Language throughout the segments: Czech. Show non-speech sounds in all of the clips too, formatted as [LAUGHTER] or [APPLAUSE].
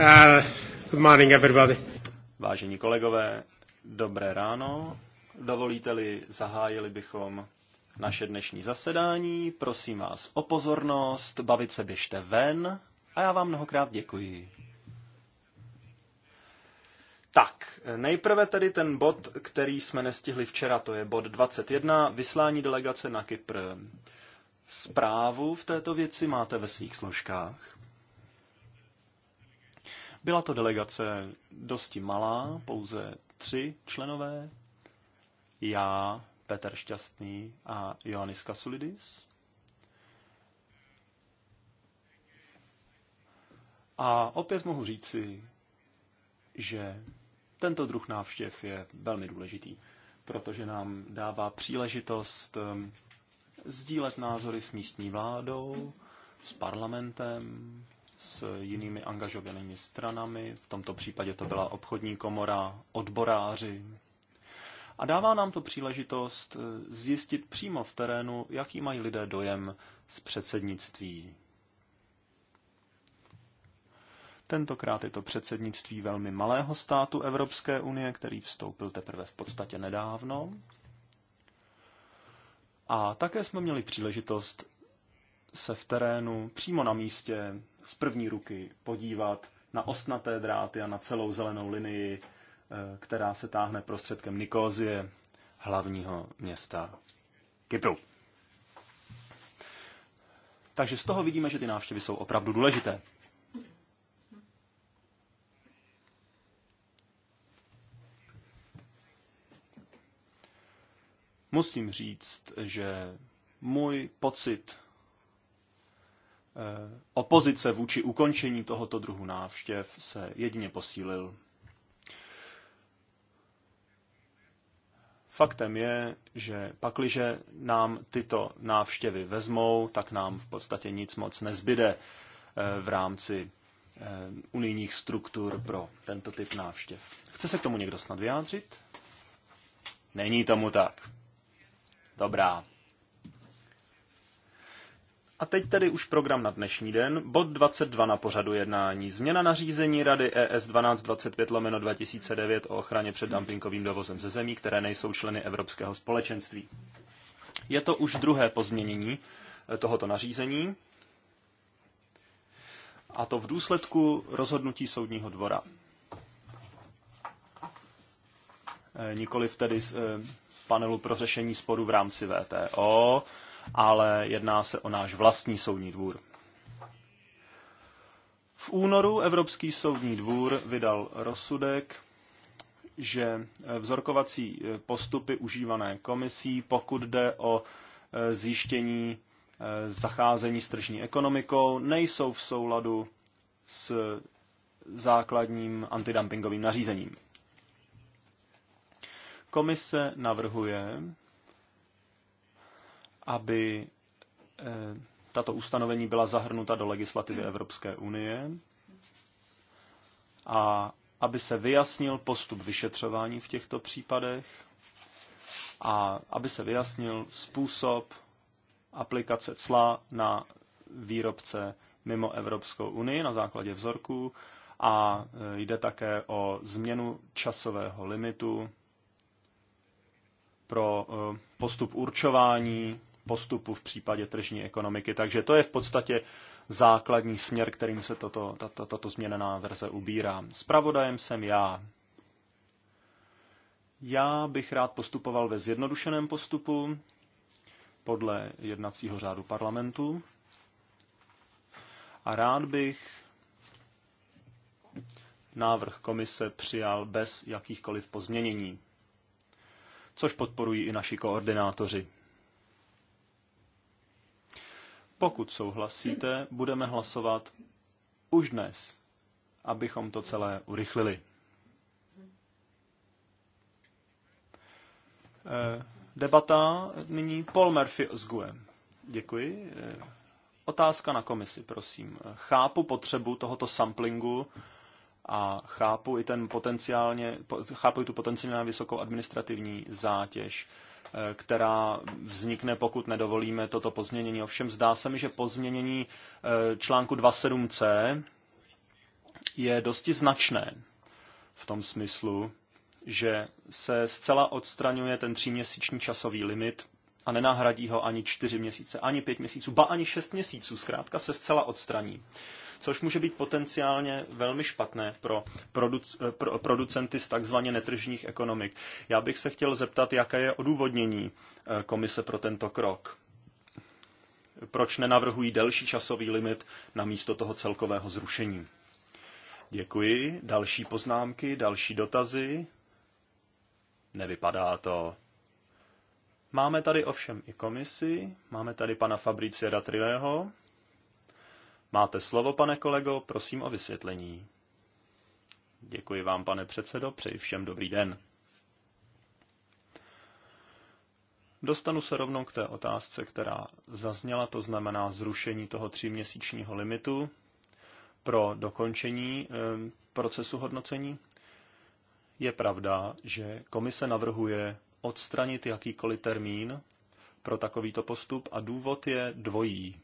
Uh, good morning, everybody. Vážení kolegové, dobré ráno. Dovolíte-li, zahájili bychom naše dnešní zasedání. Prosím vás o pozornost, bavit se běžte ven a já vám mnohokrát děkuji. Tak, nejprve tedy ten bod, který jsme nestihli včera, to je bod 21, vyslání delegace na Kypr. Zprávu v této věci máte ve svých složkách. Byla to delegace dosti malá, pouze tři členové, já, Petr Šťastný a Johannes Kasulidis. A opět mohu říci, že tento druh návštěv je velmi důležitý, protože nám dává příležitost um, sdílet názory s místní vládou, s parlamentem, s jinými angažovanými stranami, v tomto případě to byla obchodní komora, odboráři. A dává nám to příležitost eh, zjistit přímo v terénu, jaký mají lidé dojem z předsednictví. Tentokrát je to předsednictví velmi malého státu Evropské unie, který vstoupil teprve v podstatě nedávno. A také jsme měli příležitost se v terénu přímo na místě z první ruky podívat na ostnaté dráty a na celou zelenou linii, eh, která se táhne prostředkem Nikózie, hlavního města Kypru. Takže z toho vidíme, že ty návštěvy jsou opravdu důležité. Musím říct, že můj pocit Eh, opozice vůči ukončení tohoto druhu návštěv se jedině posílil. Faktem je, že pakliže nám tyto návštěvy vezmou, tak nám v podstatě nic moc nezbyde eh, v rámci eh, unijních struktur pro tento typ návštěv. Chce se k tomu někdo snad vyjádřit? Není tomu tak. Dobrá. A teď tedy už program na dnešní den, bod 22 na pořadu jednání. Změna nařízení Rady ES 1225 lomeno 2009 o ochraně před dumpingovým dovozem ze zemí, které nejsou členy Evropského společenství. Je to už druhé pozměnění eh, tohoto nařízení, a to v důsledku rozhodnutí soudního dvora. Eh, nikoliv tedy z eh, panelu pro řešení sporu v rámci VTO, ale jedná se o náš vlastní soudní dvůr. V únoru Evropský soudní dvůr vydal rozsudek, že vzorkovací postupy užívané komisí, pokud jde o e, zjištění e, zacházení s tržní ekonomikou, nejsou v souladu s základním antidumpingovým nařízením. Komise navrhuje, aby eh, tato ustanovení byla zahrnuta do legislativy Evropské unie a aby se vyjasnil postup vyšetřování v těchto případech a aby se vyjasnil způsob aplikace cla na výrobce mimo Evropskou unii na základě vzorků a eh, jde také o změnu časového limitu pro eh, postup určování postupu v případě tržní ekonomiky. Takže to je v podstatě základní směr, kterým se tato, tato, tato změněná verze ubírá. Spravodajem jsem já. Já bych rád postupoval ve zjednodušeném postupu podle jednacího řádu parlamentu a rád bych návrh komise přijal bez jakýchkoliv pozměnění, což podporují i naši koordinátoři. Pokud souhlasíte, budeme hlasovat už dnes, abychom to celé urychlili. Eh, debata nyní Paul Murphy z GUE. Děkuji. Eh, otázka na komisi, prosím. Chápu potřebu tohoto samplingu a chápu i ten potenciálně, chápu i tu potenciálně vysokou administrativní zátěž Eh, která vznikne, pokud nedovolíme toto pozměnění. Ovšem zdá se mi, že pozměnění eh, článku 27c je dosti značné v tom smyslu, že se zcela odstraňuje ten tříměsíční časový limit a nenahradí ho ani čtyři měsíce, ani pět měsíců, ba ani šest měsíců. Zkrátka se zcela odstraní což může být potenciálně velmi špatné pro, produc- eh, pro producenty z takzvaně netržních ekonomik. Já bych se chtěl zeptat, jaké je odůvodnění eh, komise pro tento krok. Proč nenavrhují delší časový limit na místo toho celkového zrušení? Děkuji. Další poznámky, další dotazy? Nevypadá to. Máme tady ovšem i komisi, máme tady pana Fabricia Datrileho, Máte slovo, pane kolego, prosím o vysvětlení. Děkuji vám, pane předsedo, přeji všem dobrý den. Dostanu se rovnou k té otázce, která zazněla, to znamená zrušení toho tříměsíčního limitu pro dokončení ehm, procesu hodnocení. Je pravda, že komise navrhuje odstranit jakýkoliv termín pro takovýto postup a důvod je dvojí.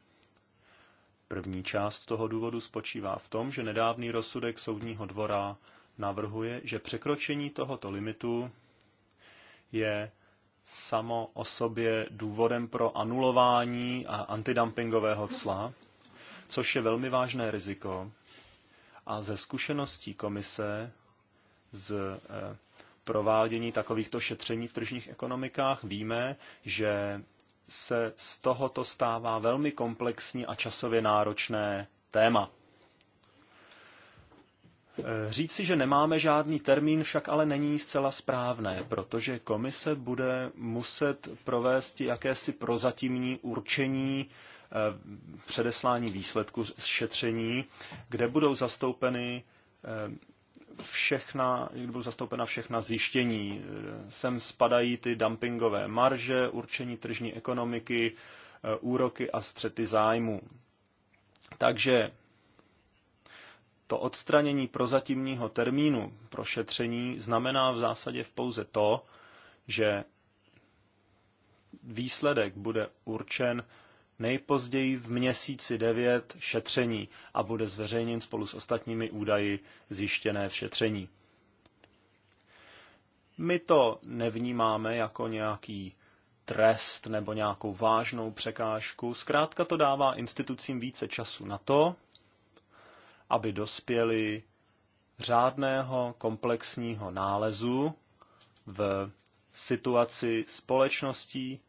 První část toho důvodu spočívá v tom, že nedávný rozsudek soudního dvora navrhuje, že překročení tohoto limitu je samo o sobě důvodem pro anulování a antidumpingového cla, což je velmi vážné riziko. A ze zkušeností komise z eh, provádění takovýchto šetření v tržních ekonomikách víme, že se z tohoto stává velmi komplexní a časově náročné téma. Eh, říci, že nemáme žádný termín, však ale není zcela správné, protože komise bude muset provést jakési prozatímní určení eh, předeslání výsledku šetření, kde budou zastoupeny eh, všechna, kdy budou zastoupena všechna zjištění. Sem spadají ty dumpingové marže, určení tržní ekonomiky, e, úroky a střety zájmu. Takže to odstranění prozatímního termínu prošetření znamená v zásadě v pouze to, že výsledek bude určen nejpozději v měsíci 9 šetření a bude zveřejněn spolu s ostatními údaji zjištěné v šetření. My to nevnímáme jako nějaký trest nebo nějakou vážnou překážku. Zkrátka to dává institucím více času na to, aby dospěli řádného komplexního nálezu v situaci společností,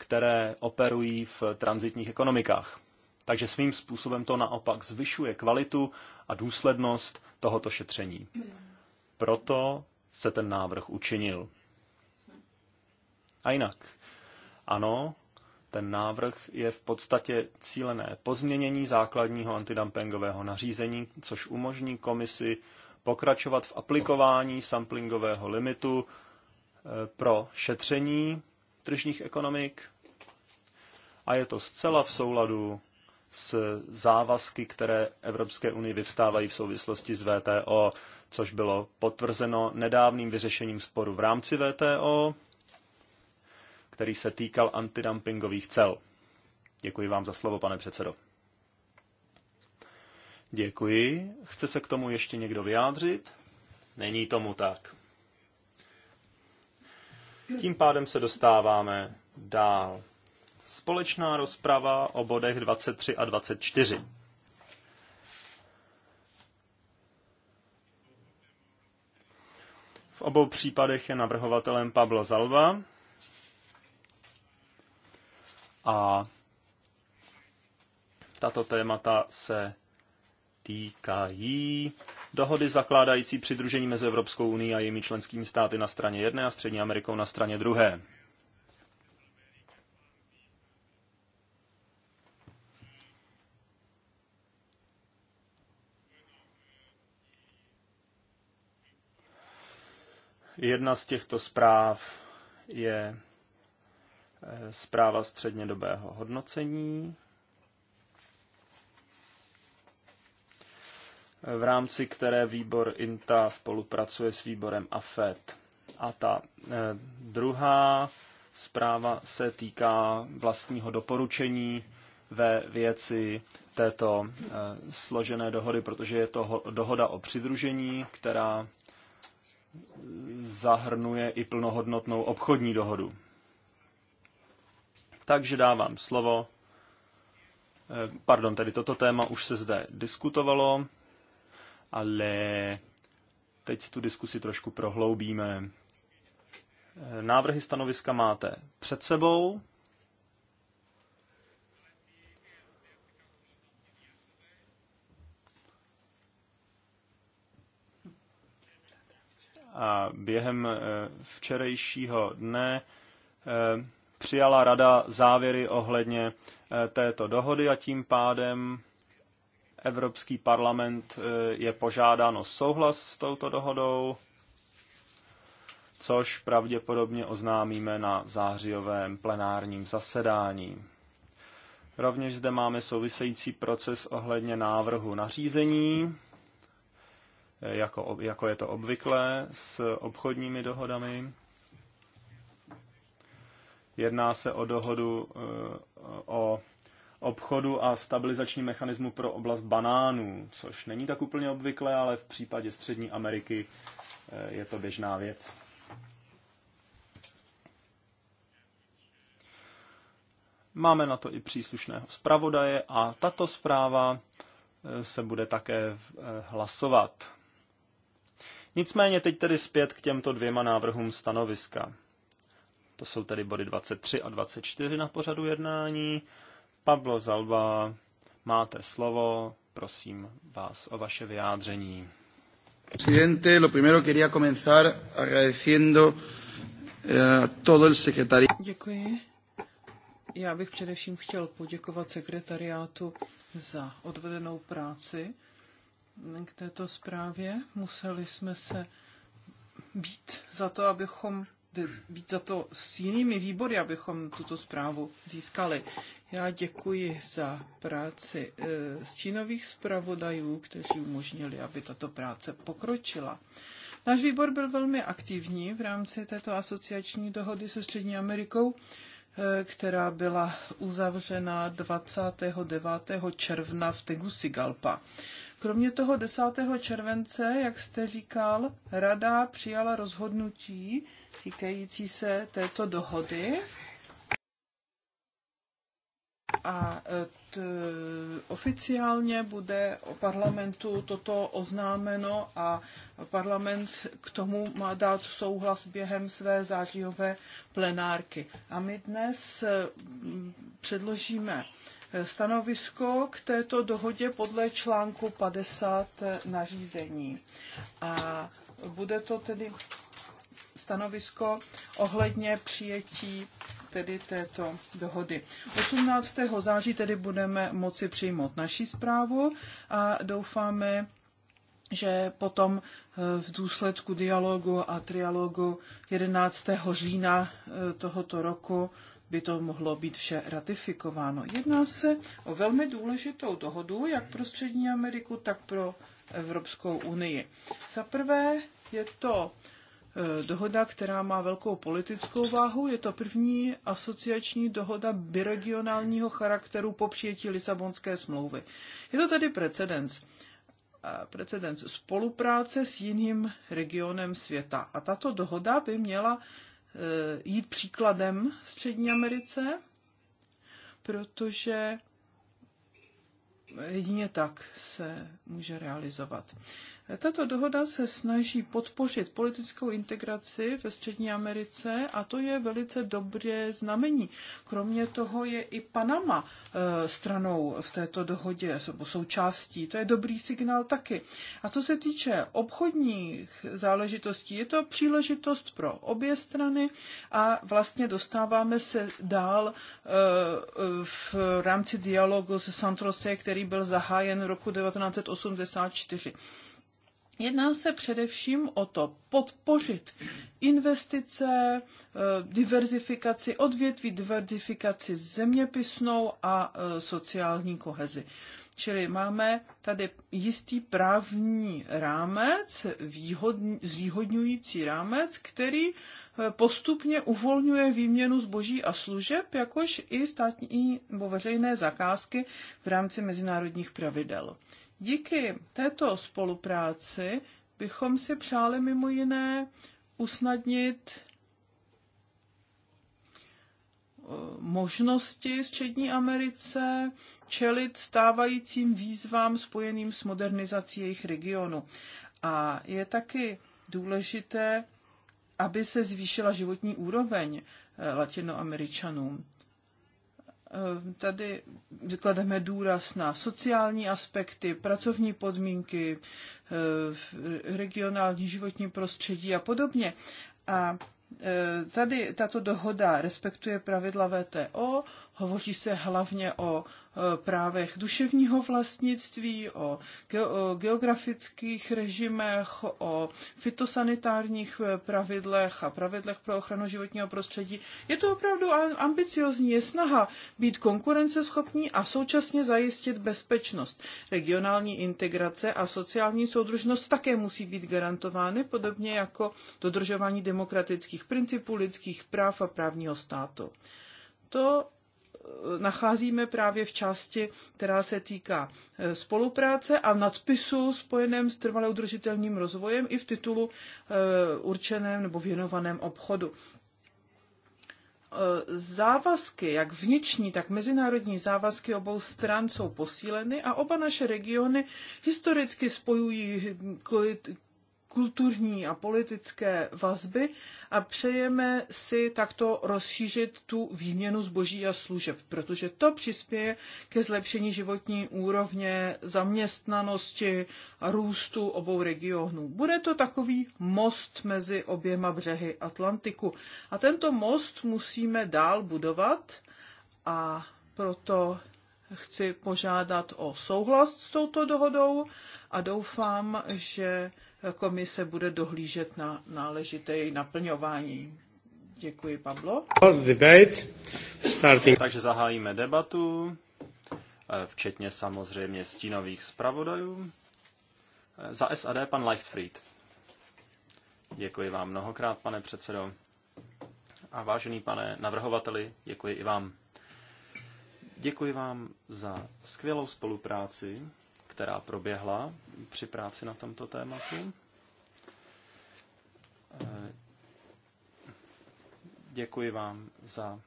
které operují v transitních ekonomikách. Takže svým způsobem to naopak zvyšuje kvalitu a důslednost tohoto šetření. Proto se ten návrh učinil. A jinak, ano, ten návrh je v podstatě cílené pozměnění základního antidumpingového nařízení, což umožní komisi pokračovat v aplikování samplingového limitu eh, pro šetření tržních ekonomik a je to zcela v souladu s závazky, které Evropské unii vyvstávají v souvislosti s VTO, což bylo potvrzeno nedávným vyřešením sporu v rámci VTO, který se týkal antidumpingových cel. Děkuji vám za slovo, pane předsedo. Děkuji. Chce se k tomu ještě někdo vyjádřit? Není tomu tak. Tím pádem se dostáváme dál. Společná rozprava o bodech 23 a 24. V obou případech je navrhovatelem Pablo Zalva a tato témata se týkají dohody zakládající přidružení mezi Evropskou unii a jejími členskými státy na straně jedné a Střední Amerikou na straně druhé. Jedna z těchto zpráv je eh, zpráva střednědobého hodnocení v rámci které výbor INTA spolupracuje s výborem AFET. A ta eh, druhá zpráva se týká vlastního doporučení ve věci této eh, složené dohody, protože je to dohoda o přidružení, která zahrnuje i plnohodnotnou obchodní dohodu. Takže dávám slovo. Eh, pardon, tedy toto téma už se zde diskutovalo ale teď tu diskusi trošku prohloubíme. Návrhy stanoviska máte před sebou. A během eh, včerejšího dne eh, přijala rada závěry ohledně eh, této dohody a tím pádem Evropský parlament e, je požádán o souhlas s touto dohodou, což pravděpodobně oznámíme na zářijovém plenárním zasedání. Rovněž zde máme související proces ohledně návrhu nařízení, e, jako, jako je to obvyklé s obchodními dohodami. Jedná se o dohodu e, o obchodu a stabilizační mechanismu pro oblast banánů, což není tak úplně obvyklé, ale v případě Střední Ameriky eh, je to běžná věc. Máme na to i příslušného zpravodaje a tato zpráva eh, se bude také eh, hlasovat. Nicméně teď tedy zpět k těmto dvěma návrhům stanoviska. To jsou tedy body 23 a 24 na pořadu jednání. Pablo Zalba, máte slovo, prosím vás o vaše vyjádření. Presidente, lo primero quería comenzar agradeciendo eh, todo el Děkuji. Já bych především chtěl poděkovat sekretariátu za odvedenou práci k této zprávě. Museli jsme se být za to, abychom být za to s jinými výbory, abychom tuto zprávu získali. Já děkuji za práci eh, stínových zpravodajů, kteří umožnili, aby tato práce pokročila. Náš výbor byl velmi aktivní v rámci této asociační dohody se Střední Amerikou, eh, která byla uzavřena 29. června v Tegucigalpa. Kromě toho 10. července, jak jste říkal, rada přijala rozhodnutí týkající se této dohody. A e, t, oficiálně bude o parlamentu toto oznámeno a parlament k tomu má dát souhlas během své zářijové plenárky. A my dnes předložíme stanovisko k této dohodě podle článku 50 nařízení. A bude to tedy stanovisko ohledně přijetí tedy této dohody. 18. září tedy budeme moci přijmout naši zprávu a doufáme, že potom eh, v důsledku dialogu a trialogu 11. října eh, tohoto roku by to mohlo být vše ratifikováno. Jedná se o velmi důležitou dohodu, jak pro Střední Ameriku, tak pro Evropskou unii. Za prvé je to e, dohoda, která má velkou politickou váhu. Je to první asociační dohoda biregionálního charakteru po přijetí Lisabonské smlouvy. Je to tedy precedens. E, precedens spolupráce s jiným regionem světa. A tato dohoda by měla Eh, jít příkladem Střední Americe, protože jedině tak se může realizovat. Tato dohoda se snaží podpořit politickou integraci ve Střední Americe a to je velice dobré znamení. Kromě toho je i Panama eh, stranou v této dohodě, součástí. To je dobrý signál taky. A co se týče obchodních záležitostí, je to příležitost pro obě strany a vlastně dostáváme se dál eh, v rámci dialogu se Santrose, který byl zahájen v roku 1984. Jedná se především o to podpořit investice, e, diverzifikaci odvětví, diverzifikaci zeměpisnou a e, sociální kohezi. Čili máme tady jistý právní rámec, výhodn, zvýhodňující rámec, který e, postupně uvolňuje výměnu zboží a služeb, jakož i státní nebo veřejné zakázky v rámci mezinárodních pravidel. Díky této spolupráci bychom si přáli mimo jiné usnadnit eh, možnosti Střední Americe čelit stávajícím výzvám spojeným s modernizací jejich regionu. A je taky důležité, aby se zvýšila životní úroveň eh, latinoameričanům. Ehm, tady vyklademe důraz na sociální aspekty, pracovní podmínky, ehm, regionální životní prostředí a podobně. A ehm, tady tato dohoda respektuje pravidla VTO, Hovoří se hlavně o právech duševního vlastnictví, o geografických režimech, o fitosanitárních e, pravidlech a pravidlech pro ochranu životního prostředí. Je to opravdu ambiciozní, je snaha být konkurenceschopní a současně zajistit bezpečnost. Regionální integrace a sociální soudržnost také musí být garantovány, podobně jako dodržování demokratických principů, lidských práv a právního státu. To nacházíme právě v části, která se týká e, spolupráce a nadpisu spojeném s trvale udržitelným rozvojem i v titulu e, určeném nebo věnovaném obchodu e, závazky, jak vnitřní, tak mezinárodní závazky obou stran jsou posíleny a oba naše regiony historicky spojují kulturní a politické vazby a přejeme si takto rozšířit tu výměnu zboží a služeb, protože to přispěje ke zlepšení životní úrovně, zaměstnanosti a růstu obou regionů. Bude to takový most mezi oběma břehy Atlantiku. A tento most musíme dál budovat a proto chci požádat o souhlas s touto dohodou a doufám, že komise bude dohlížet na náležité její naplňování. Děkuji, Pablo. Takže zahájíme debatu, eh, včetně samozřejmě stínových zpravodajů. Eh, za SAD pan Leichtfried. Děkuji vám mnohokrát, pane předsedo. A vážený pane navrhovateli, děkuji i vám. Děkuji vám za skvělou spolupráci která proběhla při práci na tomto tématu. Eh, děkuji vám za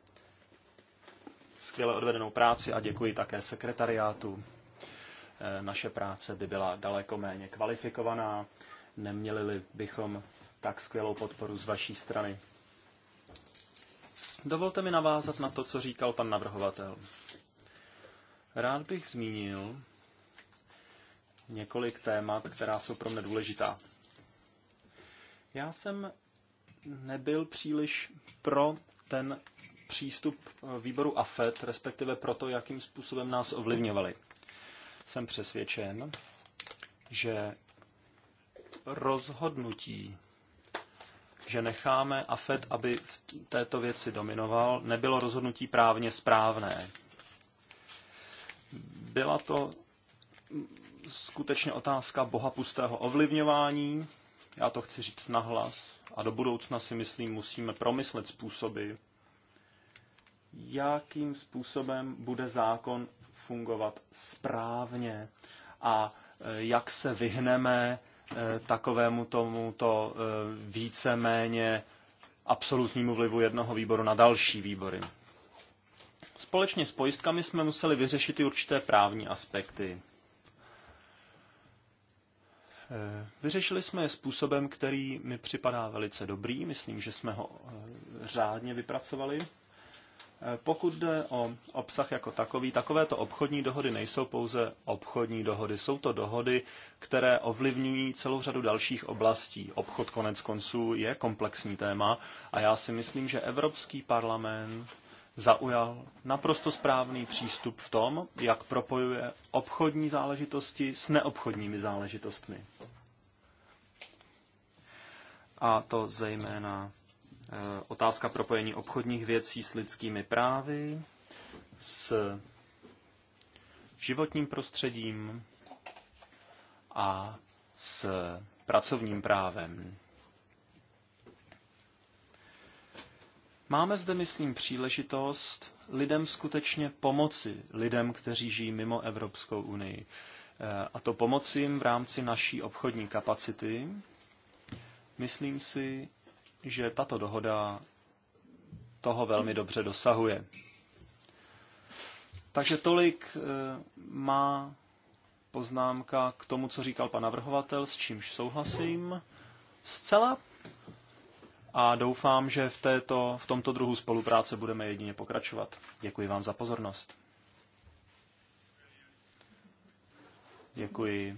skvěle odvedenou práci a děkuji také sekretariátu. Eh, naše práce by byla daleko méně kvalifikovaná, neměli bychom tak skvělou podporu z vaší strany. Dovolte mi navázat na to, co říkal pan navrhovatel. Rád bych zmínil, několik témat, která jsou pro mě důležitá. Já jsem nebyl příliš pro ten přístup výboru AFET, respektive pro to, jakým způsobem nás ovlivňovali. Jsem přesvědčen, že rozhodnutí, že necháme AFET, aby v této věci dominoval, nebylo rozhodnutí právně správné. Byla to skutečně otázka boha pustého ovlivňování. Já to chci říct nahlas a do budoucna si myslím, musíme promyslet způsoby, jakým způsobem bude zákon fungovat správně a e, jak se vyhneme e, takovému tomuto e, víceméně absolutnímu vlivu jednoho výboru na další výbory. Společně s pojistkami jsme museli vyřešit i určité právní aspekty. Vyřešili jsme je způsobem, který mi připadá velice dobrý. Myslím, že jsme ho eh, řádně vypracovali. Eh, pokud jde o obsah jako takový, takovéto obchodní dohody nejsou pouze obchodní dohody. Jsou to dohody, které ovlivňují celou řadu dalších oblastí. Obchod konec konců je komplexní téma a já si myslím, že Evropský parlament zaujal naprosto správný přístup v tom, jak propojuje obchodní záležitosti s neobchodními záležitostmi. A to zejména eh, otázka propojení obchodních věcí s lidskými právy, s životním prostředím a s pracovním právem. Máme zde, myslím, příležitost lidem skutečně pomoci, lidem, kteří žijí mimo Evropskou unii. Eh, a to pomoci jim v rámci naší obchodní kapacity. Myslím si, že tato dohoda toho velmi dobře dosahuje. Takže tolik eh, má poznámka k tomu, co říkal pan navrhovatel, s čímž souhlasím. Zcela a doufám, že v, této, v tomto druhu spolupráce budeme jedině pokračovat. Děkuji vám za pozornost. Děkuji.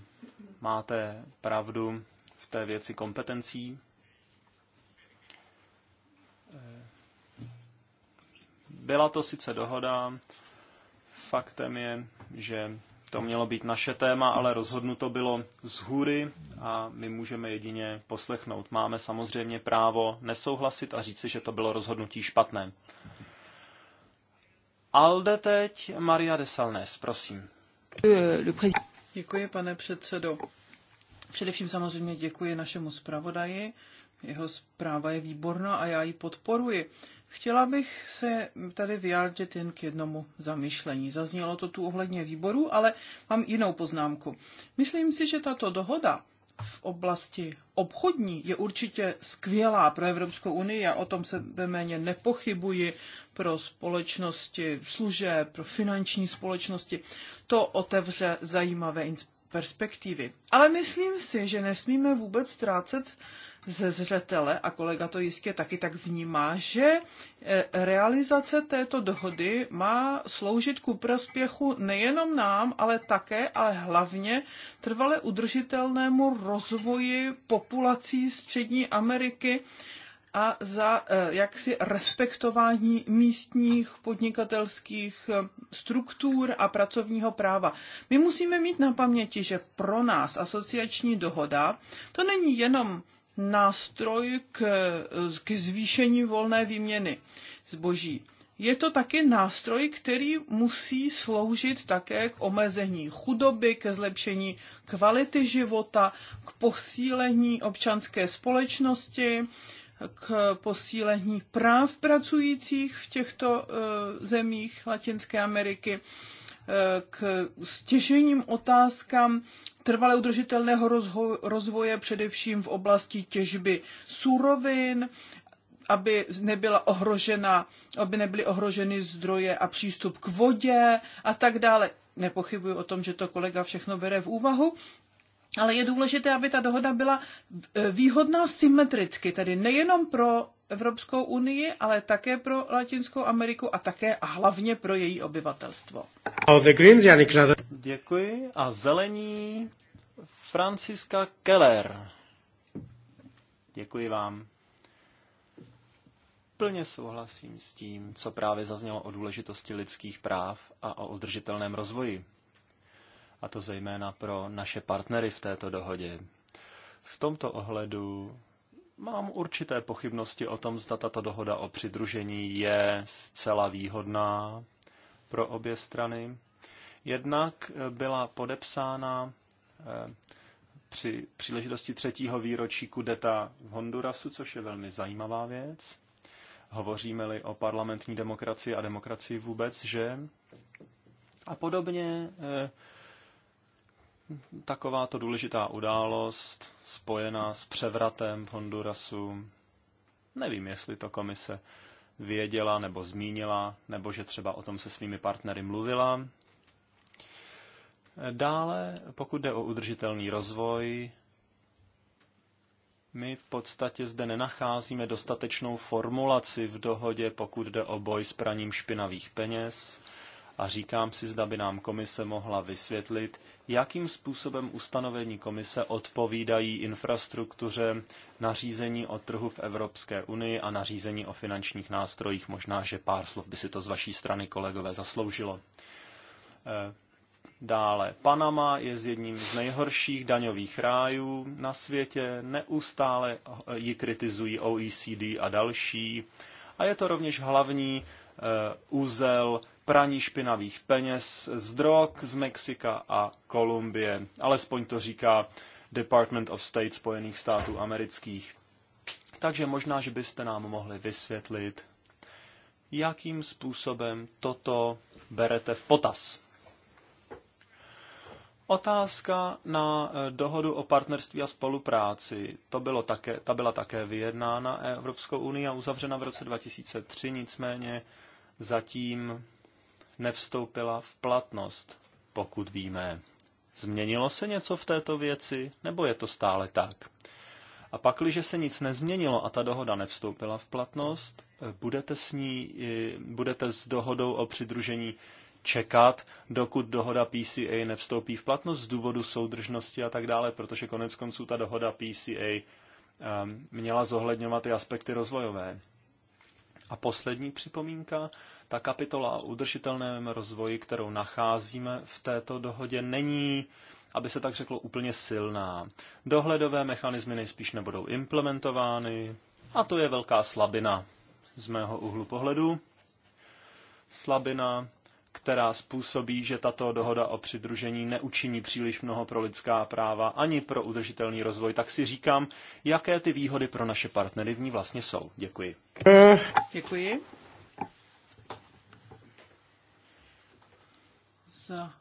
Máte pravdu v té věci kompetencí. Byla to sice dohoda, faktem je, že to mělo být naše téma, ale rozhodnuto bylo z hůry a my můžeme jedině poslechnout. Máme samozřejmě právo nesouhlasit a říci, že to bylo rozhodnutí špatné. Alde teď Maria de Salnes, prosím. Děkuji, pane předsedo. Především samozřejmě děkuji našemu zpravodaji. Jeho zpráva je výborná a já ji podporuji. Chtěla bych se tady vyjádřit jen k jednomu zamyšlení. Zaznělo to tu ohledně výboru, ale mám jinou poznámku. Myslím si, že tato dohoda v oblasti obchodní je určitě skvělá pro Evropskou unii a o tom se méně nepochybuji pro společnosti služeb, pro finanční společnosti. To otevře zajímavé perspektivy. Ale myslím si, že nesmíme vůbec ztrácet ze zřetele, a kolega to jistě taky tak vnímá, že e, realizace této dohody má sloužit ku prospěchu nejenom nám, ale také, ale hlavně trvale udržitelnému rozvoji populací Střední Ameriky a za e, jaksi respektování místních podnikatelských e, struktur a pracovního práva. My musíme mít na paměti, že pro nás asociační dohoda to není jenom nástroj k, k zvýšení volné výměny zboží. Je to taky nástroj, který musí sloužit také k omezení chudoby, ke zlepšení kvality života, k posílení občanské společnosti, k posílení práv pracujících v těchto eh, zemích Latinské Ameriky. Eh, k stěžejním otázkám trvale udržitelného rozvoje, především v oblasti těžby surovin, aby nebyla ohrožena, aby nebyly ohroženy zdroje a přístup k vodě a tak dále. Nepochybuji o tom, že to kolega všechno bere v úvahu, ale je důležité, aby ta dohoda byla eh, výhodná symetricky, tedy nejenom pro Evropskou unii, ale také pro Latinskou Ameriku a také a hlavně pro její obyvatelstvo. Oh, Děkuji. A zelení Franciska Keller. Děkuji vám. Plně souhlasím s tím, co právě zaznělo o důležitosti lidských práv a o udržitelném rozvoji. A to zejména pro naše partnery v této dohodě. V tomto ohledu Mám určité pochybnosti o tom, zda tato dohoda o přidružení je zcela výhodná pro obě strany. Jednak byla podepsána eh, při příležitosti třetího výročí kudeta v Hondurasu, což je velmi zajímavá věc. Hovoříme-li o parlamentní demokracii a demokracii vůbec, že? A podobně eh, takováto důležitá událost spojená s převratem v Hondurasu. Nevím, jestli to komise věděla nebo zmínila, nebo že třeba o tom se svými partnery mluvila. Dále, pokud jde o udržitelný rozvoj, my v podstatě zde nenacházíme dostatečnou formulaci v dohodě, pokud jde o boj s praním špinavých peněz a říkám si, zda by nám komise mohla vysvětlit, jakým způsobem ustanovení komise odpovídají infrastruktuře nařízení o trhu v Evropské unii a nařízení o finančních nástrojích. Možná, že pár slov by si to z vaší strany, kolegové, zasloužilo. Eh, dále, Panama je z jedním z nejhorších daňových rájů na světě, neustále ji kritizují OECD a další. A je to rovněž hlavní eh, úzel praní špinavých peněz z drog z Mexika a Kolumbie. Alespoň to říká Department of State Spojených států amerických. Takže možná, že byste nám mohli vysvětlit, jakým způsobem toto berete v potaz. Otázka na eh, dohodu o partnerství a spolupráci. To bylo také, ta byla také vyjednána Evropskou unii a uzavřena v roce 2003, nicméně zatím nevstoupila v platnost, pokud víme. Změnilo se něco v této věci, nebo je to stále tak? A pak, když se nic nezměnilo a ta dohoda nevstoupila v platnost, budete s, ní, budete s dohodou o přidružení čekat, dokud dohoda PCA nevstoupí v platnost z důvodu soudržnosti a tak dále, protože konec konců ta dohoda PCA um, měla zohledňovat i aspekty rozvojové. A poslední připomínka, ta kapitola o udržitelném rozvoji, kterou nacházíme v této dohodě, není, aby se tak řeklo, úplně silná. Dohledové mechanismy nejspíš nebudou implementovány a to je velká slabina z mého úhlu pohledu. Slabina, která způsobí, že tato dohoda o přidružení neučiní příliš mnoho pro lidská práva ani pro udržitelný rozvoj, tak si říkám, jaké ty výhody pro naše partnery v ní vlastně jsou. Děkuji. Děkuji. Za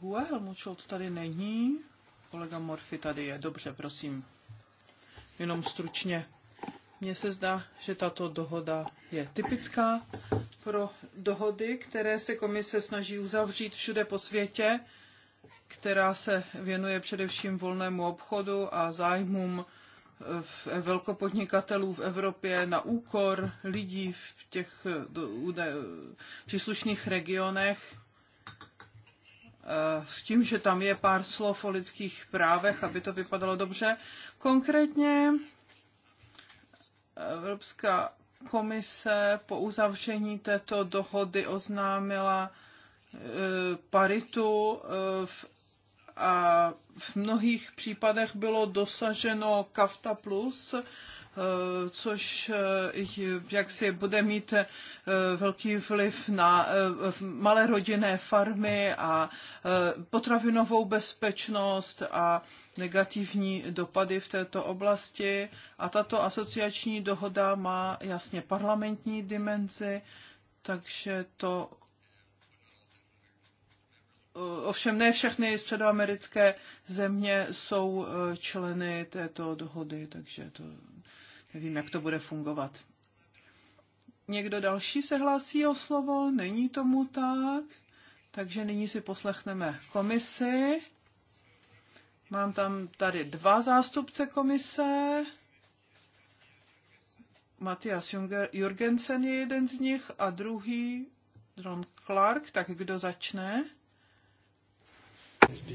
Gue Helmučout tady není. Kolega Morfi tady je. Dobře, prosím. Jenom stručně mně se zdá, že tato dohoda je typická pro dohody, které se komise snaží uzavřít všude po světě, která se věnuje především volnému obchodu a zájmům velkopodnikatelů v Evropě na úkor lidí v těch příslušných regionech eh, s tím, že tam je pár slov o lidských právech, aby to vypadalo dobře. Konkrétně Evropská komise po uzavření této dohody oznámila e, paritu e, a v mnohých případech bylo dosaženo kafta plus Eh, což eh, jak si bude mít eh, velký vliv na malé rodinné farmy a potravinovou bezpečnost a negativní dopady v této oblasti. A tato asociační dohoda má jasně parlamentní dimenzi, takže to Ovšem ne všechny středoamerické země jsou členy této dohody, takže to Nevím, jak to bude fungovat. Někdo další se hlásí o slovo? Není tomu tak. Takže nyní si poslechneme komisi. Mám tam tady dva zástupce komise. Matias Jurgensen je jeden z nich a druhý Ron Clark. Tak kdo začne? Did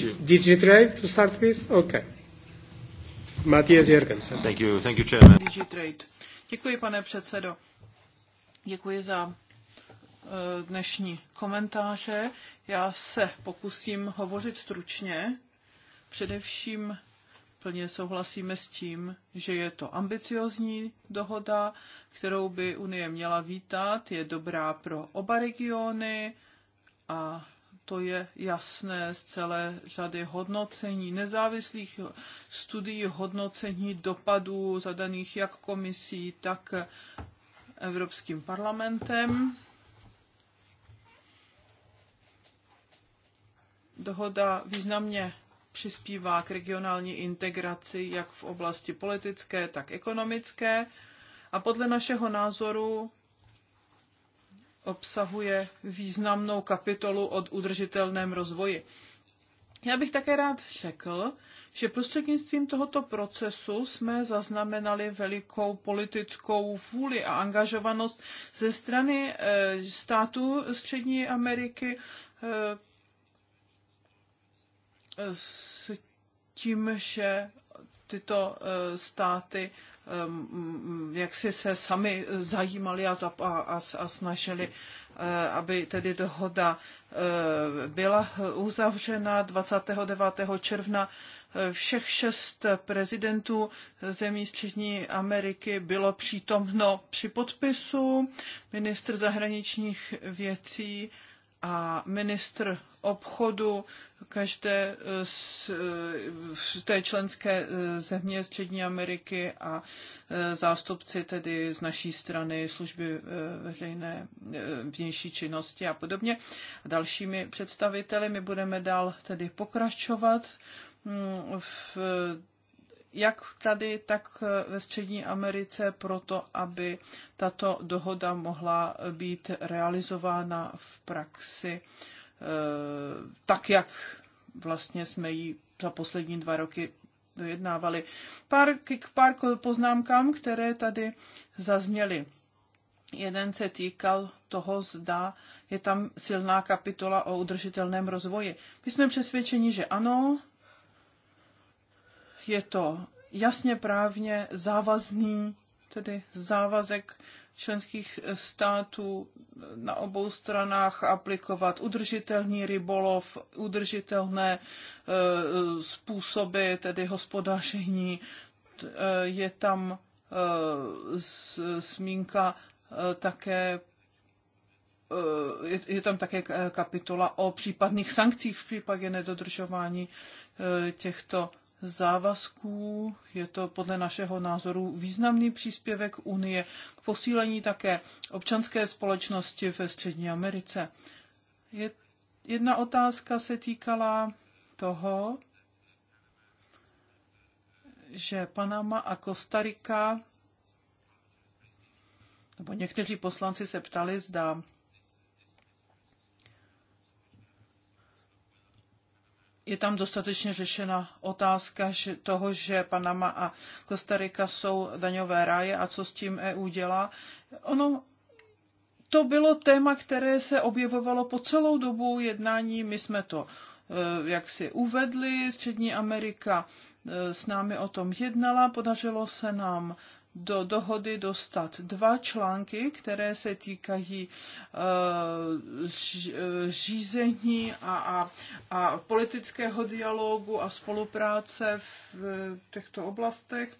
you, did you try to start with? Okay. Matthias Jergensen. Thank you, thank you, chairman. Digitrade. Děkuji, pane předsedo. Děkuji za eh, dnešní komentáře. Já se pokusím hovořit stručně. Především plně souhlasíme s tím, že je to ambiciozní dohoda, kterou by Unie měla vítat, je dobrá pro oba regiony a to je jasné z celé řady hodnocení, nezávislých studií hodnocení dopadů zadaných jak komisí, tak Evropským parlamentem. Dohoda významně přispívá k regionální integraci jak v oblasti politické, tak ekonomické. A podle našeho názoru obsahuje významnou kapitolu o udržitelném rozvoji. Já bych také rád řekl, že prostřednictvím tohoto procesu jsme zaznamenali velikou politickou vůli a angažovanost ze strany eh, států Střední Ameriky eh, s tím, že tyto eh, státy Ehm, mm, jak si se sami zajímali a, zap, a, a, a snažili, eh, aby tedy dohoda eh, byla uzavřena 29. června eh, všech šest prezidentů zemí Střední Ameriky bylo přítomno při podpisu. Ministr zahraničních věcí a ministr obchodu každé z, eh, z eh, té členské eh, země Střední Ameriky a zástupci tedy z naší strany služby veřejné vnější činnosti a podobně. A dalšími představiteli my budeme dál tedy pokračovat hm, v jak tady, tak eh, ve Střední Americe proto, aby tato dohoda mohla eh, být realizována v praxi eh, tak, jak vlastně jsme ji za poslední dva roky dojednávali. Pár, k pár poznámkám, které tady zazněly. Jeden se týkal toho, zda je tam silná kapitola o udržitelném rozvoji. My jsme přesvědčeni, že ano, je to jasně právně závazný, tedy závazek členských států na obou stranách aplikovat udržitelný rybolov, udržitelné e, způsoby, tedy hospodaření. E, je tam e, zmínka také je, tam také kapitola o případných sankcích v případě nedodržování těchto závazků. Je to podle našeho názoru významný příspěvek Unie k posílení také občanské společnosti ve Střední Americe. jedna otázka se týkala toho, že Panama a Kostarika, nebo někteří poslanci se ptali, zda je tam dostatečně řešena otázka že toho, že Panama a Kostarika jsou daňové ráje a co s tím EU dělá. Ono to bylo téma, které se objevovalo po celou dobu jednání. My jsme to eh, jak si uvedli, Střední Amerika eh, s námi o tom jednala, podařilo se nám do dohody dostat dva články, které se týkají eh, eh, řízení a, a, a politického dialogu a spolupráce v těchto oblastech.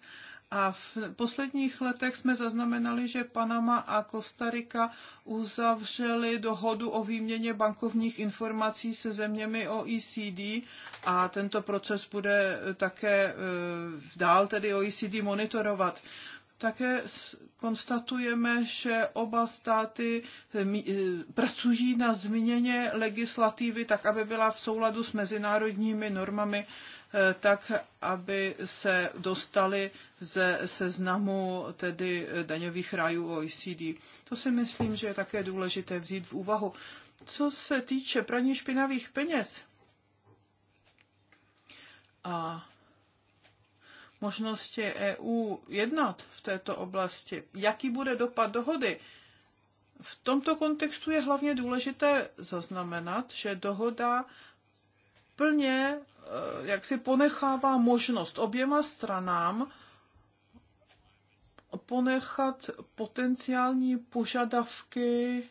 A v posledních letech jsme zaznamenali, že Panama a Kostarika uzavřeli dohodu o výměně bankovních informací se zeměmi OECD a tento proces bude také eh, dál tedy OECD monitorovat také konstatujeme, že oba státy eh, eh, pracují na změně legislativy tak, aby byla v souladu s mezinárodními normami, eh, tak, aby se dostali ze seznamu tedy daňových rájů OECD. To si myslím, že je také důležité vzít v úvahu. Co se týče praní špinavých peněz, a možnosti EU jednat v této oblasti. Jaký bude dopad dohody? V tomto kontextu je hlavně důležité zaznamenat, že dohoda plně eh, jak si ponechává možnost oběma stranám ponechat potenciální požadavky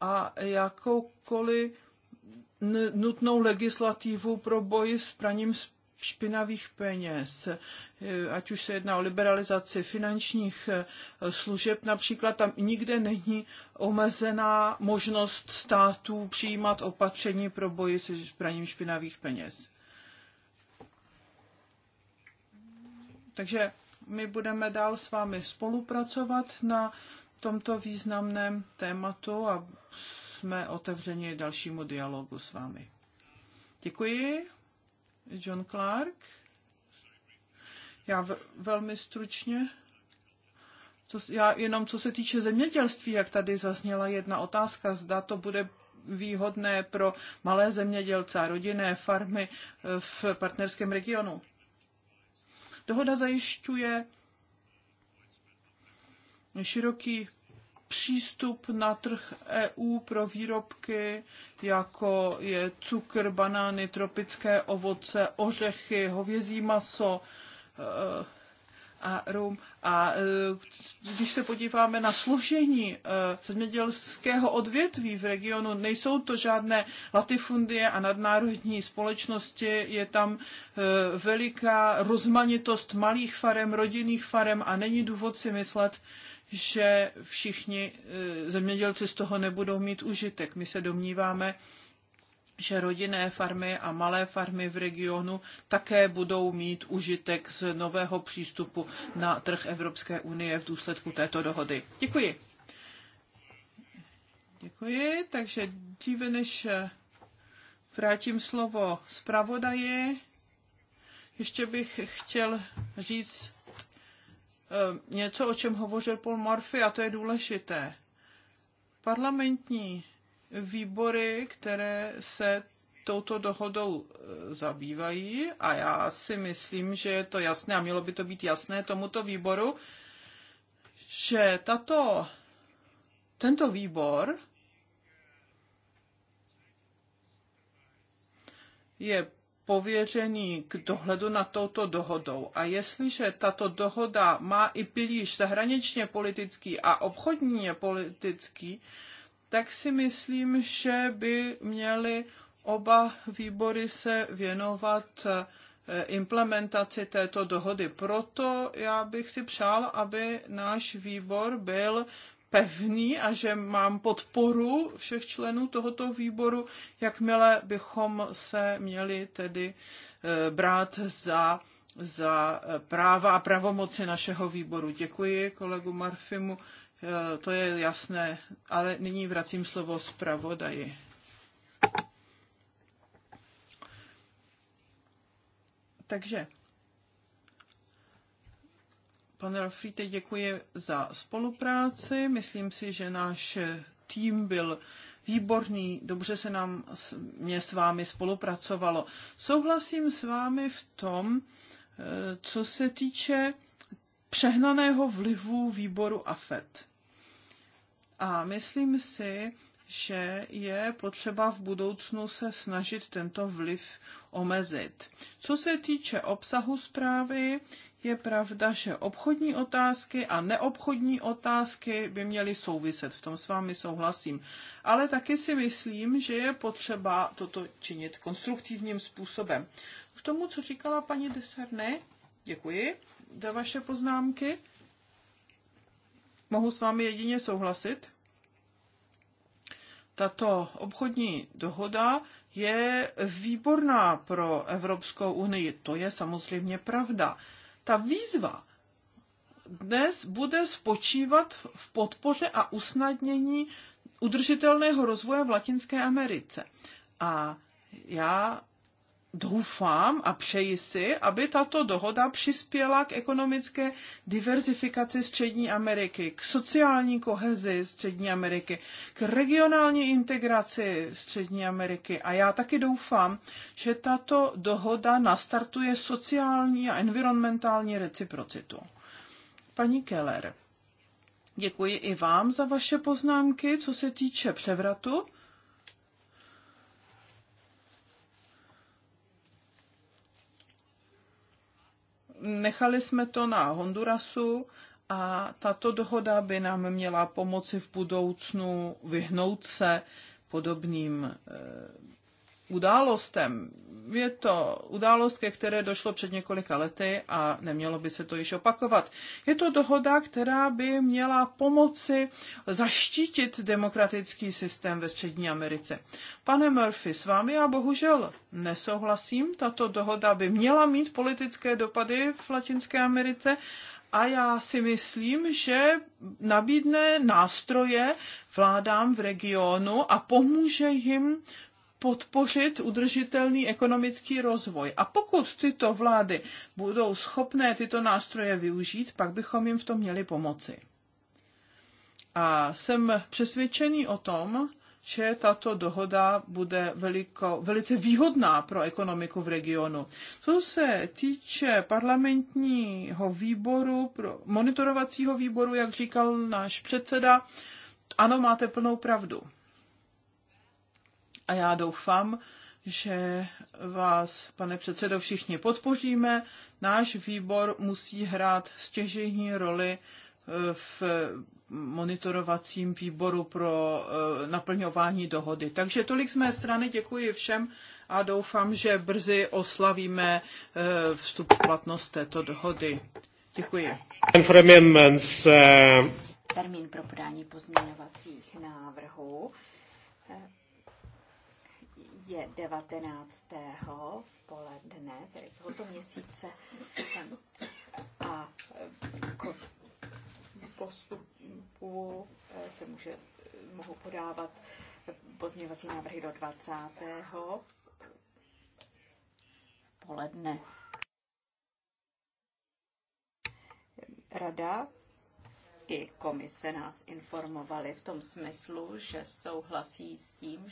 a jakoukoliv nutnou legislativu pro boj s praním špinavých peněz, eh, ať už se jedná o liberalizaci finančních eh, služeb, například tam nikde není omezená možnost států přijímat opatření pro boji se praním špinavých peněz. Takže my budeme dál s vámi spolupracovat na tomto významném tématu a jsme otevřeni dalšímu dialogu s vámi. Děkuji. John Clark. Já velmi stručně. Co, já jenom co se týče zemědělství, jak tady zazněla jedna otázka, zda to bude výhodné pro malé zemědělce a rodinné farmy eh, v partnerském regionu. Dohoda zajišťuje široký přístup na trh EU pro výrobky, jako je cukr, banány, tropické ovoce, ořechy, hovězí maso eh, a rum. A eh, když se podíváme na složení eh, zemědělského odvětví v regionu, nejsou to žádné latifundie a nadnárodní společnosti, je tam veliká rozmanitost malých farem, rodinných farem a není důvod si myslet, že všichni eh, zemědělci z toho nebudou mít užitek. My se domníváme, že rodinné farmy a malé farmy v regionu také budou mít užitek z nového přístupu na trh Evropské unie v důsledku této dohody. Děkuji. Děkuji, takže dříve než eh, vrátím slovo zpravodaji, ještě bych chtěl říct Eh, něco, o čem hovořil Paul Murphy, a to je důležité. Parlamentní výbory, které se touto dohodou eh, zabývají a já si myslím, že je to jasné a mělo by to být jasné tomuto výboru, že tato, tento výbor je pověření k dohledu nad touto dohodou. A jestliže tato dohoda má i pilíř zahraničně politický a obchodně politický, tak si myslím, že by měly oba výbory se věnovat eh, implementaci této dohody. Proto já bych si přál, aby náš výbor byl pevný a že mám podporu všech členů tohoto výboru, jakmile bychom se měli tedy eh, brát za za eh, práva a pravomoci našeho výboru. Děkuji kolegu Marfimu, eh, to je jasné, ale nyní vracím slovo zpravodaji. Takže Pane Rafrite, děkuji za spolupráci. Myslím si, že náš tým byl výborný, dobře se nám mě s vámi spolupracovalo. Souhlasím s vámi v tom, eh, co se týče přehnaného vlivu výboru AFET. A myslím si, že je potřeba v budoucnu se snažit tento vliv omezit. Co se týče obsahu zprávy, je pravda, že obchodní otázky a neobchodní otázky by měly souviset, v tom s vámi souhlasím. Ale taky si myslím, že je potřeba toto činit konstruktivním způsobem. K tomu, co říkala paní Desarne, děkuji za vaše poznámky. Mohu s vámi jedině souhlasit. Tato obchodní dohoda je výborná pro Evropskou unii. To je samozřejmě pravda. Ta výzva dnes bude spočívat v podpoře a usnadnění udržitelného rozvoje v Latinské Americe. A já doufám a přeji si, aby tato dohoda přispěla k ekonomické diverzifikaci Střední Ameriky, k sociální kohezi Střední Ameriky, k regionální integraci Střední Ameriky. A já taky doufám, že tato dohoda nastartuje sociální a environmentální reciprocitu. Paní Keller, děkuji i vám za vaše poznámky, co se týče převratu. nechali jsme to na Hondurasu a tato dohoda by nám měla pomoci v budoucnu vyhnout se podobným eh, událostem. Je to událost, ke které došlo před několika lety a nemělo by se to již opakovat. Je to dohoda, která by měla pomoci zaštítit demokratický systém ve Střední Americe. Pane Murphy, s vámi já bohužel nesouhlasím. Tato dohoda by měla mít politické dopady v Latinské Americe, a já si myslím, že nabídne nástroje vládám v regionu a pomůže jim podpořit udržitelný ekonomický rozvoj. A pokud tyto vlády budou schopné tyto nástroje využít, pak bychom jim v tom měli pomoci. A jsem přesvědčený o tom, že tato dohoda bude veliko, velice výhodná pro ekonomiku v regionu. Co se týče parlamentního výboru, pro, monitorovacího výboru, jak říkal náš předseda, ano, máte plnou pravdu a já doufám, že vás, pane předsedo, všichni podpoříme. Náš výbor musí hrát stěžejní roli eh, v monitorovacím výboru pro eh, naplňování dohody. Takže tolik z mé strany, děkuji všem a doufám, že brzy oslavíme eh, vstup v platnost této dohody. Děkuji. Termín pro podání pozměňovacích návrhů je 19. v poledne, tedy tohoto měsíce. A eh, k postupu eh, se může, eh, mohou podávat pozměňovací návrhy do 20. poledne. Rada i komise nás informovali v tom smyslu, že souhlasí s tím,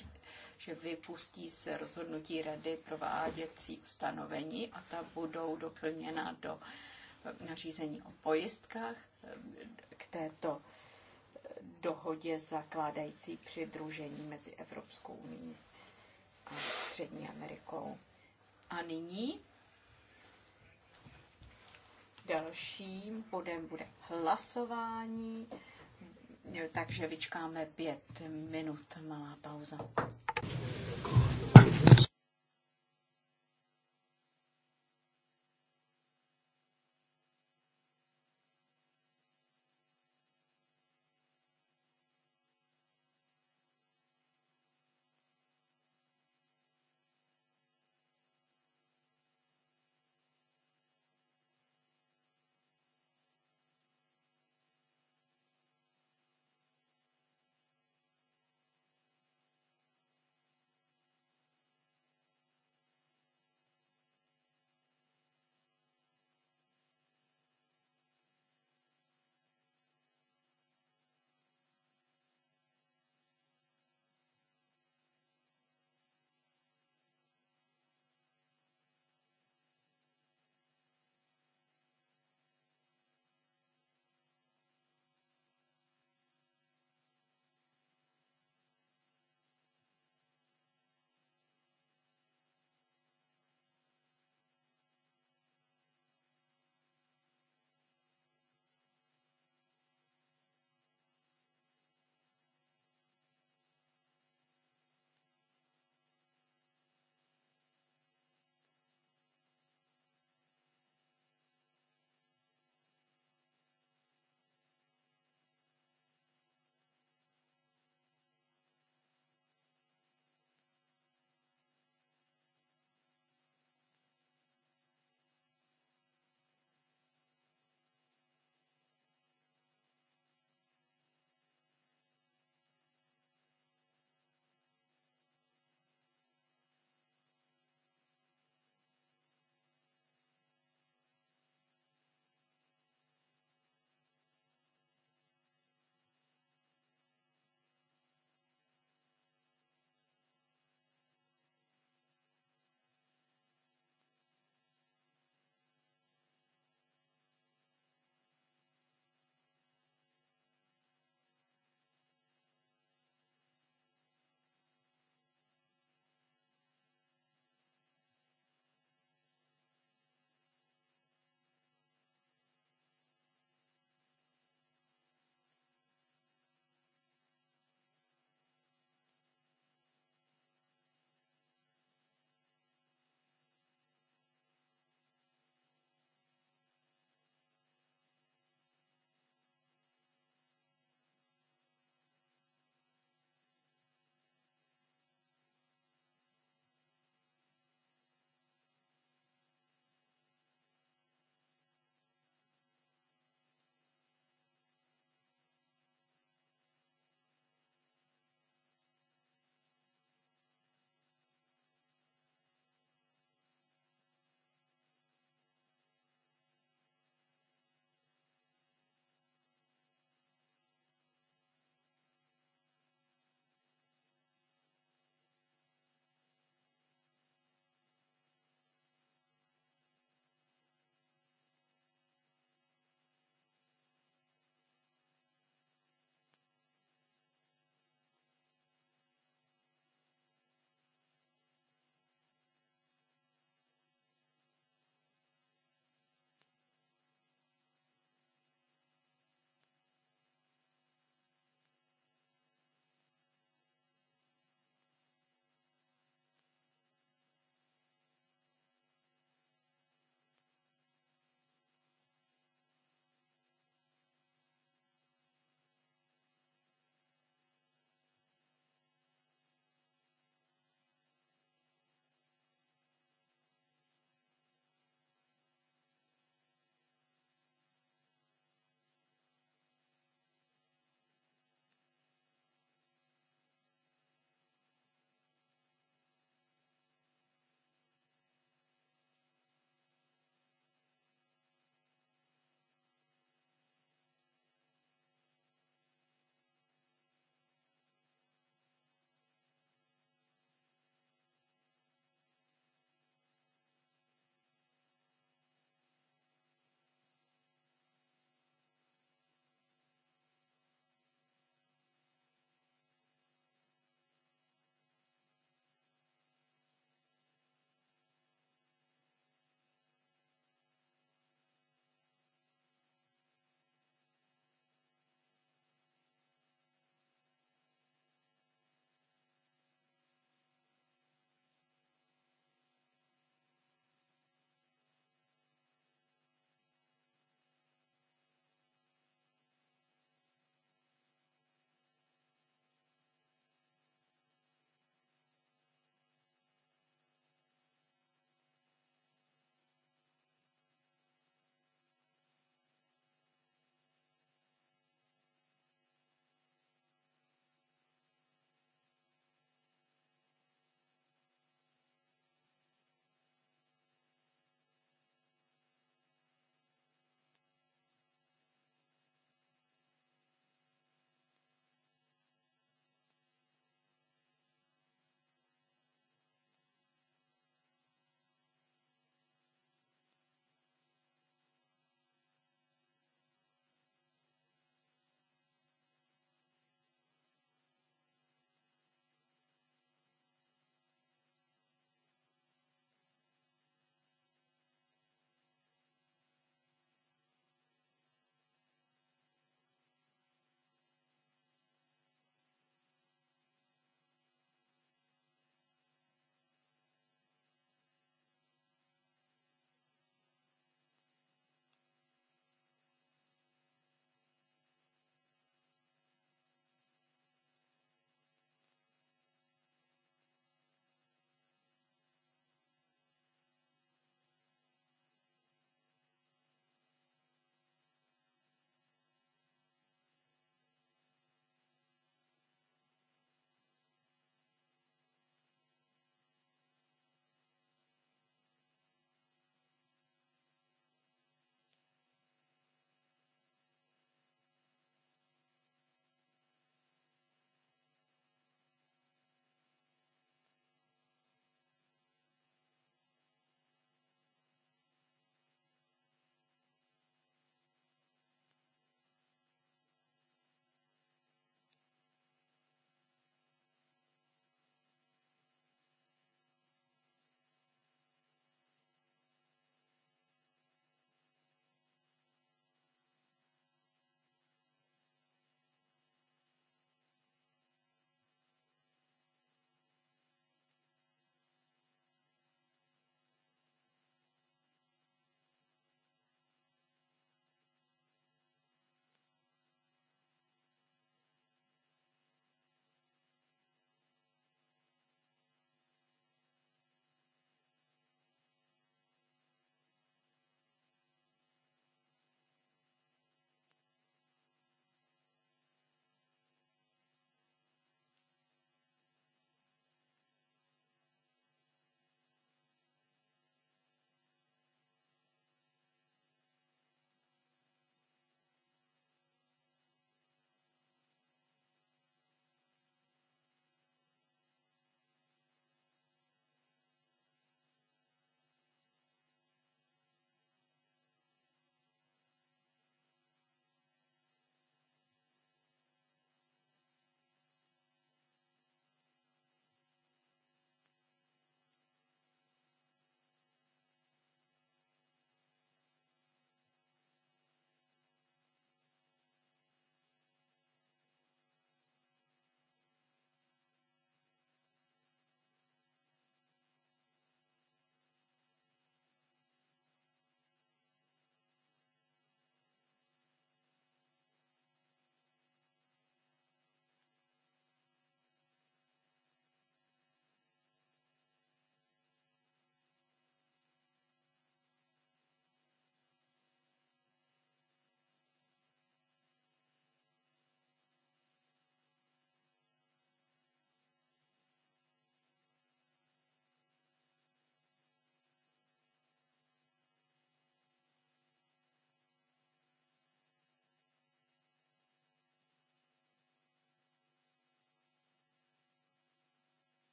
že vypustí se rozhodnutí rady prováděcí ustanovení a ta budou doplněna do nařízení o pojistkách k této dohodě zakládající přidružení mezi Evropskou unii a Střední Amerikou. A nyní dalším bodem bude hlasování takže vyčkáme pět minut, malá pauza.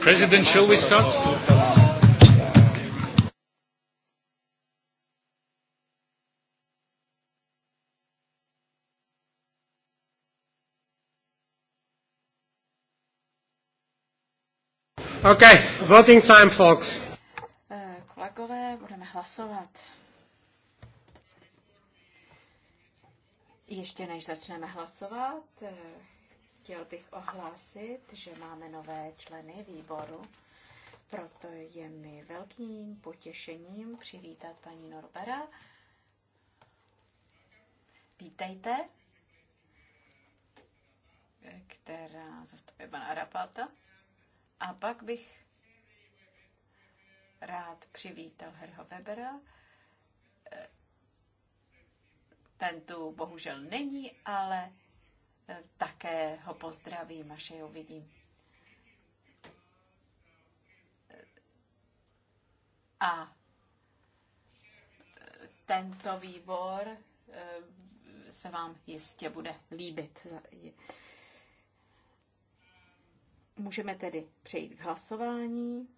President, shall we start? Okay, voting time, folks. Eh, kolegové, budeme hlasovat. Ještě než začneme hlasovat, eh, Chtěl bych ohlásit, že máme nové členy výboru, proto je mi velkým potěšením přivítat paní Norbera. Vítejte, která zastupuje pana Arapata. A pak bych rád přivítal Herho Webera. Ten tu bohužel není, ale také ho pozdravím, až jej uvidím. A tento výbor eh, se vám jistě bude líbit. Můžeme tedy přejít k hlasování.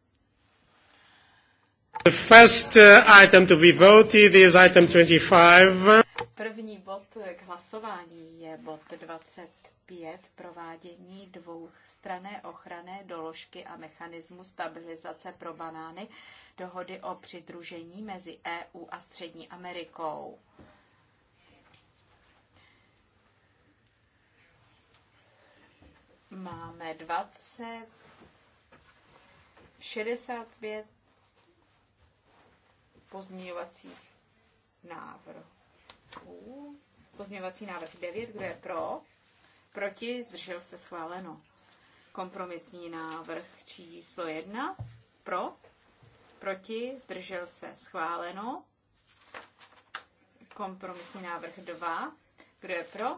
The first uh, item to be voted is item 25. První bod k hlasování je bod 25, provádění dvoustrané ochranné doložky a mechanismu stabilizace pro banány dohody o přidružení mezi EU a Střední Amerikou. Máme 20, 65 pozměňovacích návrhů návrhů. Pozměňovací návrh 9, kdo je pro? Proti, zdržel se schváleno. Kompromisní návrh číslo 1, pro? Proti, zdržel se schváleno. Kompromisní návrh 2, kdo je pro?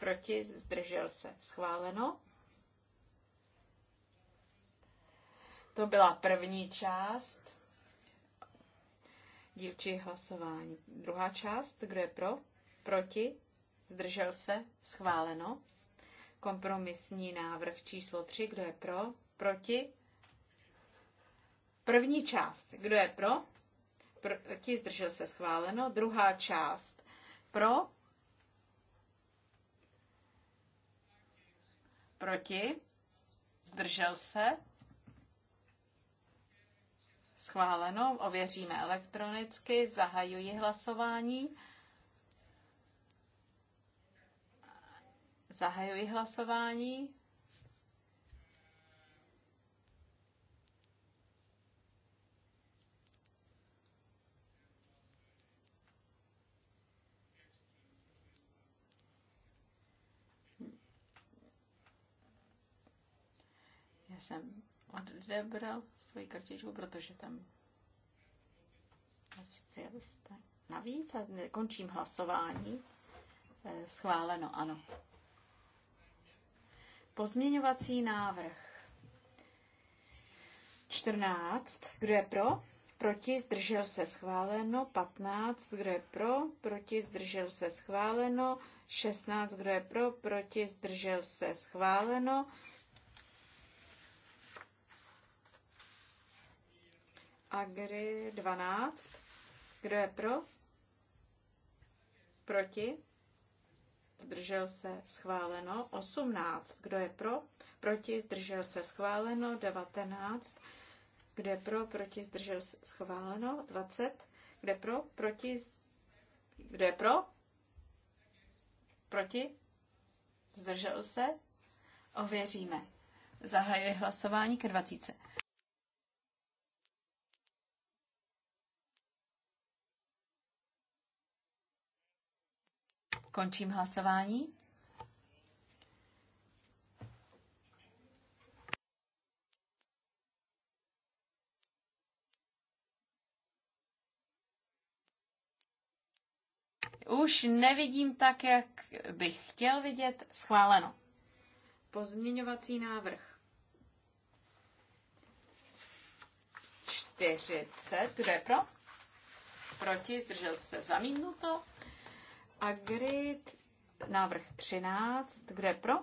Proti, zdržel se schváleno. To byla první část dílčí hlasování. Druhá část, kdo je pro, proti, zdržel se, schváleno. Kompromisní návrh číslo 3, kdo je pro, proti. První část, kdo je pro, proti, zdržel se, schváleno. Druhá část, pro, proti, zdržel se, Schváleno, ověříme elektronicky, zahajuji hlasování. Zahajuji hlasování. Já jsem odebral svoji kartičku, protože tam socialisté. Navíc a končím hlasování. Eh, schváleno, ano. Pozměňovací návrh. 14. Kdo je pro? Proti zdržel se schváleno. 15. Kdo je pro? Proti zdržel se schváleno. 16. Kdo je pro? Proti zdržel se schváleno. Agri 12. Kdo je pro? Proti? Zdržel se schváleno 18. Kdo je pro? Proti? Zdržel se schváleno 19. Kdo je pro? Proti? Zdržel se schváleno 20. Kdo je pro? Proti? Kdo je pro? Proti? Zdržel se? Ověříme. Zahajuje hlasování ke 20. Končím hlasování. Už nevidím tak, jak bych chtěl vidět. Schváleno. Pozměňovací návrh. 40. Kdo je pro? Proti? Zdržel se zamítnuto. Agri, návrh 13. Kdo je pro?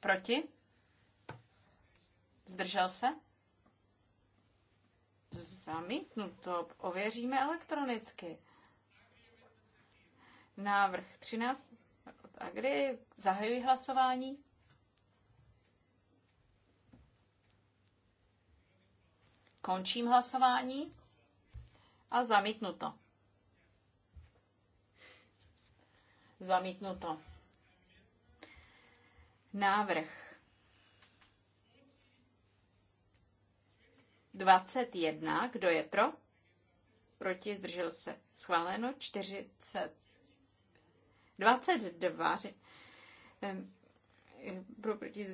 Proti? Zdržel se? Zamítnuto. Ověříme elektronicky. Návrh 13. A kdy zahajuji hlasování? Končím hlasování a zamítnuto. Zamítnuto. Návrh 21. Kdo je pro? Proti zdržel se. Schváleno 40. 22. Pro, proti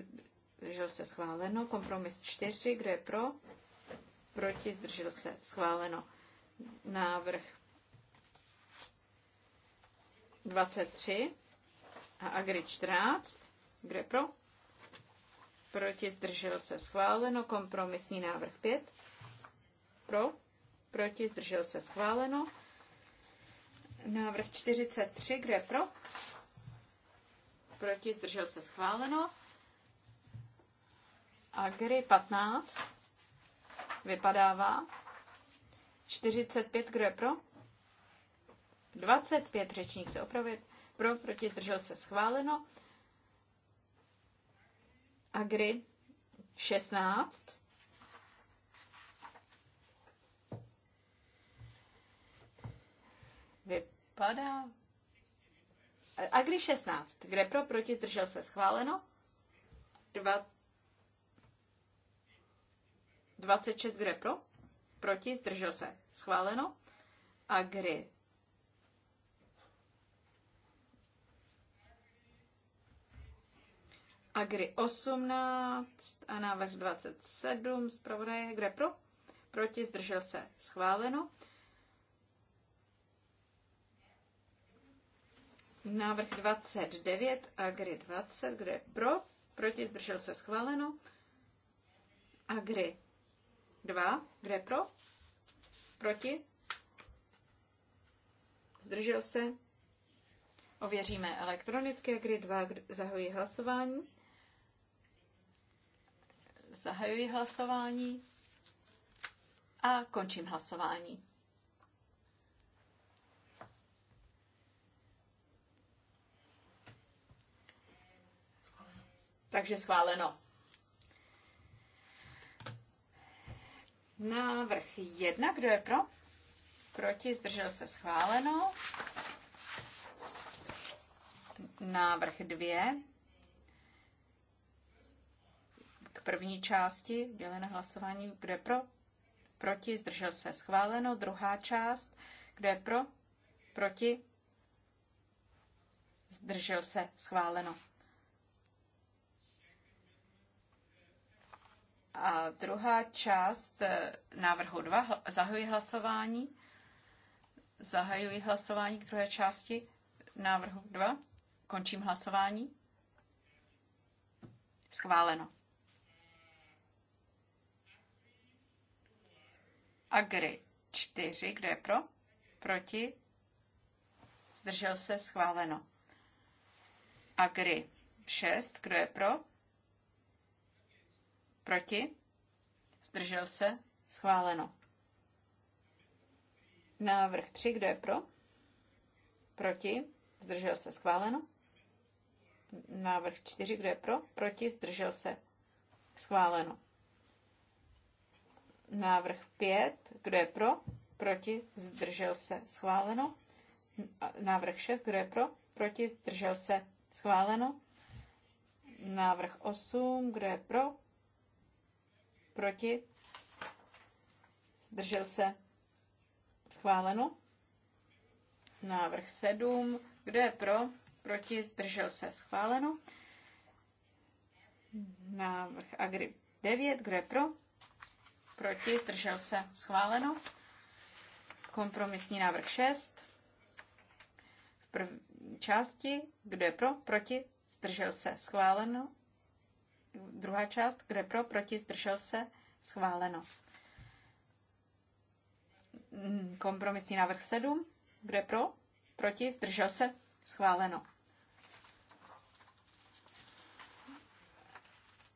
zdržel se. Schváleno. Kompromis 4. Kdo je pro? Proti zdržel se. Schváleno. Návrh 23 a Agri 14. Kde pro? Proti zdržel se schváleno. Kompromisní návrh 5. Pro? Proti zdržel se schváleno. Návrh 43. Kde pro? Proti zdržel se schváleno. Agri 15. Vypadává. 45. Kdo je pro? 25 řečník se opravit. Pro, proti, držel se schváleno. Agri 16. Vypadá. Agri 16, kde pro, proti, držel se schváleno. Dva... 26, kde pro, proti, zdržel se schváleno. Agri Agri 18 a návrh 27 zpravodaje. Kde pro? Proti zdržel se schváleno. Návrh 29, Agri 20, kde je pro, proti zdržel se schváleno. Agri 2, kde je pro, proti, zdržel se. Ověříme elektronicky Agri 2, zahojí hlasování. Zahajuji hlasování a končím hlasování. Takže schváleno. Návrh jedna, kdo je pro? Proti, zdržel se schváleno. Návrh dvě. první části, dělené hlasování, kdo je pro, proti, zdržel se schváleno. Druhá část, kdo je pro, proti, zdržel se schváleno. A druhá část eh, návrhu 2, zahajuji hlasování. Zahajuji hlasování k druhé části návrhu 2. Končím hlasování. Schváleno. Agri 4, kdo je pro? Proti? Zdržel se schváleno. Agri 6, kdo je pro? Proti? Zdržel se schváleno. Návrh 3, kdo je pro? Proti? Zdržel se schváleno. Návrh 4, kdo je pro? Proti? Zdržel se schváleno. Návrh 5. Kdo je pro? Proti? Zdržel se? Schváleno. Návrh 6. Kdo je pro? Proti? Zdržel se? Schváleno. Návrh 8. Kdo je pro? Proti? Zdržel se? Schváleno. Návrh 7. Kdo je pro? Proti? Zdržel se? Schváleno. Návrh Agri 9. Kdo je pro? proti, zdržel se, schváleno. Kompromisní návrh 6 v první části, kdo je pro, proti, zdržel se, schváleno. Druhá část, kdo je pro, proti, zdržel se, schváleno. Mm, kompromisní návrh 7, kdo je pro, proti, zdržel se, schváleno.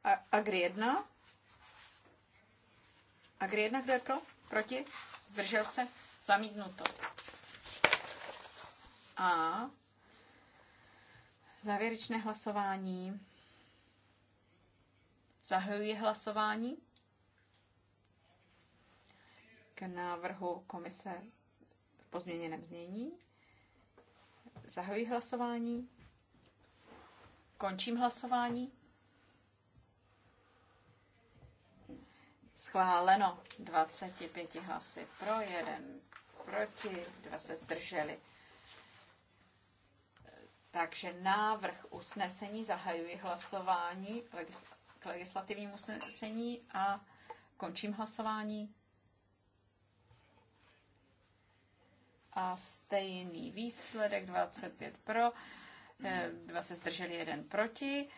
A, agri 1, a kdy jednak jde pro? Proti? Zdržel se? Zamítnuto. A závěrečné hlasování. Zahajuji hlasování k návrhu komise v pozměněném znění. Zahajuji hlasování. Končím hlasování. Schváleno 25 hlasy pro, jeden proti, dva se zdrželi. Takže návrh usnesení, zahajuji hlasování k legislativnímu usnesení a končím hlasování. A stejný výsledek, 25 pro, eh, dva se zdrželi, jeden proti.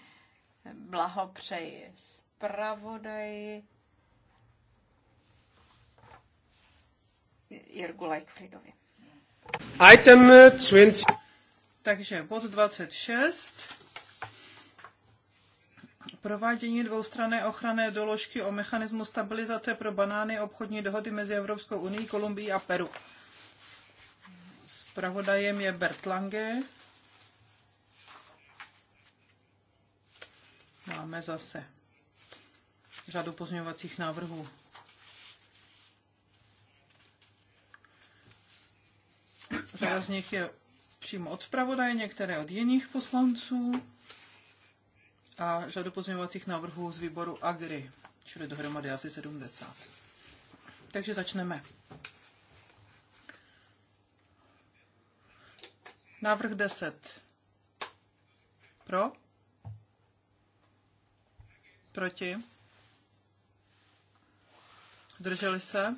Blahopřeji zpravodaji Jirgu Leikfridovi. Item 20. Eh, Takže bod 26. Provádění dvoustranné ochranné doložky o mechanismu stabilizace pro banány obchodní dohody mezi Evropskou unii, Kolumbií a Peru. Spravodajem je Bert Lange. Máme zase řadu pozměňovacích návrhů. Některé z nich je přímo od zpravodaje, některé od jiných poslanců a řadu pozměňovacích návrhů z výboru Agri, čili dohromady asi 70. Takže začneme. Návrh 10. Pro? Proti? Zdrželi se?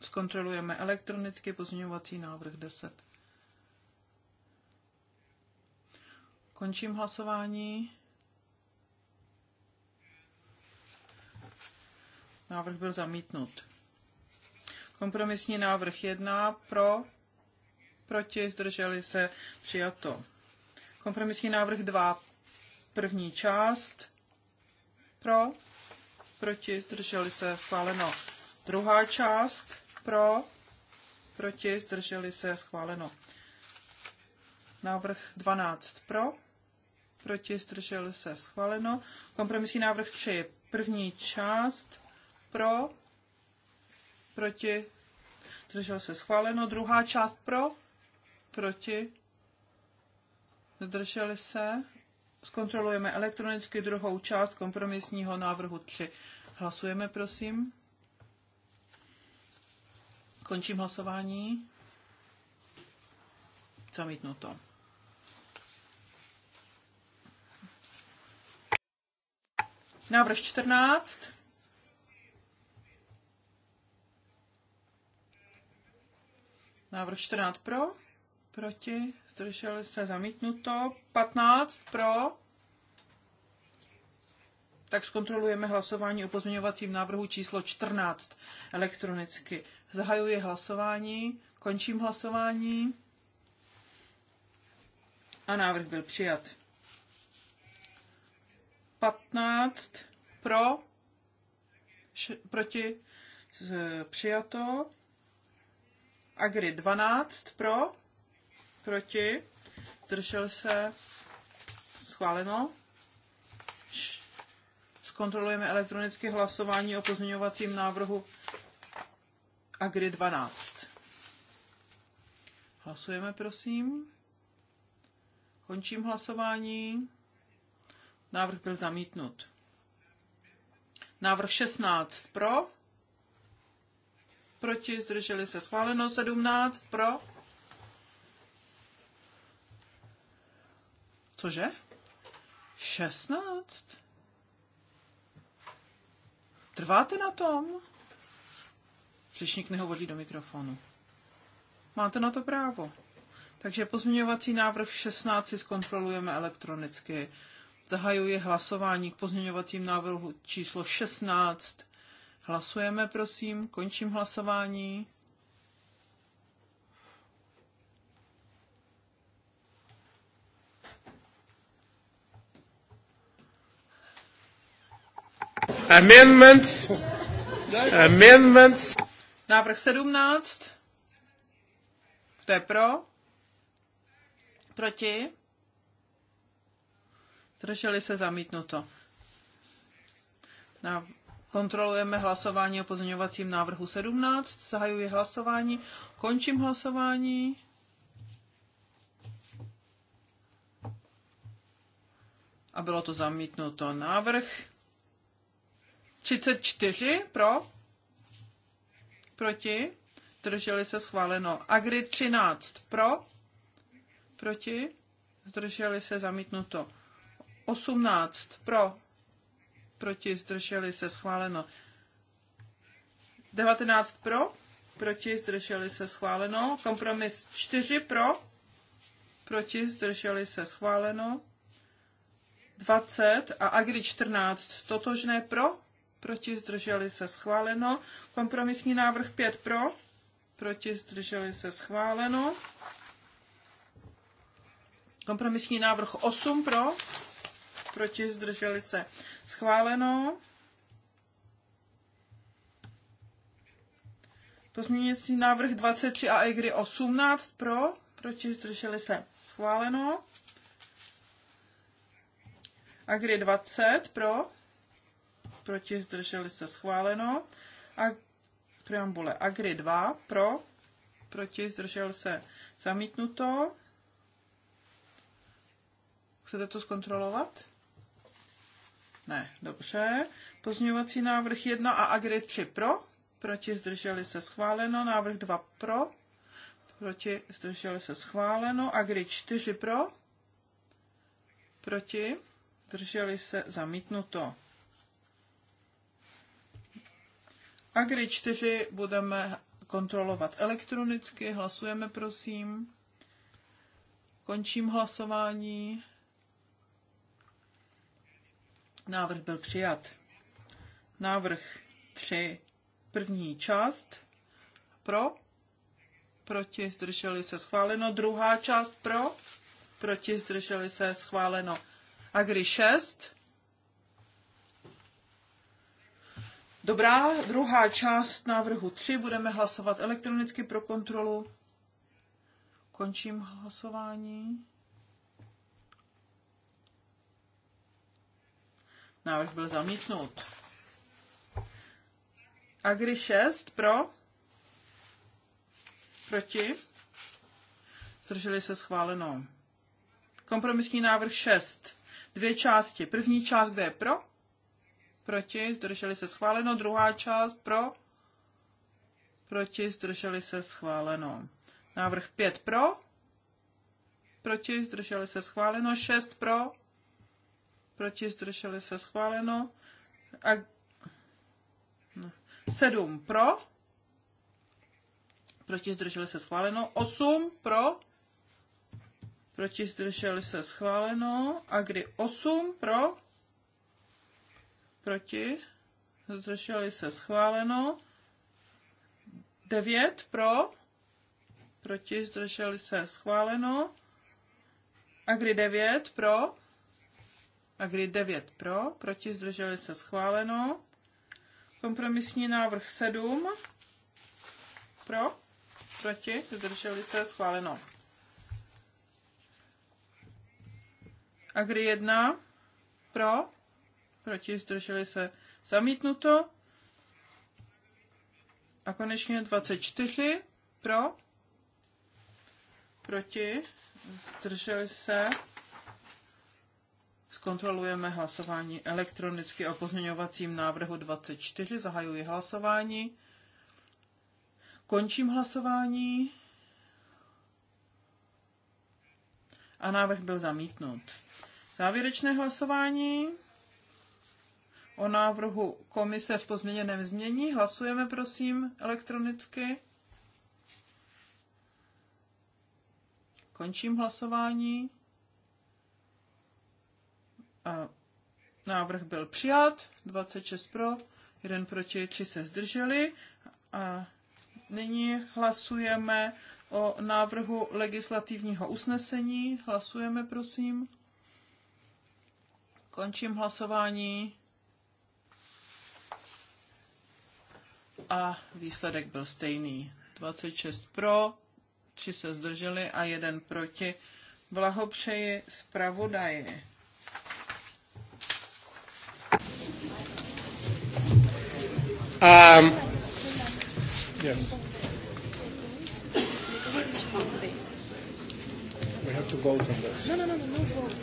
Zkontrolujeme elektronicky pozměňovací návrh 10. Končím hlasování. Návrh byl zamítnut. Kompromisní návrh 1 pro, proti, zdrželi se, přijato. Kompromisní návrh 2, první část, pro, proti, zdrželi se, schváleno. Druhá část, pro, proti, zdrželi se, schváleno. Návrh 12 pro, proti, zdržel se, schváleno. Kompromisní návrh 3, první část, pro, proti, zdržel se, schváleno. Druhá část pro, proti, zdrželi se. Zkontrolujeme elektronicky druhou část kompromisního návrhu 3. Hlasujeme, prosím. Končím hlasování. Zamítnuto. to. Návrh 14. Návrh 14 pro, proti, zdržel se zamítnuto, 15 pro, tak zkontrolujeme hlasování o pozměňovacím návrhu číslo 14 elektronicky. Zahajuji hlasování, končím hlasování a návrh byl přijat. 15 pro, š, proti z, přijato. Agri 12 pro, proti, zdržel se, schváleno. Zkontrolujeme elektronicky hlasování o pozměňovacím návrhu Agri 12. Hlasujeme, prosím. Končím hlasování. Návrh byl zamítnut. Návrh 16 pro, proti, zdrželi se schváleno, 17 pro. Cože? 16? Trváte na tom? Řečník nehovoří do mikrofonu. Máte na to právo. Takže pozměňovací návrh 16 si zkontrolujeme elektronicky. Zahajuji hlasování k pozměňovacím návrhu číslo 16. Hlasujeme, prosím. Končím hlasování. Amendments. Amendments. Návrh 17. Kdo je pro? Proti? zdrželi se zamítnuto. Na, kontrolujeme hlasování o pozměňovacím návrhu 17, zahajuji hlasování, končím hlasování. A bylo to zamítnuto. Návrh 34 pro, proti, zdrželi se schváleno. Agri 13 pro, proti, zdrželi se zamítnuto. 18 pro, proti zdrželi se schváleno. 19 pro, proti zdrželi se schváleno. Kompromis 4 pro, proti zdrželi se schváleno. 20 a Agri 14 totožné pro, proti zdrželi se schváleno. Kompromisní návrh 5 pro, proti zdrželi se schváleno. Kompromisní návrh 8 pro, proti, zdrželi se schváleno. Pozměňující návrh 23 a EGRY 18 pro, proti, zdrželi se schváleno. Agri 20 pro, proti, zdrželi se schváleno. A preambule Agri 2 pro, proti, zdržel se zamítnuto. Chcete to zkontrolovat? Ne, dobře. Pozměňovací návrh 1 a Agri 3 pro, proti zdrželi se schváleno, návrh 2 pro, proti zdrželi se schváleno, Agri 4 pro, proti zdrželi se zamítnuto. Agri 4 budeme kontrolovat elektronicky, hlasujeme prosím. Končím hlasování. Návrh byl přijat. Návrh 3. První část pro, proti, zdrželi se schváleno. Druhá část pro, proti, zdrželi se schváleno. Agri 6. Dobrá, druhá část návrhu 3. Budeme hlasovat elektronicky pro kontrolu. Končím hlasování. Návrh byl zamítnut. Agri 6 pro? Proti? Zdrželi se schváleno. Kompromisní návrh 6. Dvě části. První část, kde je pro? Proti? Zdrželi se schváleno. Druhá část pro? Proti? Zdrželi se schváleno. Návrh 5 pro? Proti? Zdrželi se schváleno. 6 pro? proti, zdrželi se schváleno. A 7 no, pro, proti, zdrželi se schváleno. 8 pro, proti, zdrželi se schváleno. A kdy 8 pro, proti, zdrželi se schváleno. 9 pro, proti, zdrželi se schváleno. A kdy 9 pro, a kdy 9 pro, proti zdrželi se schváleno. Kompromisní návrh 7 pro, proti zdrželi se schváleno. A kdy 1 pro, proti zdrželi se zamítnuto. A konečně 24 pro, proti zdrželi se Zkontrolujeme hlasování elektronicky o pozměňovacím návrhu 24. Zahajuji hlasování. Končím hlasování. A návrh byl zamítnut. Závěrečné hlasování o návrhu komise v pozměněném změní. Hlasujeme, prosím, elektronicky. Končím hlasování návrh byl přijat, 26 pro, 1 proti, 3 se zdrželi. A nyní hlasujeme o návrhu legislativního usnesení. Hlasujeme, prosím. Končím hlasování. A výsledek byl stejný. 26 pro, 3 se zdrželi a 1 proti. Blahopřeji zpravodaji. Um, yes. We have to vote on this. No, no, no, no, no vote.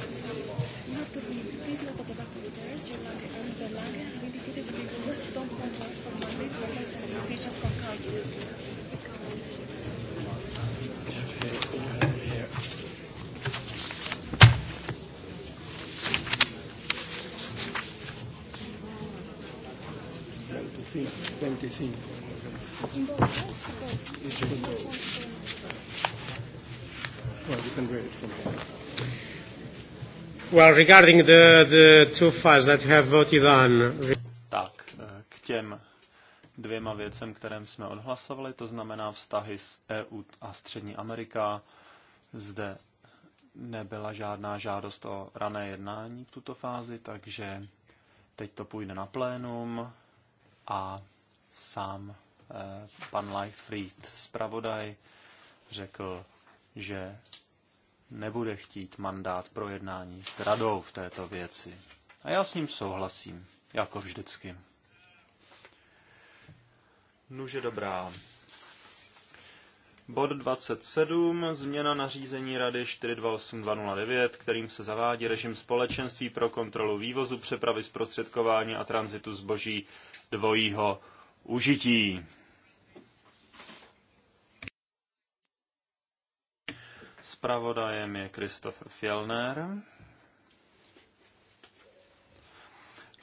You have to be, please note that the vaccinators, your lung and the lung indicated to be removed. Don't want vote for Monday to have So you just concur. Well, Well, regarding the, the two files that have voted on... Tak, eh, k těm dvěma věcem, kterým jsme odhlasovali, to znamená vztahy s EU a Střední Amerika. Zde nebyla žádná žádost o rané jednání v tuto fázi, takže teď to půjde na plénum a sám eh, pan Leichtfried, zpravodaj, řekl, že nebude chtít mandát pro jednání s radou v této věci. A já s ním souhlasím, jako vždycky. Nuže dobrá. Bod 27. Změna nařízení Rady 428209, kterým se zavádí režim společenství pro kontrolu vývozu, přepravy, zprostředkování a tranzitu zboží dvojího užití. Spravodajem je Kristof Fjellner.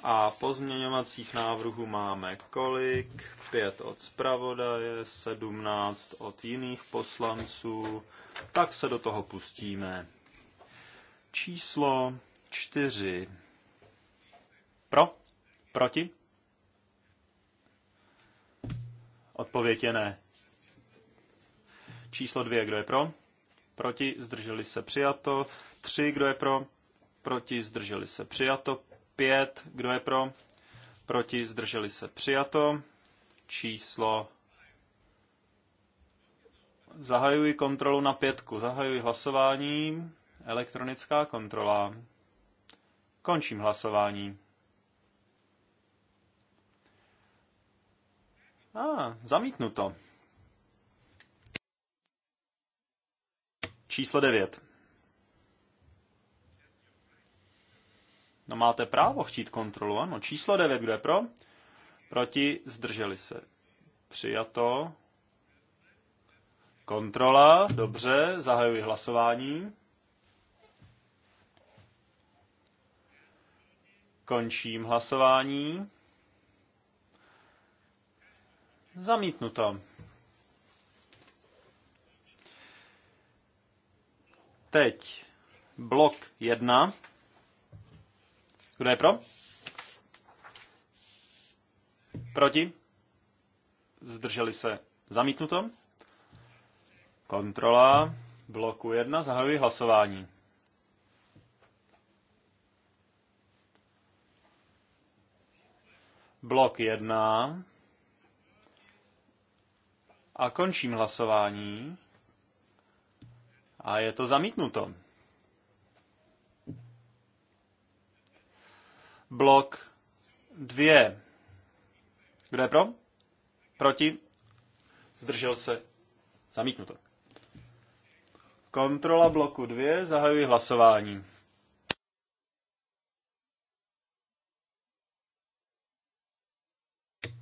A pozměňovacích návrhů máme kolik? Pět od zpravodaje, sedmnáct od jiných poslanců. Tak se do toho pustíme. Číslo čtyři. Pro? Proti? Odpověď je ne. Číslo dvě, kdo je pro? Proti, zdrželi se přijato. Tři, kdo je pro? Proti, zdrželi se přijato. Pět, kdo je pro? Proti, zdrželi se přijato. Číslo Zahajuji kontrolu na pětku. Zahajuji hlasování. Elektronická kontrola. Končím hlasování. A, ah, zamítnuto. Číslo 9. No máte právo chtít kontrolu, ano. Číslo 9, kdo je pro? Proti, zdrželi se. Přijato. Kontrola, dobře, zahajuji hlasování. Končím hlasování. Zamítnuto. Teď blok 1. Kdo je pro? Proti? Zdrželi se. Zamítnuto. Kontrola bloku 1. Zahajuji hlasování. Blok 1. A končím hlasování. A je to zamítnuto. Blok 2. Kdo je pro? Proti? Zdržel se. Zamítnuto. Kontrola bloku 2. Zahajuji hlasování.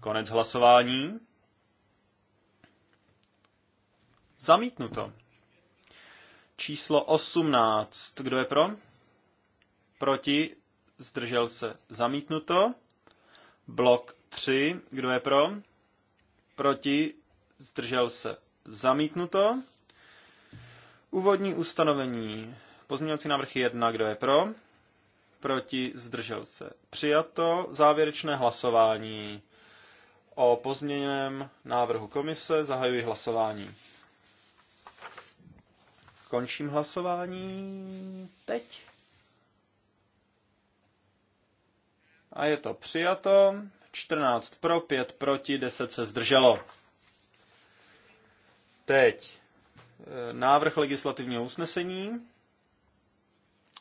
Konec hlasování. Zamítnuto. Číslo 18. Kdo je pro? Proti. Zdržel se. Zamítnuto. Blok 3. Kdo je pro? Proti. Zdržel se. Zamítnuto. Úvodní ustanovení. Pozměňovací návrh 1. Kdo je pro? Proti. Zdržel se. Přijato. Závěrečné hlasování. O pozměněném návrhu komise zahajuji hlasování. Končím hlasování teď. A je to přijato. 14 pro, 5 proti, 10 se zdrželo. Teď eh, návrh legislativního usnesení.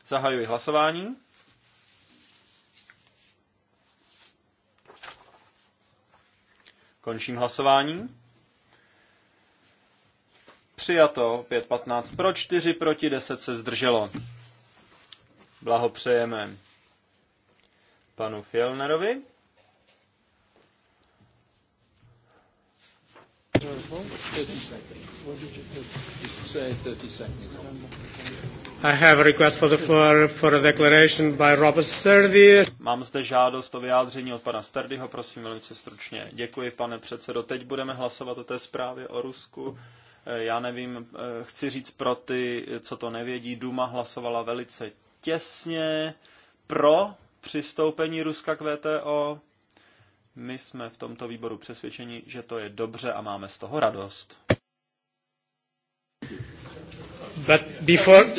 Zahajuji hlasování. Končím hlasování. Přijato 5.15 pro 4, proti 10 se zdrželo. Blahopřejeme panu Fjellnerovi. I have a request for the floor for a declaration by Robert Sturdy. Mám zde žádost o vyjádření od pana Sturdyho, prosím velice stručně. Děkuji, pane předsedo. Teď budeme hlasovat o té zprávě o Rusku. Já nevím, eh, chci říct pro ty, co to nevědí, Duma hlasovala velice těsně pro přistoupení Ruska k VTO. My jsme v tomto výboru přesvědčeni, že to je dobře a máme z toho radost. But before,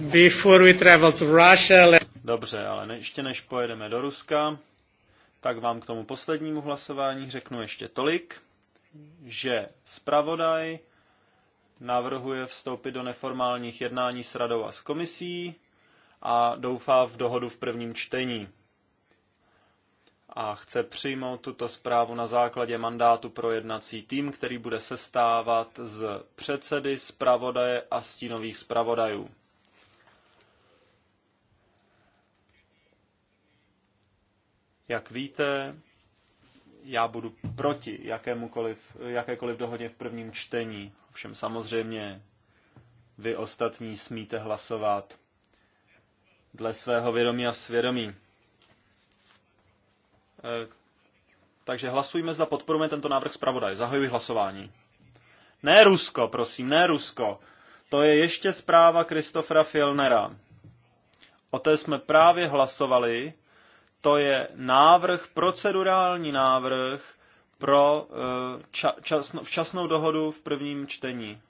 before we travel to Russia... Let... Dobře, ale ne, ještě než pojedeme do Ruska, tak vám k tomu poslednímu hlasování řeknu ještě tolik že zpravodaj navrhuje vstoupit do neformálních jednání s radou a s komisí a doufá v dohodu v prvním čtení. A chce přijmout tuto zprávu na základě mandátu pro jednací tým, který bude sestávat z předsedy, zpravodaje a stínových zpravodajů. Jak víte, já budu proti jakémukoliv, jakékoliv dohodě v prvním čtení. Všem samozřejmě vy ostatní smíte hlasovat dle svého vědomí a svědomí. Eh, takže hlasujme, zda podporujeme tento návrh zpravodaj. Zahajuji hlasování. Ne Rusko, prosím, ne Rusko. To je ještě zpráva Kristofra Fielnera. O té jsme právě hlasovali to je návrh, procedurální návrh pro eh, ča, čas, včasnou dohodu v prvním čtení.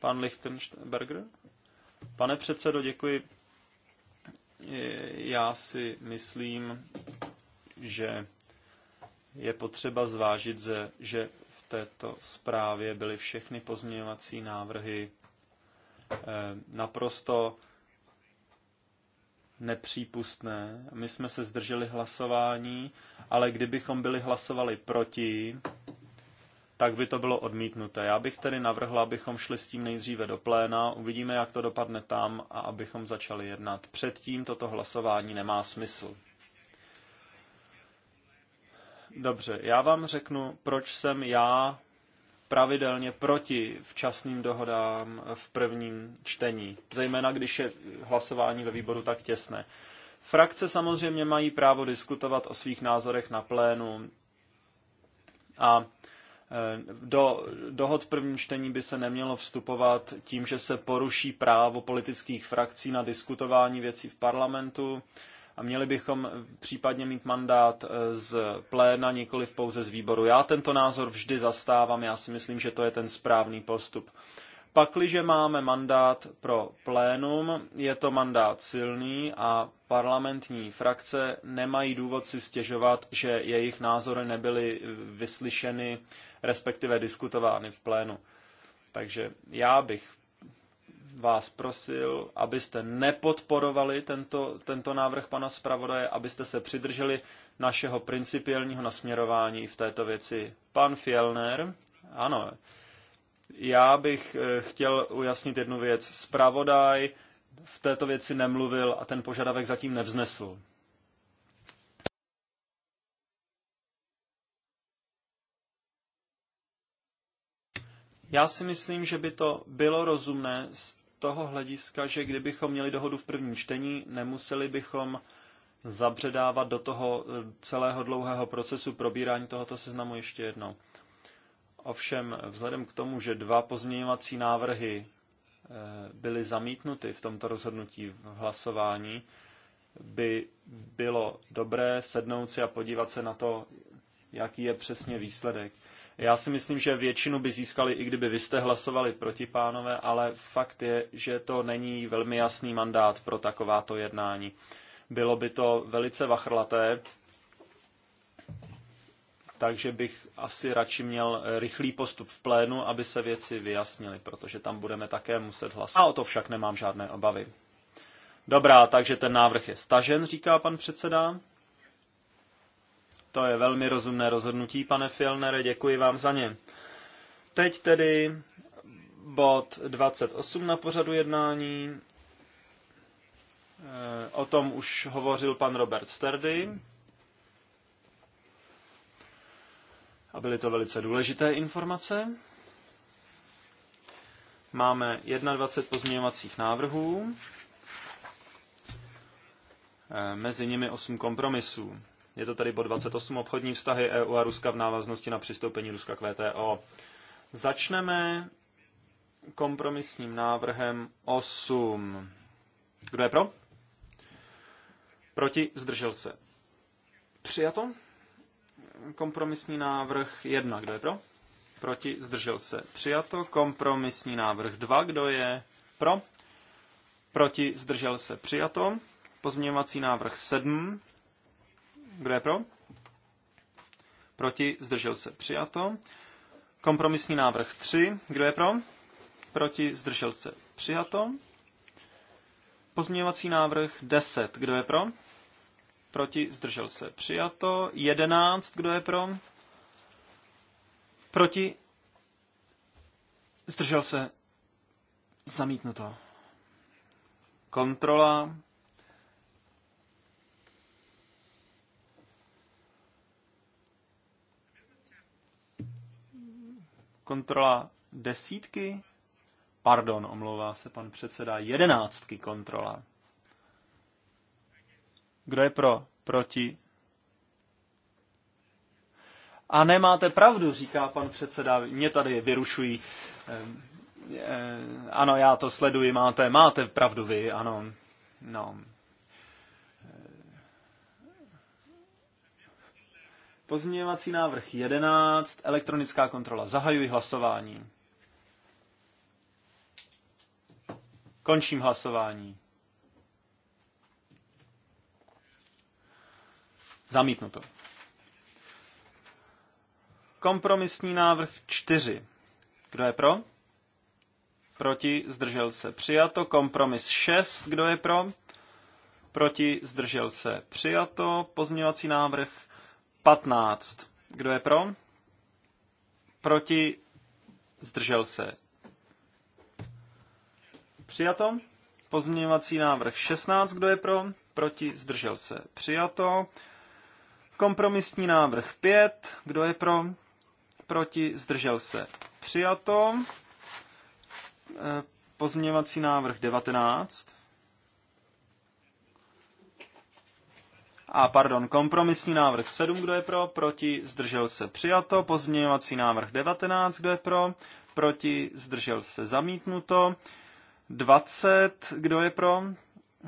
Pan Lichtenberger? Pane předsedo, děkuji. Já si myslím, že je potřeba zvážit, že v této zprávě byly všechny pozměňovací návrhy eh, naprosto nepřípustné. My jsme se zdrželi hlasování, ale kdybychom byli hlasovali proti, tak by to bylo odmítnuté. Já bych tedy navrhla, abychom šli s tím nejdříve do pléna, uvidíme, jak to dopadne tam a abychom začali jednat. Předtím toto hlasování nemá smysl. Dobře, já vám řeknu, proč jsem já pravidelně proti včasným dohodám v prvním čtení, zejména když je hlasování ve výboru tak těsné. Frakce samozřejmě mají právo diskutovat o svých názorech na plénu a e, do dohod v prvním čtení by se nemělo vstupovat tím, že se poruší právo politických frakcí na diskutování věcí v parlamentu a měli bychom případně mít mandát eh, z pléna, nikoliv pouze z výboru. Já tento názor vždy zastávám, já si myslím, že to je ten správný postup. Pakliže máme mandát pro plénum, je to mandát silný a parlamentní frakce nemají důvod si stěžovat, že jejich názory nebyly eh, vyslyšeny, respektive diskutovány v plénu. Takže já bych vás prosil, abyste nepodporovali tento, tento návrh pana zpravodaje, abyste se přidrželi našeho principiálního nasměrování v této věci. Pan Fielner, ano, já bych eh, chtěl ujasnit jednu věc. Spravodaj v této věci nemluvil a ten požadavek zatím nevznesl. Já si myslím, že by to bylo rozumné z toho hlediska, že kdybychom měli dohodu v prvním čtení, nemuseli bychom zabředávat do toho e, celého dlouhého procesu probírání tohoto seznamu ještě jednou. Ovšem, vzhledem k tomu, že dva pozměňovací návrhy e, byly zamítnuty v tomto rozhodnutí v hlasování, by bylo dobré sednout si a podívat se na to, jaký je přesně výsledek. Já si myslím, že většinu by získali, i kdyby vy jste hlasovali proti pánové, ale fakt je, že to není velmi jasný mandát pro takováto jednání. Bylo by to velice vachrlaté, takže bych asi radši měl rychlý postup v plénu, aby se věci vyjasnily, protože tam budeme také muset hlasovat. A o to však nemám žádné obavy. Dobrá, takže ten návrh je stažen, říká pan předseda. To je velmi rozumné rozhodnutí, pane Filnere, děkuji vám za ně. Teď tedy bod 28 na pořadu jednání. Eh, o tom už hovořil pan Robert Sterdy. A byly to velice důležité informace. Máme 21 pozměňovacích návrhů, eh, mezi nimi 8 kompromisů. Je to tedy bod 28 obchodní vztahy EU a Ruska v návaznosti na přistoupení Ruska k VTO. Začneme kompromisním návrhem 8. Kdo je pro? Proti zdržel se. Přijato. Kompromisní návrh 1. Kdo je pro? Proti zdržel se. Přijato. Kompromisní návrh 2. Kdo je pro? Proti zdržel se. Přijato. Pozměňovací návrh 7. Kdo je pro? Proti? Zdržel se? Přijato. Kompromisní návrh 3. Kdo je pro? Proti? Zdržel se? Přijato. Pozměňovací návrh 10. Kdo je pro? Proti? Zdržel se? Přijato. 11. Kdo je pro? Proti? Zdržel se? Zamítnuto. Kontrola. Kontrola desítky? Pardon, omlouvá se pan předseda, jedenáctky kontrola. Kdo je pro? Proti? A nemáte pravdu, říká pan předseda, mě tady vyrušují. E, e, ano, já to sleduji, máte, máte pravdu vy, ano. No. Pozměňovací návrh 11, elektronická kontrola. Zahajuji hlasování. Končím hlasování. Zamítnuto. Kompromisní návrh 4. Kdo je pro? Proti, zdržel se, přijato. Kompromis 6. Kdo je pro? Proti, zdržel se, přijato. Pozměňovací návrh 15. Kdo je pro? Proti? Zdržel se. Přijato. Pozměňovací návrh 16. Kdo je pro? Proti? Zdržel se. Přijato. Kompromisní návrh 5. Kdo je pro? Proti? Zdržel se. Přijato. Eh, pozměňovací návrh 19. A pardon, kompromisní návrh 7, kdo je pro, proti, zdržel se přijato, pozměňovací návrh 19, kdo je pro, proti, zdržel se zamítnuto, 20, kdo je pro,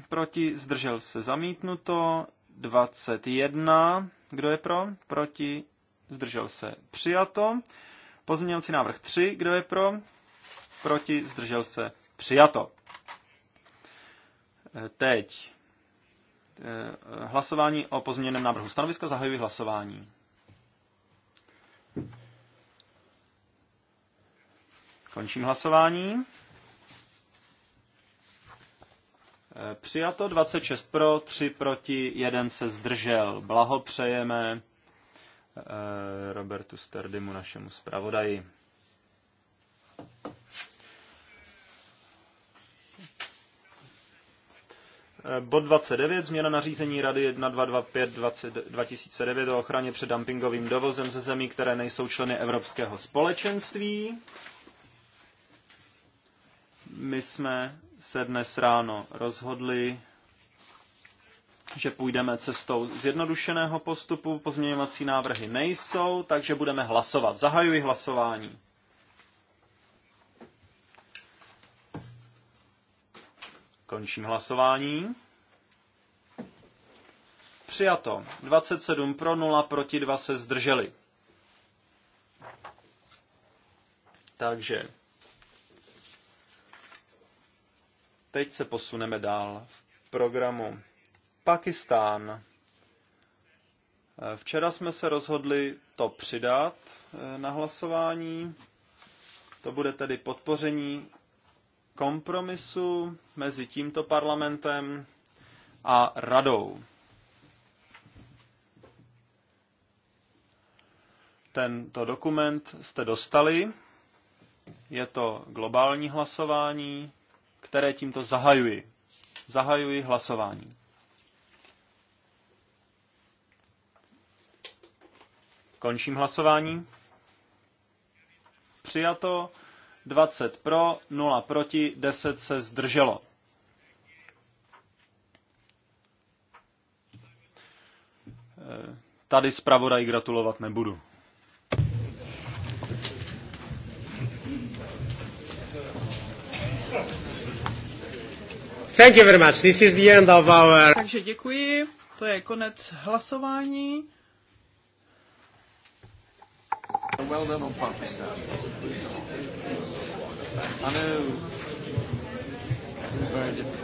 proti, zdržel se zamítnuto, 21, kdo je pro, proti, zdržel se přijato, pozměňovací návrh 3, kdo je pro, proti, zdržel se přijato. E, teď Eh, hlasování o pozměněném návrhu stanoviska zahajuji hlasování. Končím hlasování. Eh, přijato 26 pro, 3 proti, 1 se zdržel. Blahopřejeme eh, Robertu Sterdimu, našemu zpravodaji. Eh, bod 29, změna nařízení Rady 1225 2009 o ochraně před dumpingovým dovozem ze zemí, které nejsou členy Evropského společenství. My jsme se dnes ráno rozhodli, že půjdeme cestou zjednodušeného postupu. Pozměňovací návrhy nejsou, takže budeme hlasovat. Zahajuji hlasování. Končím hlasování. Přijato. 27 pro 0, proti 2 se zdrželi. Takže teď se posuneme dál v programu Pakistán. Včera jsme se rozhodli to přidat eh, na hlasování. To bude tedy podpoření kompromisu mezi tímto parlamentem a radou. Tento dokument jste dostali. Je to globální hlasování, které tímto zahajuji. Zahajuji hlasování. Končím hlasování. Přijato 20 pro, 0 proti, 10 se zdrželo. Eh, tady zpravodaj gratulovat nebudu. Thank you very much. This is the end of our... Takže děkuji. To je konec hlasování. Well done on Pakistan. I know. It's very difficult.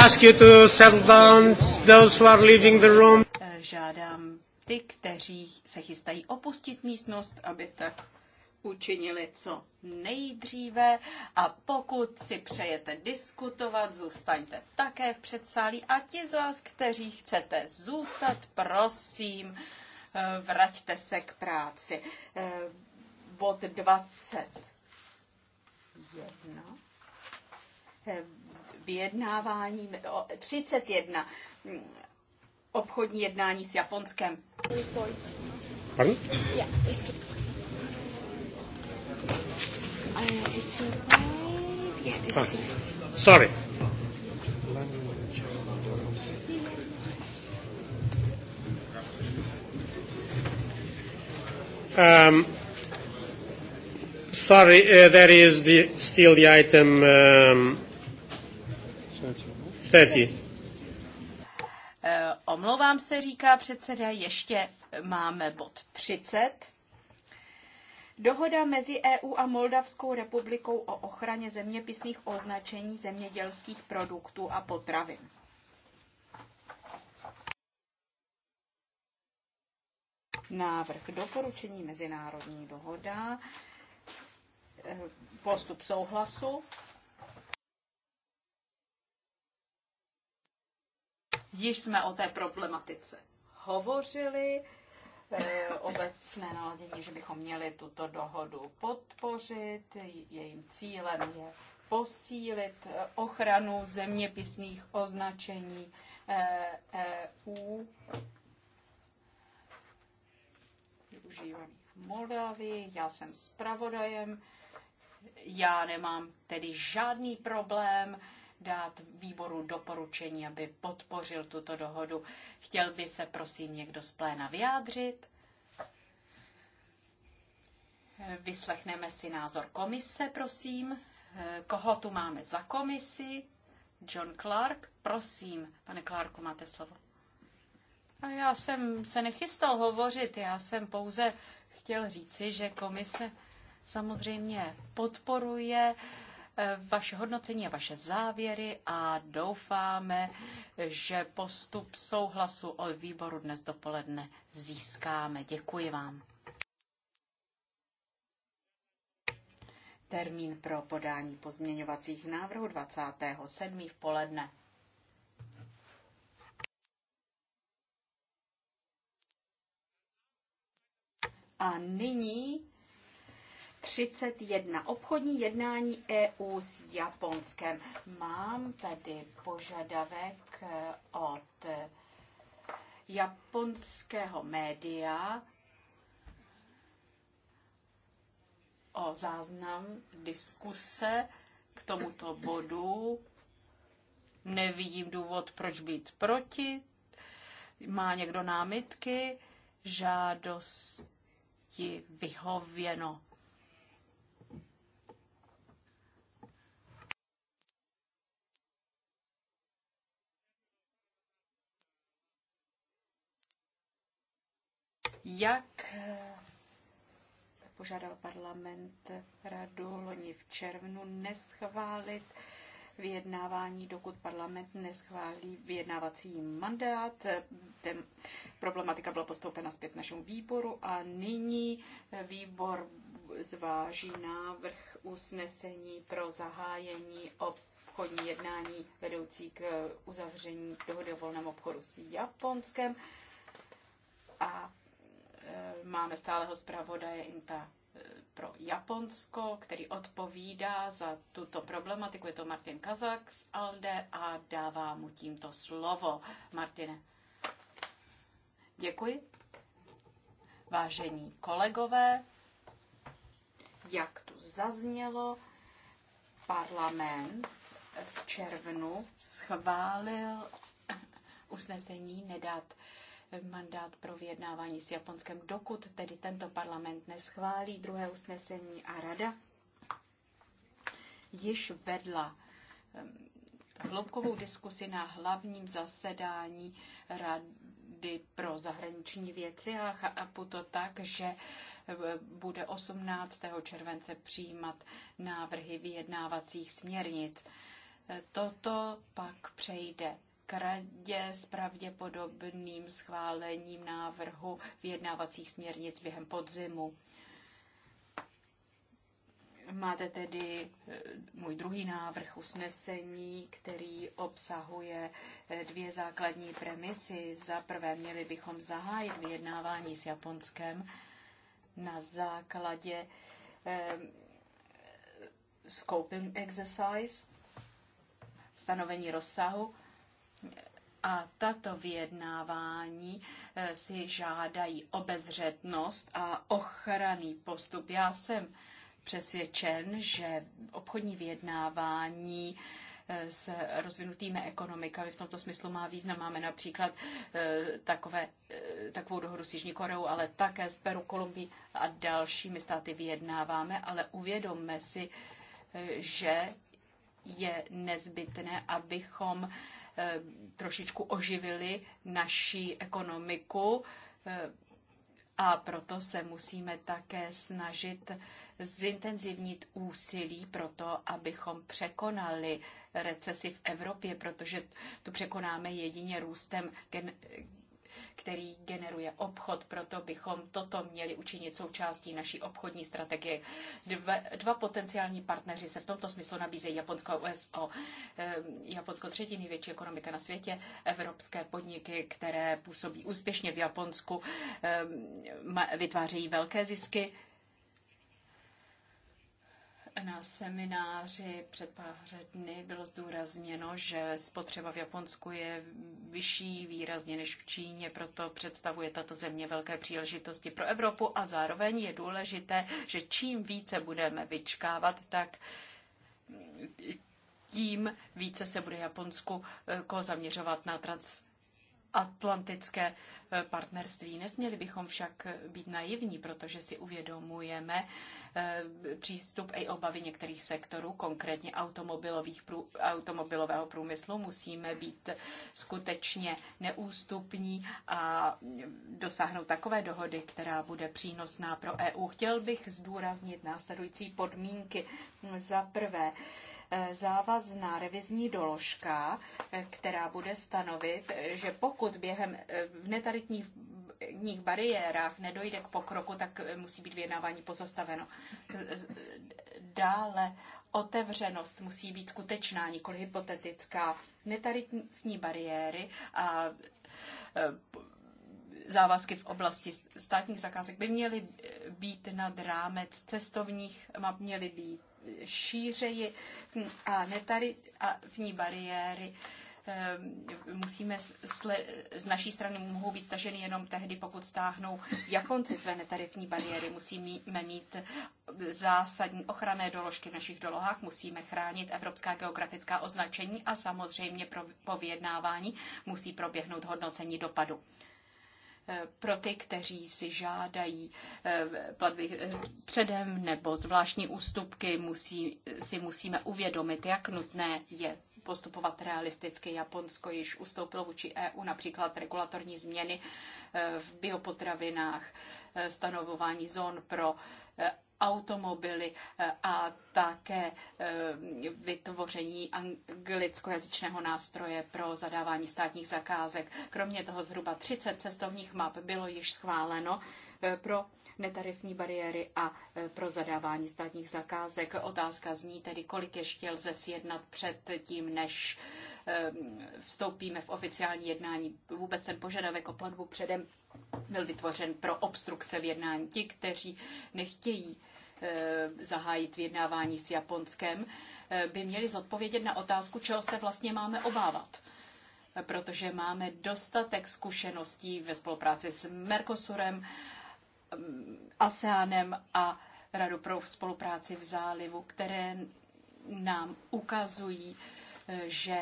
ask you to settle down, those who are leaving the room. Eh, žádám ty, kteří se chystají opustit místnost, aby tak učinili co nejdříve a pokud si přejete diskutovat, zůstaňte také v předsálí a ti z vás, kteří chcete zůstat, prosím, eh, vraťte se k práci. Eh, bod 21 vyjednávání, 31 mm, obchodní jednání s Japonskem. Pardon? Yeah, uh, yeah, Sorry. Um, sorry, uh, that is the, still the item um, 30. Eh, omlouvám se, říká předseda, ještě máme bod 30. Dohoda mezi EU a Moldavskou republikou o ochraně zeměpisných označení zemědělských produktů a potravin. Návrh doporučení mezinárodní dohoda, eh, postup souhlasu, Již jsme o té problematice hovořili, eh, obecné naladění, že bychom měli tuto dohodu podpořit. Jejím cílem je posílit eh, ochranu zeměpisných označení EU eh, e využívaných v Já jsem zpravodajem, já nemám tedy žádný problém dát výboru doporučení, aby podpořil tuto dohodu. Chtěl by se prosím někdo z pléna vyjádřit? Vyslechneme si názor komise, prosím. Koho tu máme za komisi? John Clark. Prosím, pane Clarku, máte slovo. A já jsem se nechystal hovořit, já jsem pouze chtěl říci, že komise samozřejmě podporuje eh, vaše hodnocení a vaše závěry a doufáme, že postup souhlasu od výboru dnes dopoledne získáme. Děkuji vám. Termín pro podání pozměňovacích návrhů 27. v poledne. A nyní 31. Obchodní jednání EU s Japonskem. Mám tady požadavek eh, od eh, japonského média o záznam diskuse k tomuto bodu. Nevidím důvod, proč být proti. Má někdo námitky? Žádosti vyhověno. jak eh, požádal parlament radu loni v červnu neschválit vyjednávání, dokud parlament neschválí vyjednávací mandát. Ten problematika byla postoupena zpět našemu výboru a nyní výbor zváží návrh usnesení pro zahájení obchodní jednání vedoucí k uzavření dohody o volném obchodu s Japonskem. A Máme stáleho zpravodaje INTA eh, pro Japonsko, který odpovídá za tuto problematiku. Je to Martin Kazak z ALDE a dává mu tímto slovo. Martine. Děkuji. Vážení kolegové, jak tu zaznělo, parlament v červnu schválil [LAUGHS] usnesení nedat mandát pro vyjednávání s Japonskem, dokud tedy tento parlament neschválí druhé usnesení a rada již vedla ehm, hloubkovou diskusi na hlavním zasedání Rady pro zahraniční věci a chápu to tak, že eh, bude 18. července přijímat návrhy vyjednávacích směrnic. Eh, toto pak přejde k radě s pravděpodobným schválením návrhu vyjednávacích směrnic během podzimu. Máte tedy eh, můj druhý návrh usnesení, který obsahuje eh, dvě základní premisy. Za prvé, měli bychom zahájit vyjednávání s Japonskem na základě eh, scoping exercise, stanovení rozsahu a tato vyjednávání eh, si žádají obezřetnost a ochranný postup. Já jsem přesvědčen, že obchodní vyjednávání eh, s rozvinutými ekonomikami v tomto smyslu má význam. Máme například eh, takové, takovou dohodu s Jižní Koreou, ale také s Peru, Kolumbií a dalšími státy vyjednáváme, ale uvědomme si, že je nezbytné, abychom Eh, trošičku oživili naší ekonomiku eh, a proto se musíme také snažit zintenzivnit úsilí pro to, abychom překonali recesi v Evropě, protože tu překonáme jedině růstem který generuje obchod, proto bychom toto měli učinit součástí naší obchodní strategie. Dva, dva potenciální partneři se v tomto smyslu nabízejí Japonsko a USO. Ehm, Japonsko třetí největší ekonomika na světě, evropské podniky, které působí úspěšně v Japonsku, ehm, vytvářejí velké zisky, na semináři před pár dny bylo zdůrazněno, že spotřeba v Japonsku je vyšší výrazně než v Číně, proto představuje tato země velké příležitosti pro Evropu a zároveň je důležité, že čím více budeme vyčkávat, tak tím více se bude Japonsku eh, zaměřovat na trans atlantické eh, partnerství. Nesměli bychom však eh, být naivní, protože si uvědomujeme eh, přístup i obavy některých sektorů, konkrétně automobilových, automobilového průmyslu. Musíme být skutečně neústupní a dosáhnout takové dohody, která bude přínosná pro EU. Chtěl bych zdůraznit následující podmínky. Za prvé, Eh, závazná revizní doložka, eh, která bude stanovit, že pokud během eh, v netaritních bariérách nedojde k pokroku, tak musí být vyjednávání pozastaveno. Dále otevřenost musí být skutečná, nikoli hypotetická. Netaritní bariéry a závazky v oblasti státních zakázek by měly být nad rámec cestovních map, měly být šířeji a a netarifní bariéry eh, musíme sle, z naší strany mohou být staženy jenom tehdy, pokud stáhnou Japonci své netarifní bariéry. Musíme mít zásadní ochranné doložky v našich dolohách, musíme chránit evropská geografická označení a samozřejmě pro, povědnávání musí proběhnout hodnocení dopadu. Eh, pro ty, kteří si žádají eh, platby eh, předem nebo zvláštní ústupky, musí, si musíme uvědomit, jak nutné je postupovat realisticky. Japonsko již ustoupilo vůči EU například regulatorní změny v biopotravinách, stanovování zón pro automobily eh, a také eh, vytvoření anglickojazyčného nástroje pro zadávání státních zakázek. Kromě toho zhruba 30 cestovních map bylo již schváleno eh, pro netarifní bariéry a pro zadávání státních zakázek. Otázka zní tedy, kolik ještě lze sjednat před tím, než vstoupíme v oficiální jednání. Vůbec ten požadavek o platbu předem byl vytvořen pro obstrukce v jednání. Ti, kteří nechtějí Eh, zahájit vyjednávání s Japonskem, eh, by měli zodpovědět na otázku, čeho se vlastně máme obávat protože máme dostatek zkušeností ve spolupráci s Mercosurem, mm, ASEANem a Radu pro spolupráci v zálivu, které nám ukazují, eh, že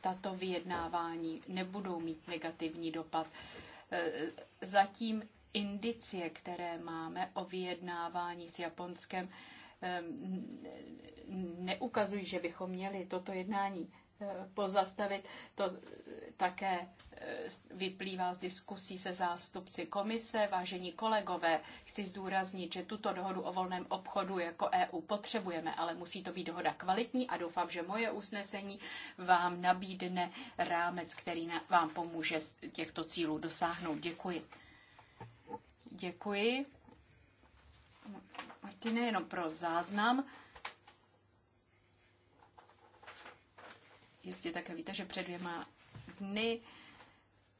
tato vyjednávání nebudou mít negativní dopad. Zatím indicie, které máme o vyjednávání s Japonskem, neukazují, že bychom měli toto jednání eh, pozastavit. To eh, také eh, vyplývá z diskusí se zástupci komise. Vážení kolegové, chci zdůraznit, že tuto dohodu o volném obchodu jako EU potřebujeme, ale musí to být dohoda kvalitní a doufám, že moje usnesení vám nabídne rámec, který vám pomůže těchto cílů dosáhnout. Děkuji. Děkuji. Martine, jenom pro záznam. Jistě také víte, že před dvěma dny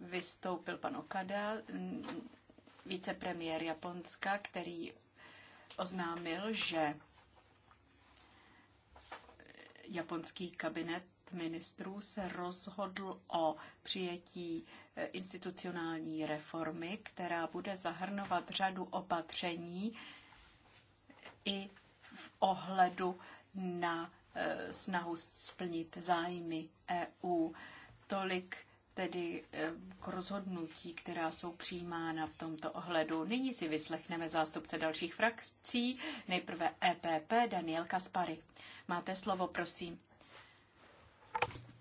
vystoupil pan Okada, vicepremiér Japonska, který oznámil, že japonský kabinet ministrů se rozhodl o přijetí eh, institucionální reformy, která bude zahrnovat řadu opatření i v ohledu na eh, snahu splnit zájmy EU. Tolik tedy eh, k rozhodnutí, která jsou přijímána v tomto ohledu. Nyní si vyslechneme zástupce dalších frakcí, nejprve EPP Daniel Kaspary. Máte slovo, prosím.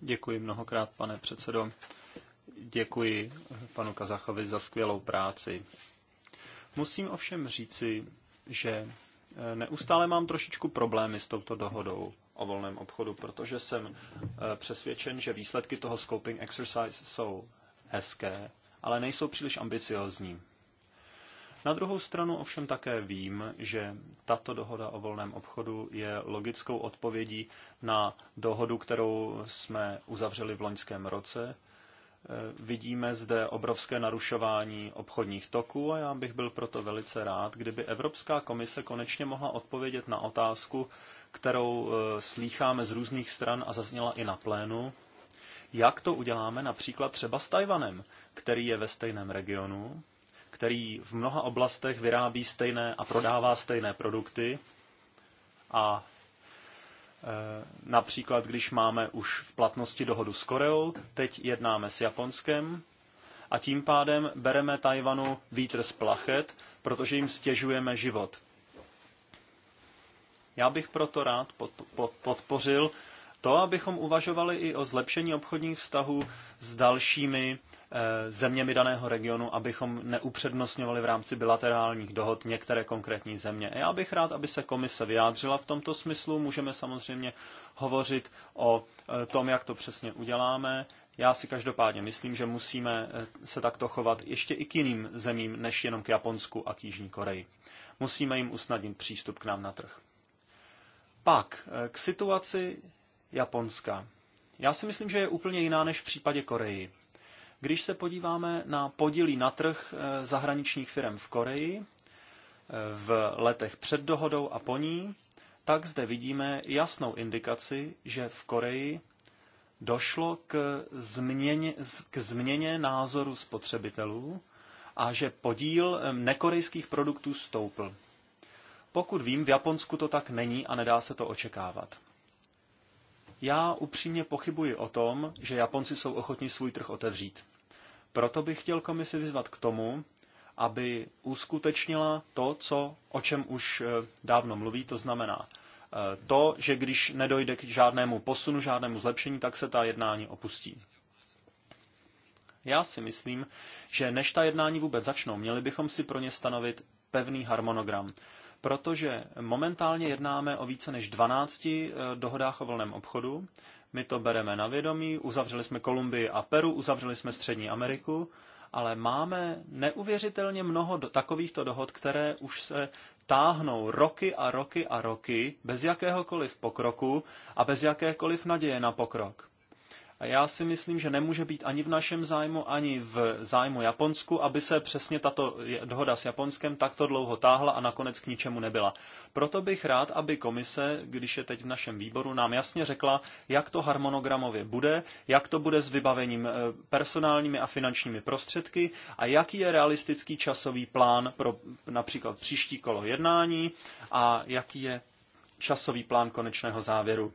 Děkuji mnohokrát, pane předsedo. Děkuji panu Kazachovi za skvělou práci. Musím ovšem říci, že eh, neustále mám trošičku problémy s touto dohodou o volném obchodu, protože jsem eh, přesvědčen, že výsledky toho scoping exercise jsou hezké, ale nejsou příliš ambiciozní. Na druhou stranu ovšem také vím, že tato dohoda o volném obchodu je logickou odpovědí na dohodu, kterou jsme uzavřeli v loňském roce. E, vidíme zde obrovské narušování obchodních toků a já bych byl proto velice rád, kdyby Evropská komise konečně mohla odpovědět na otázku, kterou e, slýcháme z různých stran a zazněla i na plénu, jak to uděláme například třeba s Tajvanem, který je ve stejném regionu, který v mnoha oblastech vyrábí stejné a prodává stejné produkty. A e, například, když máme už v platnosti dohodu s Koreou, teď jednáme s Japonskem a tím pádem bereme Tajvanu vítr z plachet, protože jim stěžujeme život. Já bych proto rád podpořil to, abychom uvažovali i o zlepšení obchodních vztahů s dalšími Eh, zeměmi daného regionu, abychom neupřednostňovali v rámci bilaterálních dohod některé konkrétní země. Já bych rád, aby se komise vyjádřila v tomto smyslu. Můžeme samozřejmě hovořit o eh, tom, jak to přesně uděláme. Já si každopádně myslím, že musíme eh, se takto chovat ještě i k jiným zemím, než jenom k Japonsku a k Jižní Koreji. Musíme jim usnadnit přístup k nám na trh. Pak k situaci Japonska. Já si myslím, že je úplně jiná než v případě Koreji. Když se podíváme na podílí na trh eh, zahraničních firm v Koreji eh, v letech před dohodou a po ní, tak zde vidíme jasnou indikaci, že v Koreji došlo k změně, k změně názoru spotřebitelů a že podíl eh, nekorejských produktů stoupl. Pokud vím, v Japonsku to tak není a nedá se to očekávat. Já upřímně pochybuji o tom, že Japonci jsou ochotni svůj trh otevřít. Proto bych chtěl komisi vyzvat k tomu, aby uskutečnila to, co, o čem už eh, dávno mluví, to znamená eh, to, že když nedojde k žádnému posunu, žádnému zlepšení, tak se ta jednání opustí. Já si myslím, že než ta jednání vůbec začnou, měli bychom si pro ně stanovit pevný harmonogram, protože momentálně jednáme o více než 12 eh, dohodách o volném obchodu, my to bereme na vědomí, uzavřeli jsme Kolumbii a Peru, uzavřeli jsme Střední Ameriku, ale máme neuvěřitelně mnoho do, takovýchto dohod, které už se táhnou roky a roky a roky bez jakéhokoliv pokroku a bez jakékoliv naděje na pokrok. A já si myslím, že nemůže být ani v našem zájmu, ani v zájmu Japonsku, aby se přesně tato dohoda s Japonskem takto dlouho táhla a nakonec k ničemu nebyla. Proto bych rád, aby komise, když je teď v našem výboru, nám jasně řekla, jak to harmonogramově bude, jak to bude s vybavením eh, personálními a finančními prostředky a jaký je realistický časový plán pro například příští kolo jednání a jaký je časový plán konečného závěru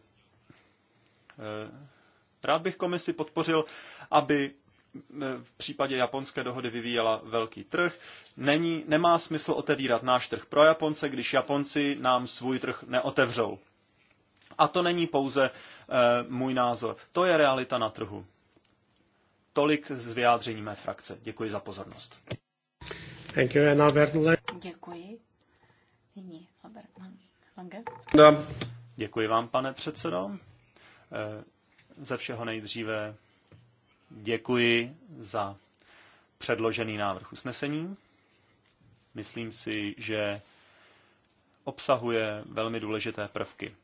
eh, Rád bych komisi podpořil, aby e, v případě japonské dohody vyvíjela velký trh. Není, nemá smysl otevírat náš trh pro Japonce, když Japonci nám svůj trh neotevřou. A to není pouze e, můj názor. To je realita na trhu. Tolik z vyjádření mé frakce. Děkuji za pozornost. Thank you, Anna Děkuji. Nyní Albert Lange. Děkuji vám, pane předsedo. E, ze všeho nejdříve děkuji za předložený návrh usnesení. Myslím si, že obsahuje velmi důležité prvky. E,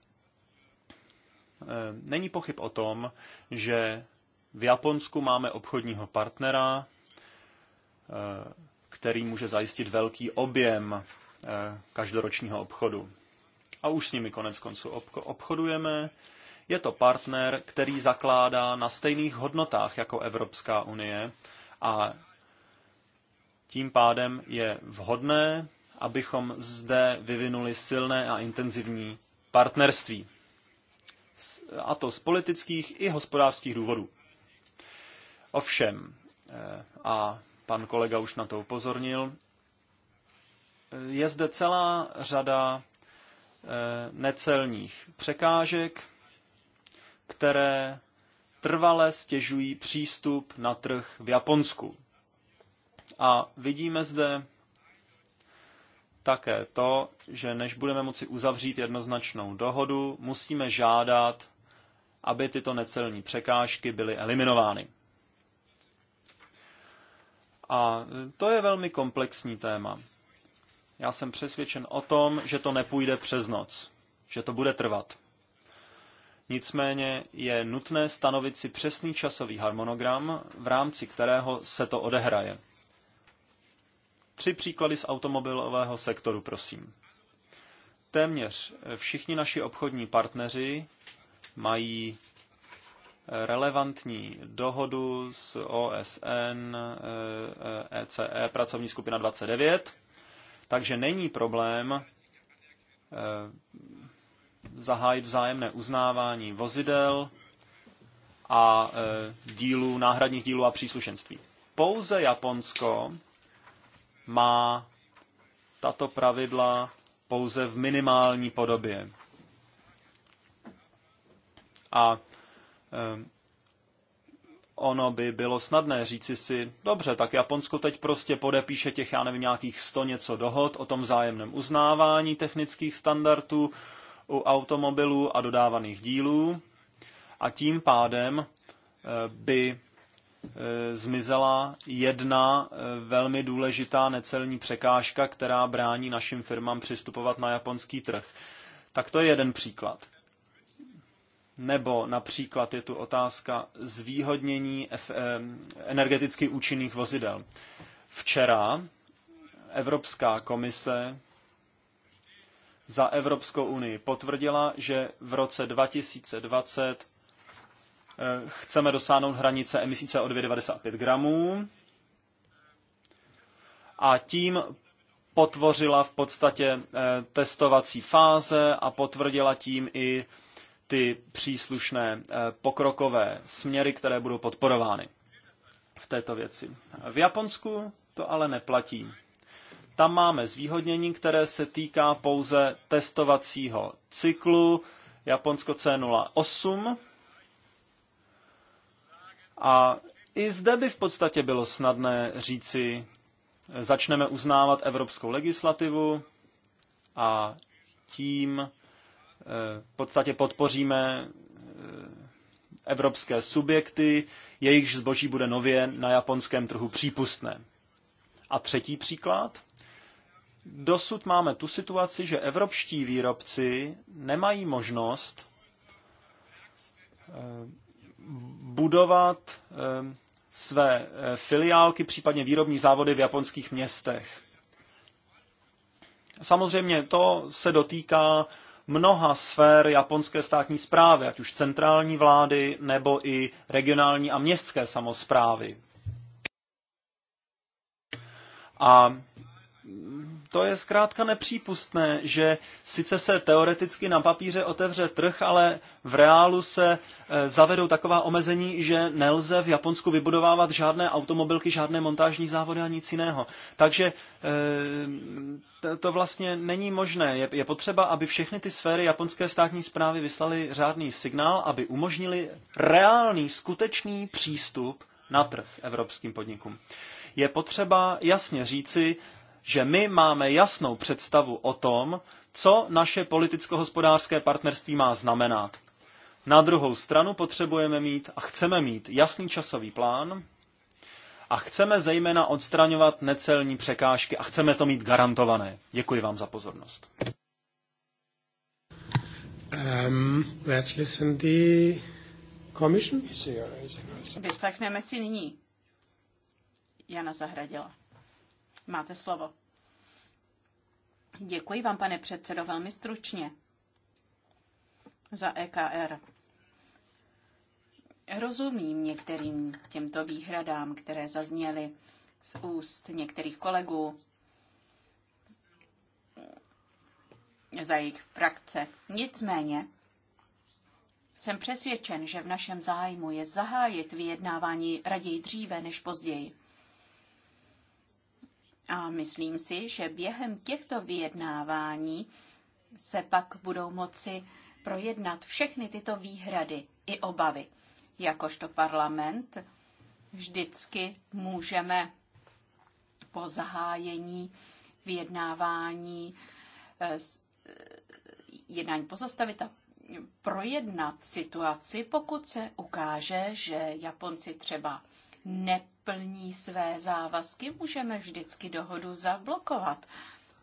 není pochyb o tom, že v Japonsku máme obchodního partnera, e, který může zajistit velký objem e, každoročního obchodu. A už s nimi konec konců obchodujeme je to partner, který zakládá na stejných hodnotách jako Evropská unie a tím pádem je vhodné, abychom zde vyvinuli silné a intenzivní partnerství. A to z politických i hospodářských důvodů. Ovšem, eh, a pan kolega už na to upozornil, eh, je zde celá řada eh, necelních překážek, které trvale stěžují přístup na trh v Japonsku. A vidíme zde také to, že než budeme moci uzavřít jednoznačnou dohodu, musíme žádat, aby tyto necelní překážky byly eliminovány. A to je velmi komplexní téma. Já jsem přesvědčen o tom, že to nepůjde přes noc, že to bude trvat. Nicméně je nutné stanovit si přesný časový harmonogram, v rámci kterého se to odehraje. Tři příklady z automobilového sektoru, prosím. Téměř všichni naši obchodní partneři mají relevantní dohodu s OSN, ECE, eh, eh, e, pracovní skupina 29, takže není problém eh, zahájit vzájemné uznávání vozidel a e, dílů, náhradních dílů a příslušenství. Pouze Japonsko má tato pravidla pouze v minimální podobě. A e, ono by bylo snadné říci si, dobře, tak Japonsko teď prostě podepíše těch, já nevím, nějakých sto něco dohod o tom vzájemném uznávání technických standardů, u automobilů a dodávaných dílů a tím pádem eh, by eh, zmizela jedna eh, velmi důležitá necelní překážka, která brání našim firmám přistupovat na japonský trh. Tak to je jeden příklad. Nebo například je tu otázka zvýhodnění energeticky účinných vozidel. Včera Evropská komise za Evropskou unii potvrdila, že v roce 2020 eh, chceme dosáhnout hranice emisí CO2 95 gramů a tím potvořila v podstatě eh, testovací fáze a potvrdila tím i ty příslušné eh, pokrokové směry, které budou podporovány v této věci. V Japonsku to ale neplatí. Tam máme zvýhodnění, které se týká pouze testovacího cyklu Japonsko C08. A i zde by v podstatě bylo snadné říci, začneme uznávat evropskou legislativu a tím eh, v podstatě podpoříme eh, evropské subjekty, jejichž zboží bude nově na japonském trhu přípustné. A třetí příklad dosud máme tu situaci, že evropští výrobci nemají možnost eh, budovat eh, své eh, filiálky, případně výrobní závody v japonských městech. Samozřejmě to se dotýká mnoha sfér japonské státní zprávy, ať už centrální vlády nebo i regionální a městské samozprávy. A to je zkrátka nepřípustné, že sice se teoreticky na papíře otevře trh, ale v reálu se e, zavedou taková omezení, že nelze v Japonsku vybudovávat žádné automobilky, žádné montážní závody a nic jiného. Takže e, to vlastně není možné. Je potřeba, aby všechny ty sféry japonské státní zprávy vyslali řádný signál, aby umožnili reálný, skutečný přístup na trh evropským podnikům je potřeba jasně říci, že my máme jasnou představu o tom, co naše politicko-hospodářské partnerství má znamenat. Na druhou stranu potřebujeme mít a chceme mít jasný časový plán a chceme zejména odstraňovat necelní překážky a chceme to mít garantované. Děkuji vám za pozornost. Um, let's listen the commission. Vyslechneme si nyní Jana Zahradila. Máte slovo. Děkuji vám, pane předsedo, velmi stručně za EKR. Rozumím některým těmto výhradám, které zazněly z úst některých kolegů za jejich frakce. Nicméně jsem přesvědčen, že v našem zájmu je zahájit vyjednávání raději dříve než později. A myslím si, že během těchto vyjednávání se pak budou moci projednat všechny tyto výhrady i obavy. Jakožto parlament vždycky můžeme po zahájení vyjednávání eh, eh, jednání pozastavit a projednat situaci, pokud se ukáže, že Japonci třeba ne plní své závazky, můžeme vždycky dohodu zablokovat.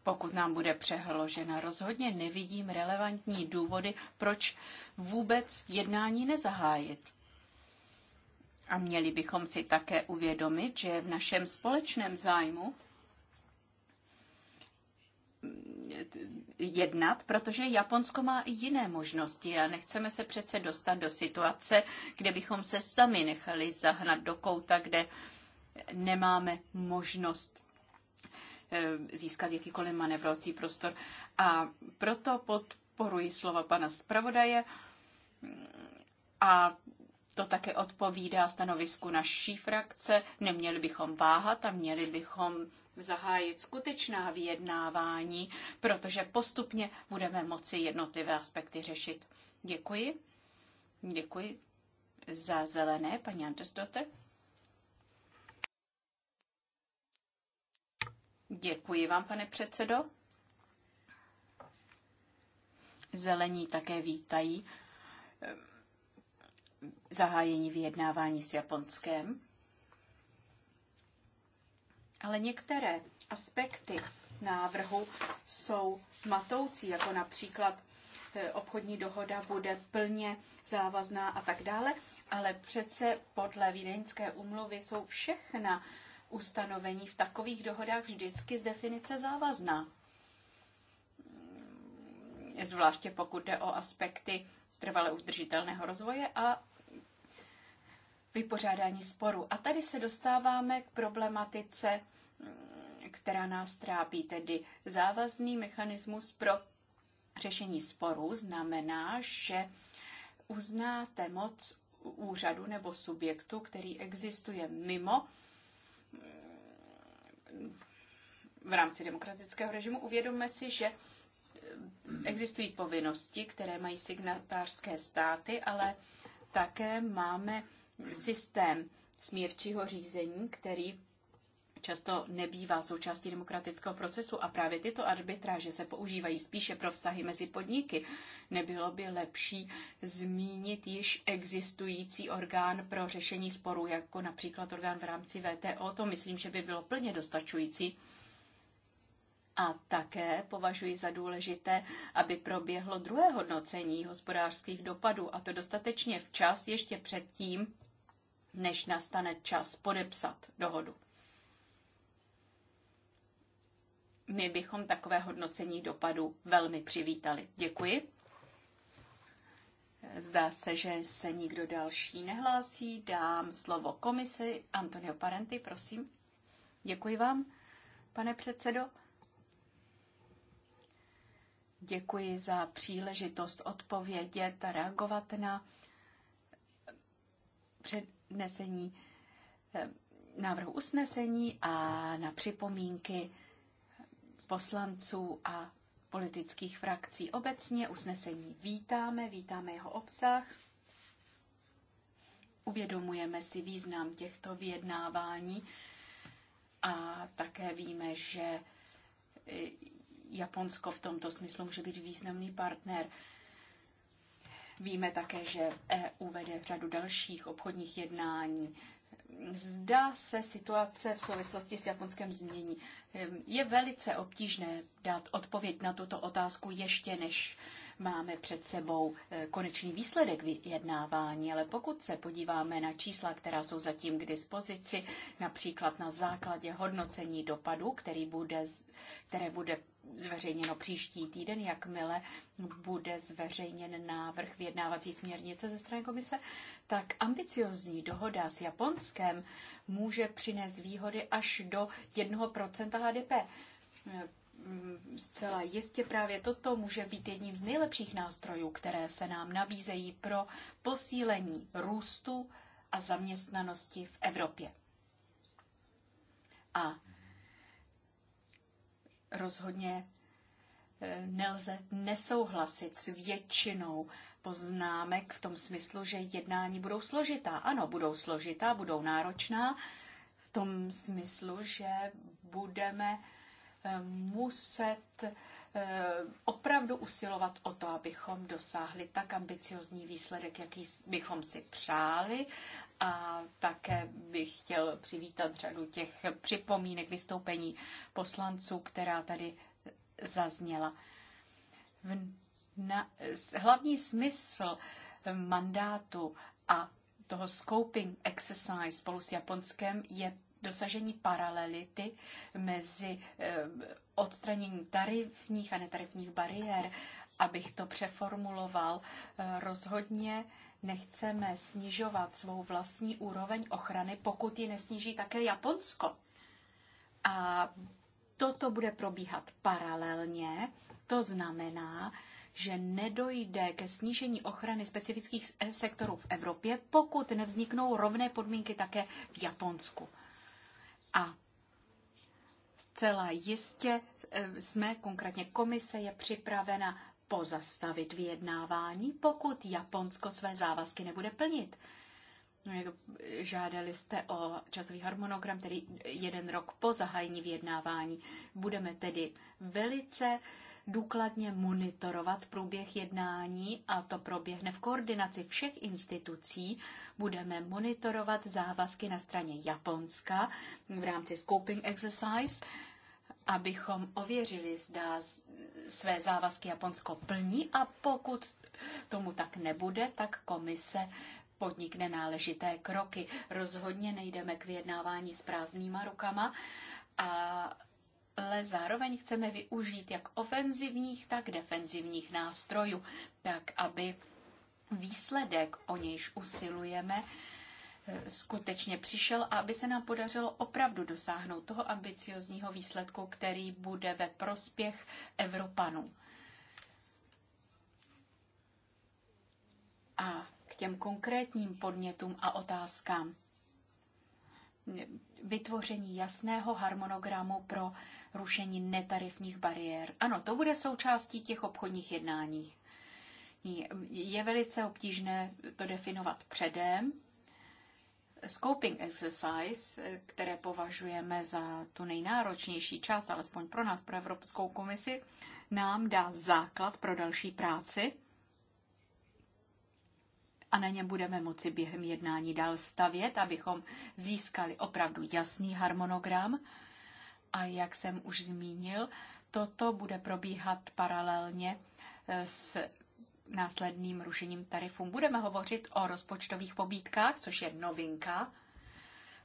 Pokud nám bude přehložena, rozhodně nevidím relevantní důvody, proč vůbec jednání nezahájit. A měli bychom si také uvědomit, že v našem společném zájmu jednat, protože Japonsko má i jiné možnosti a nechceme se přece dostat do situace, kde bychom se sami nechali zahnat do kouta, kde nemáme možnost eh, získat jakýkoliv manevrovací prostor. A proto podporuji slova pana zpravodaje a to také odpovídá stanovisku naší frakce. Neměli bychom váhat a měli bychom zahájit skutečná vyjednávání, protože postupně budeme moci jednotlivé aspekty řešit. Děkuji. Děkuji za zelené, paní Andersdotter. Děkuji vám, pane předsedo. Zelení také vítají zahájení vyjednávání s Japonskem. Ale některé aspekty návrhu jsou matoucí, jako například e, obchodní dohoda bude plně závazná a tak dále, ale přece podle Vídeňské umluvy jsou všechna ustanovení v takových dohodách vždycky z definice závazná. Zvláště pokud jde o aspekty trvale udržitelného rozvoje a vypořádání sporu. A tady se dostáváme k problematice, která nás trápí, tedy závazný mechanismus pro řešení sporů znamená, že uznáte moc úřadu nebo subjektu, který existuje mimo v rámci demokratického režimu. Uvědomme si, že existují povinnosti, které mají signatářské státy, ale také máme systém smírčího řízení, který často nebývá součástí demokratického procesu a právě tyto arbitráže se používají spíše pro vztahy mezi podniky. Nebylo by lepší zmínit již existující orgán pro řešení sporů, jako například orgán v rámci VTO, to myslím, že by bylo plně dostačující. A také považuji za důležité, aby proběhlo druhé hodnocení hospodářských dopadů, a to dostatečně včas ještě předtím, než nastane čas podepsat dohodu. My bychom takové hodnocení dopadu velmi přivítali. Děkuji. Zdá se, že se nikdo další nehlásí. Dám slovo komisi. Antonio Parenti, prosím. Děkuji vám, pane předsedo. Děkuji za příležitost odpovědět a reagovat na před usnesení eh, návrhu usnesení a na připomínky poslanců a politických frakcí. Obecně usnesení vítáme, vítáme jeho obsah. Uvědomujeme si význam těchto vyjednávání a také víme, že eh, Japonsko v tomto smyslu může být významný partner. Víme také, že EU vede řadu dalších obchodních jednání. Zda se situace v souvislosti s Japonskem změní. Je velice obtížné dát odpověď na tuto otázku ještě, než Máme před sebou e, konečný výsledek vyjednávání, ale pokud se podíváme na čísla, která jsou zatím k dispozici, například na základě hodnocení dopadu, který bude, které bude zveřejněno příští týden, jakmile bude zveřejněn návrh vyjednávací směrnice ze strany komise, tak ambiciozní dohoda s Japonskem může přinést výhody až do 1% HDP. E, zcela jistě právě toto může být jedním z nejlepších nástrojů, které se nám nabízejí pro posílení růstu a zaměstnanosti v Evropě. A rozhodně eh, nelze nesouhlasit s většinou poznámek v tom smyslu, že jednání budou složitá. Ano, budou složitá, budou náročná v tom smyslu, že budeme muset eh, opravdu usilovat o to, abychom dosáhli tak ambiciozní výsledek, jaký bychom si přáli. A také bych chtěl přivítat řadu těch připomínek vystoupení poslanců, která tady zazněla. V na, hlavní smysl eh, mandátu a toho scoping exercise spolu s Japonskem je dosažení paralelity mezi eh, odstraněním tarifních a netarifních bariér. Abych to přeformuloval, eh, rozhodně nechceme snižovat svou vlastní úroveň ochrany, pokud ji nesníží také Japonsko. A toto bude probíhat paralelně, to znamená, že nedojde ke snížení ochrany specifických sektorů v Evropě, pokud nevzniknou rovné podmínky také v Japonsku. A zcela jistě e, jsme, konkrétně komise je připravena pozastavit vyjednávání, pokud Japonsko své závazky nebude plnit. No, žádali jste o časový harmonogram, tedy jeden rok po zahájení vyjednávání. Budeme tedy velice důkladně monitorovat průběh jednání a to proběhne v koordinaci všech institucí. Budeme monitorovat závazky na straně Japonska v rámci Scoping Exercise, abychom ověřili, zda své závazky Japonsko plní a pokud tomu tak nebude, tak komise podnikne náležité kroky. Rozhodně nejdeme k vyjednávání s prázdnýma rukama a ale zároveň chceme využít jak ofenzivních, tak defenzivních nástrojů, tak aby výsledek, o nějž usilujeme, eh, skutečně přišel a aby se nám podařilo opravdu dosáhnout toho ambiciozního výsledku, který bude ve prospěch Evropanů. A k těm konkrétním podnětům a otázkám vytvoření jasného harmonogramu pro rušení netarifních bariér. Ano, to bude součástí těch obchodních jednání. Je velice obtížné to definovat předem. Scoping exercise, které považujeme za tu nejnáročnější část, alespoň pro nás, pro Evropskou komisi, nám dá základ pro další práci a na něm budeme moci během jednání dál stavět, abychom získali opravdu jasný harmonogram. A jak jsem už zmínil, toto bude probíhat paralelně e, s následným rušením tarifů. Budeme hovořit o rozpočtových pobídkách, což je novinka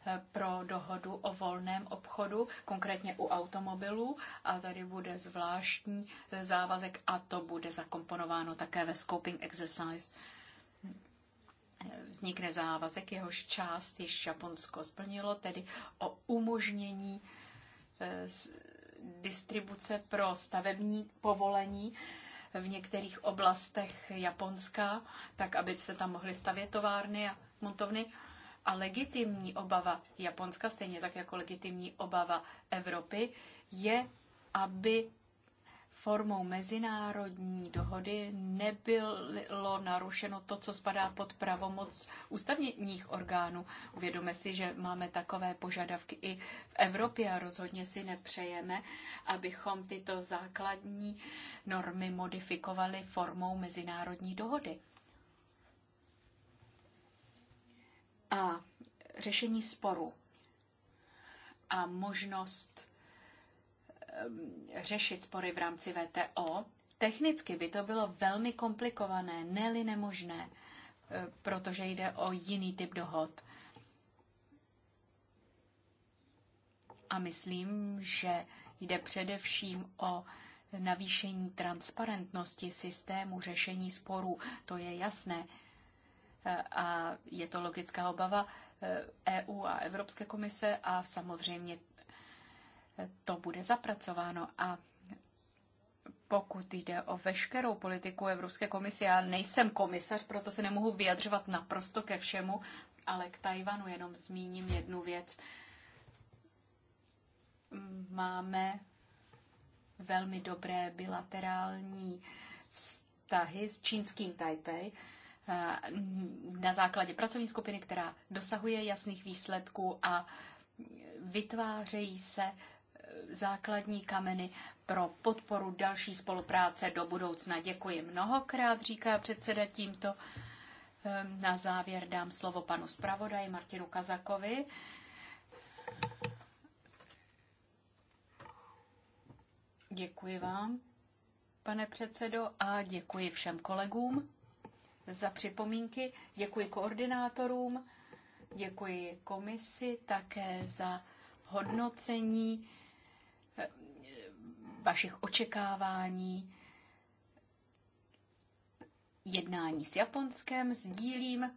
e, pro dohodu o volném obchodu, konkrétně u automobilů. A tady bude zvláštní e, závazek a to bude zakomponováno také ve scoping exercise vznikne závazek, jehož část již Japonsko splnilo, tedy o umožnění e, distribuce pro stavební povolení v některých oblastech Japonska, tak aby se tam mohly stavět továrny a montovny. A legitimní obava Japonska, stejně tak jako legitimní obava Evropy, je, aby formou mezinárodní dohody nebylo narušeno to, co spadá pod pravomoc ústavních orgánů. Uvědome si, že máme takové požadavky i v Evropě a rozhodně si nepřejeme, abychom tyto základní normy modifikovali formou mezinárodní dohody. A řešení sporu a možnost Ehm, řešit spory v rámci VTO. Technicky by to bylo velmi komplikované, ne-li nemožné, eh, protože jde o jiný typ dohod. A myslím, že jde především o navýšení transparentnosti systému řešení sporů. To je jasné. Eh, a je to logická obava EU eh, e a Evropské komise a samozřejmě to bude zapracováno. A pokud jde o veškerou politiku Evropské komise, já nejsem komisař, proto se nemohu vyjadřovat naprosto ke všemu, ale k Tajvanu jenom zmíním jednu věc. Máme velmi dobré bilaterální vztahy s čínským Taipei eh, na základě pracovní skupiny, která dosahuje jasných výsledků a vytvářejí se základní kameny pro podporu další spolupráce do budoucna. Děkuji mnohokrát, říká předseda tímto. Ehm, na závěr dám slovo panu zpravodaji Martinu Kazakovi. Děkuji vám, pane předsedo, a děkuji všem kolegům za připomínky. Děkuji koordinátorům, děkuji komisi také za hodnocení vašich očekávání jednání s Japonskem, sdílím eh,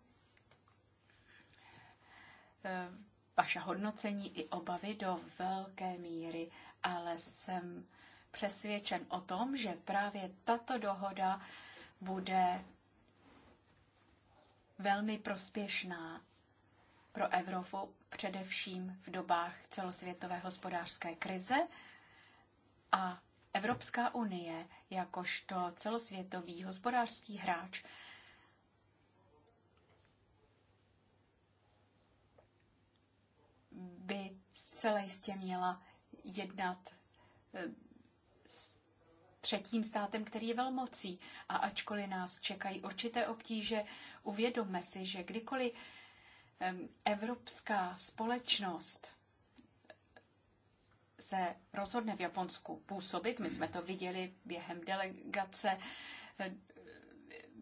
vaše hodnocení i obavy do velké míry, ale jsem přesvědčen o tom, že právě tato dohoda bude velmi prospěšná pro Evropu, především v dobách celosvětové hospodářské krize, a Evropská unie, jakožto celosvětový hospodářský hráč, by zcela jistě měla jednat eh, s třetím státem, který je velmocí. A ačkoliv nás čekají určité obtíže, uvědomme si, že kdykoliv eh, evropská společnost se rozhodne v Japonsku působit, my jsme to viděli během delegace eh,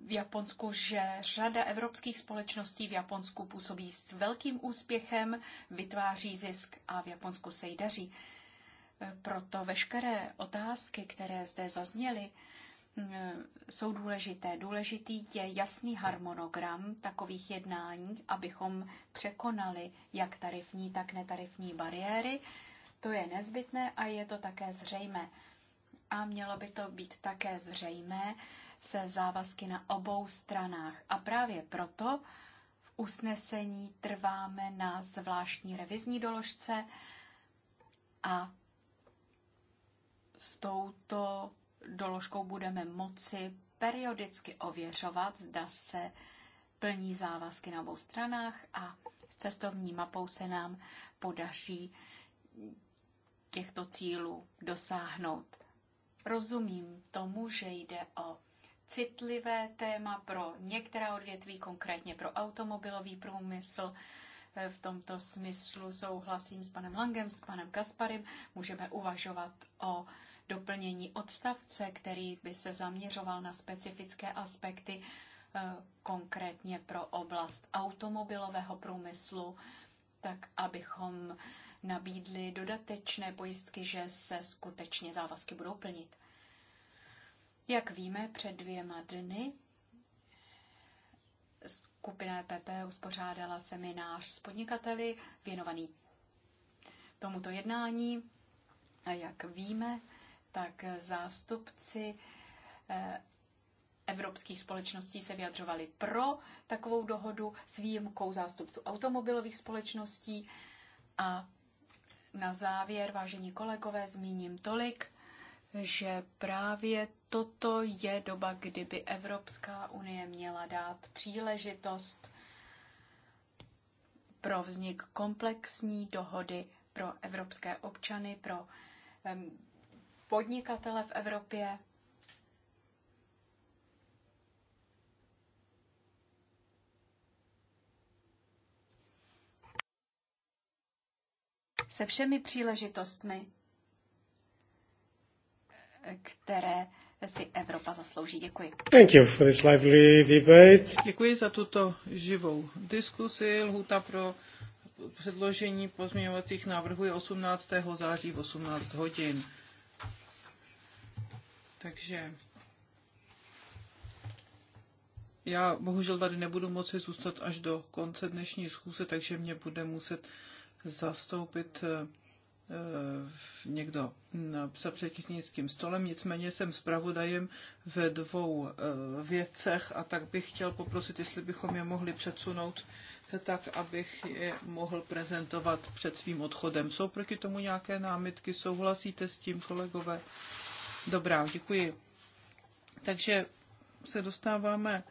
v Japonsku, že řada evropských společností v Japonsku působí s velkým úspěchem, vytváří zisk a v Japonsku se jí daří. Eh, proto veškeré otázky, které zde zazněly, eh, jsou důležité. Důležitý je jasný harmonogram takových jednání, abychom překonali jak tarifní, tak netarifní bariéry to je nezbytné a je to také zřejmé. A mělo by to být také zřejmé se závazky na obou stranách. A právě proto v usnesení trváme na zvláštní revizní doložce a s touto doložkou budeme moci periodicky ověřovat, zda se plní závazky na obou stranách a s cestovní mapou se nám podaří těchto cílů dosáhnout. Rozumím tomu, že jde o citlivé téma pro některá odvětví, konkrétně pro automobilový průmysl. V tomto smyslu souhlasím s panem Langem, s panem Kasparim. Můžeme uvažovat o doplnění odstavce, který by se zaměřoval na specifické aspekty, eh, konkrétně pro oblast automobilového průmyslu, tak abychom nabídli dodatečné pojistky, že se skutečně závazky budou plnit. Jak víme, před dvěma dny skupina EPP uspořádala seminář s podnikateli věnovaný tomuto jednání. A jak víme, tak zástupci eh, evropských společností se vyjadřovali pro takovou dohodu s výjimkou zástupců automobilových společností a na závěr, vážení kolegové, zmíním tolik, že právě toto je doba, kdyby Evropská unie měla dát příležitost pro vznik komplexní dohody pro evropské občany, pro podnikatele v Evropě, se všemi příležitostmi, které si Evropa zaslouží. Děkuji. Thank you for this lively debate. Děkuji za tuto živou diskusi. Lhuta pro předložení pozměňovacích návrhů je 18. září v 18 hodin. Takže já bohužel tady nebudu moci zůstat až do konce dnešní schůze, takže mě bude muset zastoupit eh, eh, někdo mm, se před stolem, nicméně jsem zpravodajem ve dvou eh, věcech a tak bych chtěl poprosit, jestli bychom je mohli přesunout tak, abych je mohl prezentovat před svým odchodem. Jsou proti tomu nějaké námitky? Souhlasíte s tím, kolegové? Dobrá, děkuji. Takže se dostáváme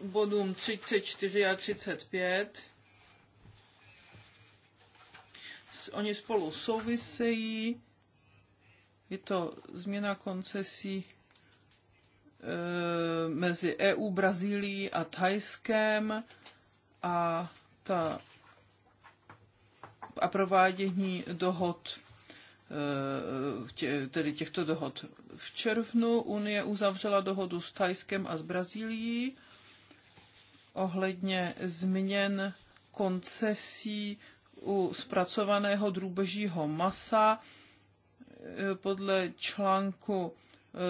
bodům 34 a 35 oni spolu souvisejí. Je to změna koncesí e, mezi EU, Brazílií a Thajskem a, ta, a provádění dohod e, tě, tedy těchto dohod. V červnu Unie uzavřela dohodu s Tajskem a s Brazílií ohledně změn koncesí u zpracovaného drůbežího masa eh, podle článku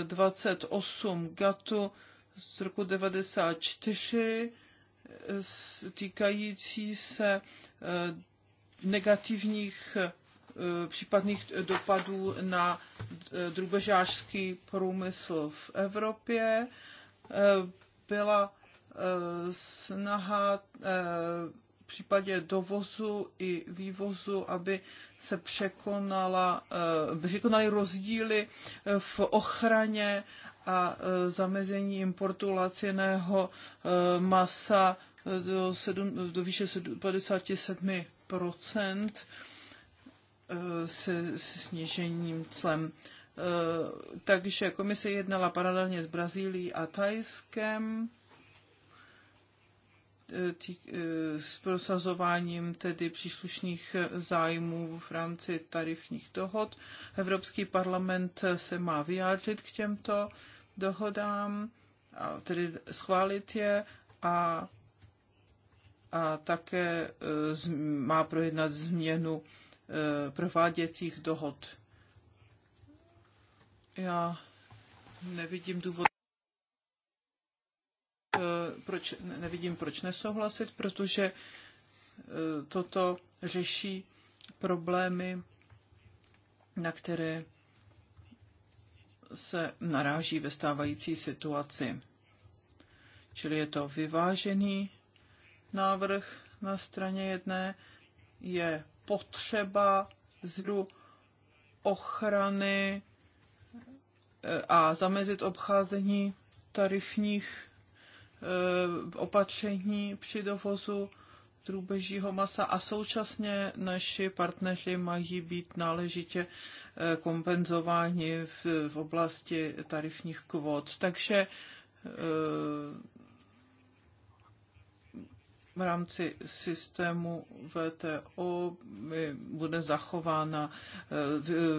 28 eh, GATU z roku 94 eh, týkající se negativních případných dopadů na drubežářský průmysl v Evropě. Byla snaha případě dovozu i vývozu, aby se překonala, eh, překonaly rozdíly eh, v ochraně a eh, zamezení importu laciného masa do, 7, do výše 57 se snížením clem. Takže komise jednala paralelně s Brazílií a Tajskem tý, e, s prosazováním tedy příslušných zájmů v rámci tarifních dohod. Evropský parlament se má vyjádřit k těmto dohodám, a tedy schválit je a, a také e, z, má projednat změnu e, prováděcích dohod. Já nevidím důvod. Eh, proč, nevidím, proč nesouhlasit, protože eh, toto řeší problémy, na které se naráží ve stávající situaci. Čili je to vyvážený návrh na straně jedné, je potřeba zru ochrany eh, a zamezit obcházení tarifních Eh, opatření při dovozu drůbežího masa a současně naši partneři mají být náležitě eh, kompenzováni v, v oblasti tarifních kvot. Takže eh, v rámci systému VTO bude zachována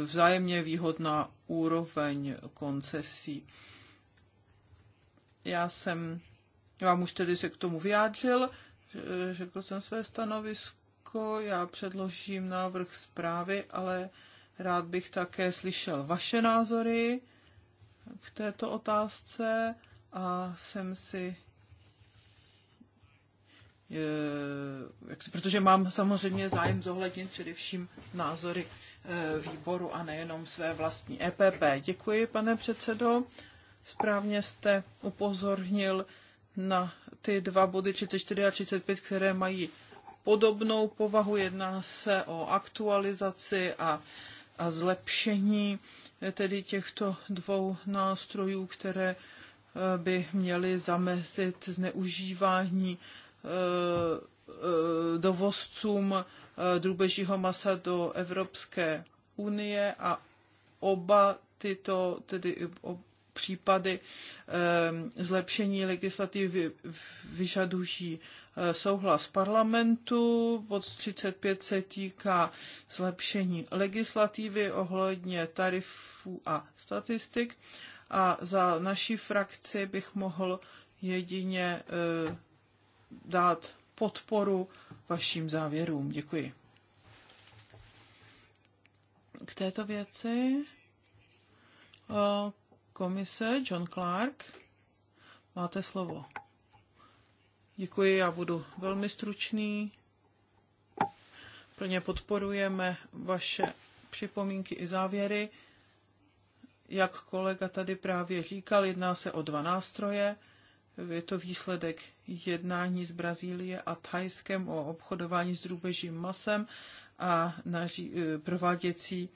vzájemně výhodná úroveň koncesí. Já jsem já už tedy se k tomu vyjádřil, řekl jsem své stanovisko, já předložím návrh zprávy, ale rád bych také slyšel vaše názory k této otázce a jsem si si, protože mám samozřejmě zájem zohlednit především názory e, výboru a nejenom své vlastní EPP. Děkuji, pane předsedo. Správně jste upozornil na ty dva body 34 a 35, které mají podobnou povahu. Jedná se o aktualizaci a, a zlepšení tedy těchto dvou nástrojů, které eh, by měly zamezit zneužívání eh, eh, dovozcům drůbežího masa do Evropské unie a oba tyto, tedy případy ehm, zlepšení legislativy vyžadují eh, souhlas parlamentu, bod 35 se týká zlepšení legislativy ohledně tarifů a statistik a za naší frakci bych mohl jedině eh, dát podporu vašim závěrům. Děkuji. K této věci eh, komise, John Clark. Máte slovo. Děkuji, já budu velmi stručný. Plně podporujeme vaše připomínky i závěry. Jak kolega tady právě říkal, jedná se o dva nástroje. Je to výsledek jednání z Brazílie a Thajskem o obchodování s drůbežím masem a naří, eh, prováděcí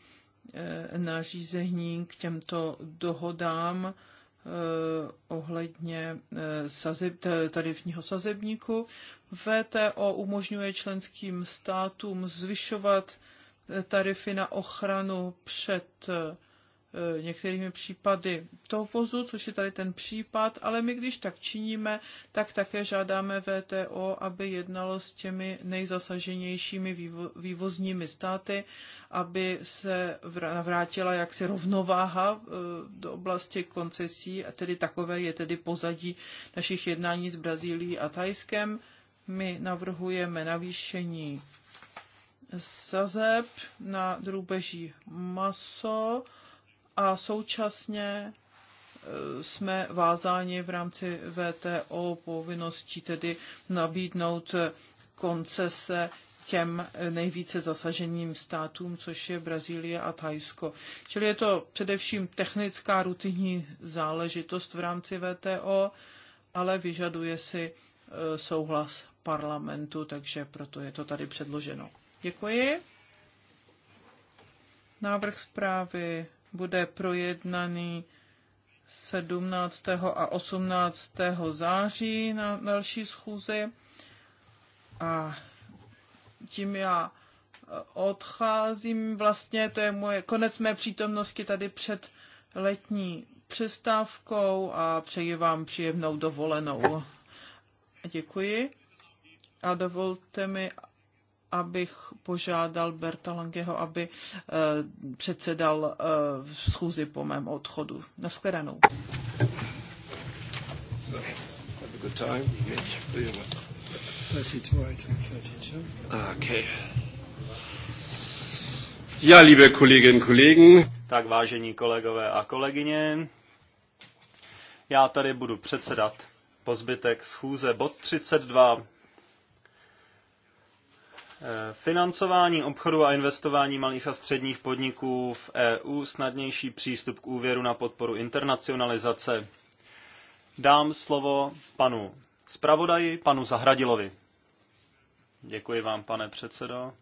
Eh, nařízení k těmto dohodám eh, ohledně eh, sazeb, tarifního sazebníku. VTO umožňuje členským státům zvyšovat tarify na ochranu před E, některými případy vozu, což je tady ten případ, ale my když tak činíme, tak také žádáme VTO, aby jednalo s těmi nejzasaženějšími vývo- vývozními státy, aby se navrátila jaksi rovnováha e, do oblasti koncesí a tedy takové je tedy pozadí našich jednání s Brazílií a Tajskem. My navrhujeme navýšení sazeb na drůbeží maso, a současně e, jsme vázáni v rámci VTO povinností tedy nabídnout koncese těm nejvíce zasaženým státům, což je Brazílie a Thajsko. Čili je to především technická rutinní záležitost v rámci VTO, ale vyžaduje si e, souhlas parlamentu, takže proto je to tady předloženo. Děkuji. Návrh zprávy bude projednaný 17. a 18. září na další schůzi. A tím já eh, odcházím vlastně, to je moje konec mé přítomnosti tady před letní přestávkou a přeji vám příjemnou dovolenou. Děkuji. A dovolte mi, abych požádal Berta Langeho, aby eh, předsedal eh, schůzi po mém odchodu. Naschledanou. So, have a good time. 32, item 32. Okay. Ja, liebe Kolleginnen und Kollegen. Tak vážení kolegové a kolegyně, já tady budu předsedat pozbytek schůze bod 32 Financování obchodu a investování malých a středních podniků v EU, snadnější přístup k úvěru na podporu internacionalizace. Dám slovo panu zpravodaji, panu Zahradilovi. Děkuji vám, pane předsedo.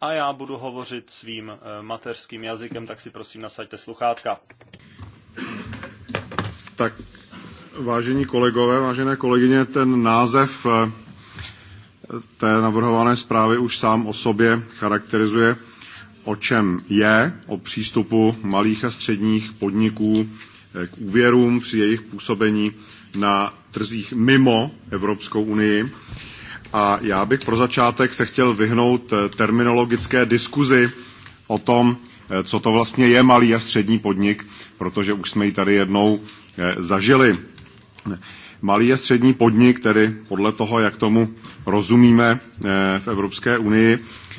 A já budu hovořit svým eh, mateřským jazykem, tak si prosím nasaďte sluchátka. Tak, vážení kolegové, vážené kolegyně, ten název eh, té navrhované zprávy už sám o sobě charakterizuje, o čem je, o přístupu malých a středních podniků eh, k úvěrům při jejich působení na trzích mimo Evropskou unii. A já bych pro začátek se chtěl vyhnout eh, terminologické diskuzi o tom, eh, co to vlastně je malý a střední podnik, protože už jsme ji tady jednou zažili. Malý a střední podnik, tedy podle toho, jak tomu rozumíme eh, v Evropské unii,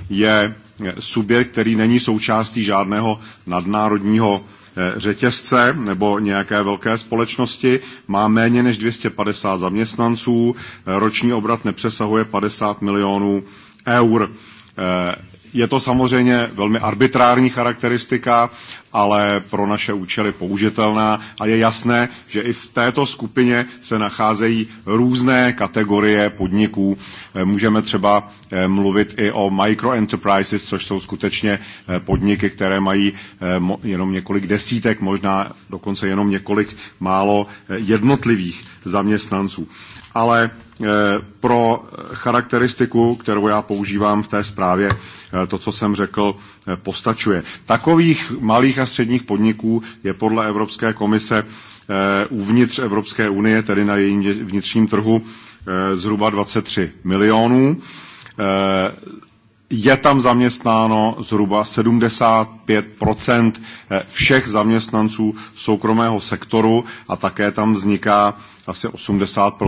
je eh, subjekt, který není součástí žádného nadnárodního eh, řetězce nebo nějaké velké společnosti, má méně než 250 zaměstnanců, roční obrat nepřesahuje 50 milionů eur. Je to samozřejmě velmi arbitrární charakteristika, ale pro naše účely použitelná a je jasné, že i v této skupině se nacházejí různé kategorie podniků. Eh, můžeme třeba eh, mluvit i o microenterprises, což jsou skutečně eh, podniky, které mají jenom několik desítek, možná dokonce jenom několik málo jednotlivých zaměstnanců. Ale Eh, pro charakteristiku, kterou já používám v té zprávě, eh, to, co jsem řekl, eh, postačuje. Takových malých a středních podniků je podle Evropské komise uvnitř Evropské unie, tedy na jejím vnitřním trhu, zhruba 23 milionů. Je tam zaměstnáno zhruba 75 všech zaměstnanců soukromého sektoru a také tam vzniká asi 80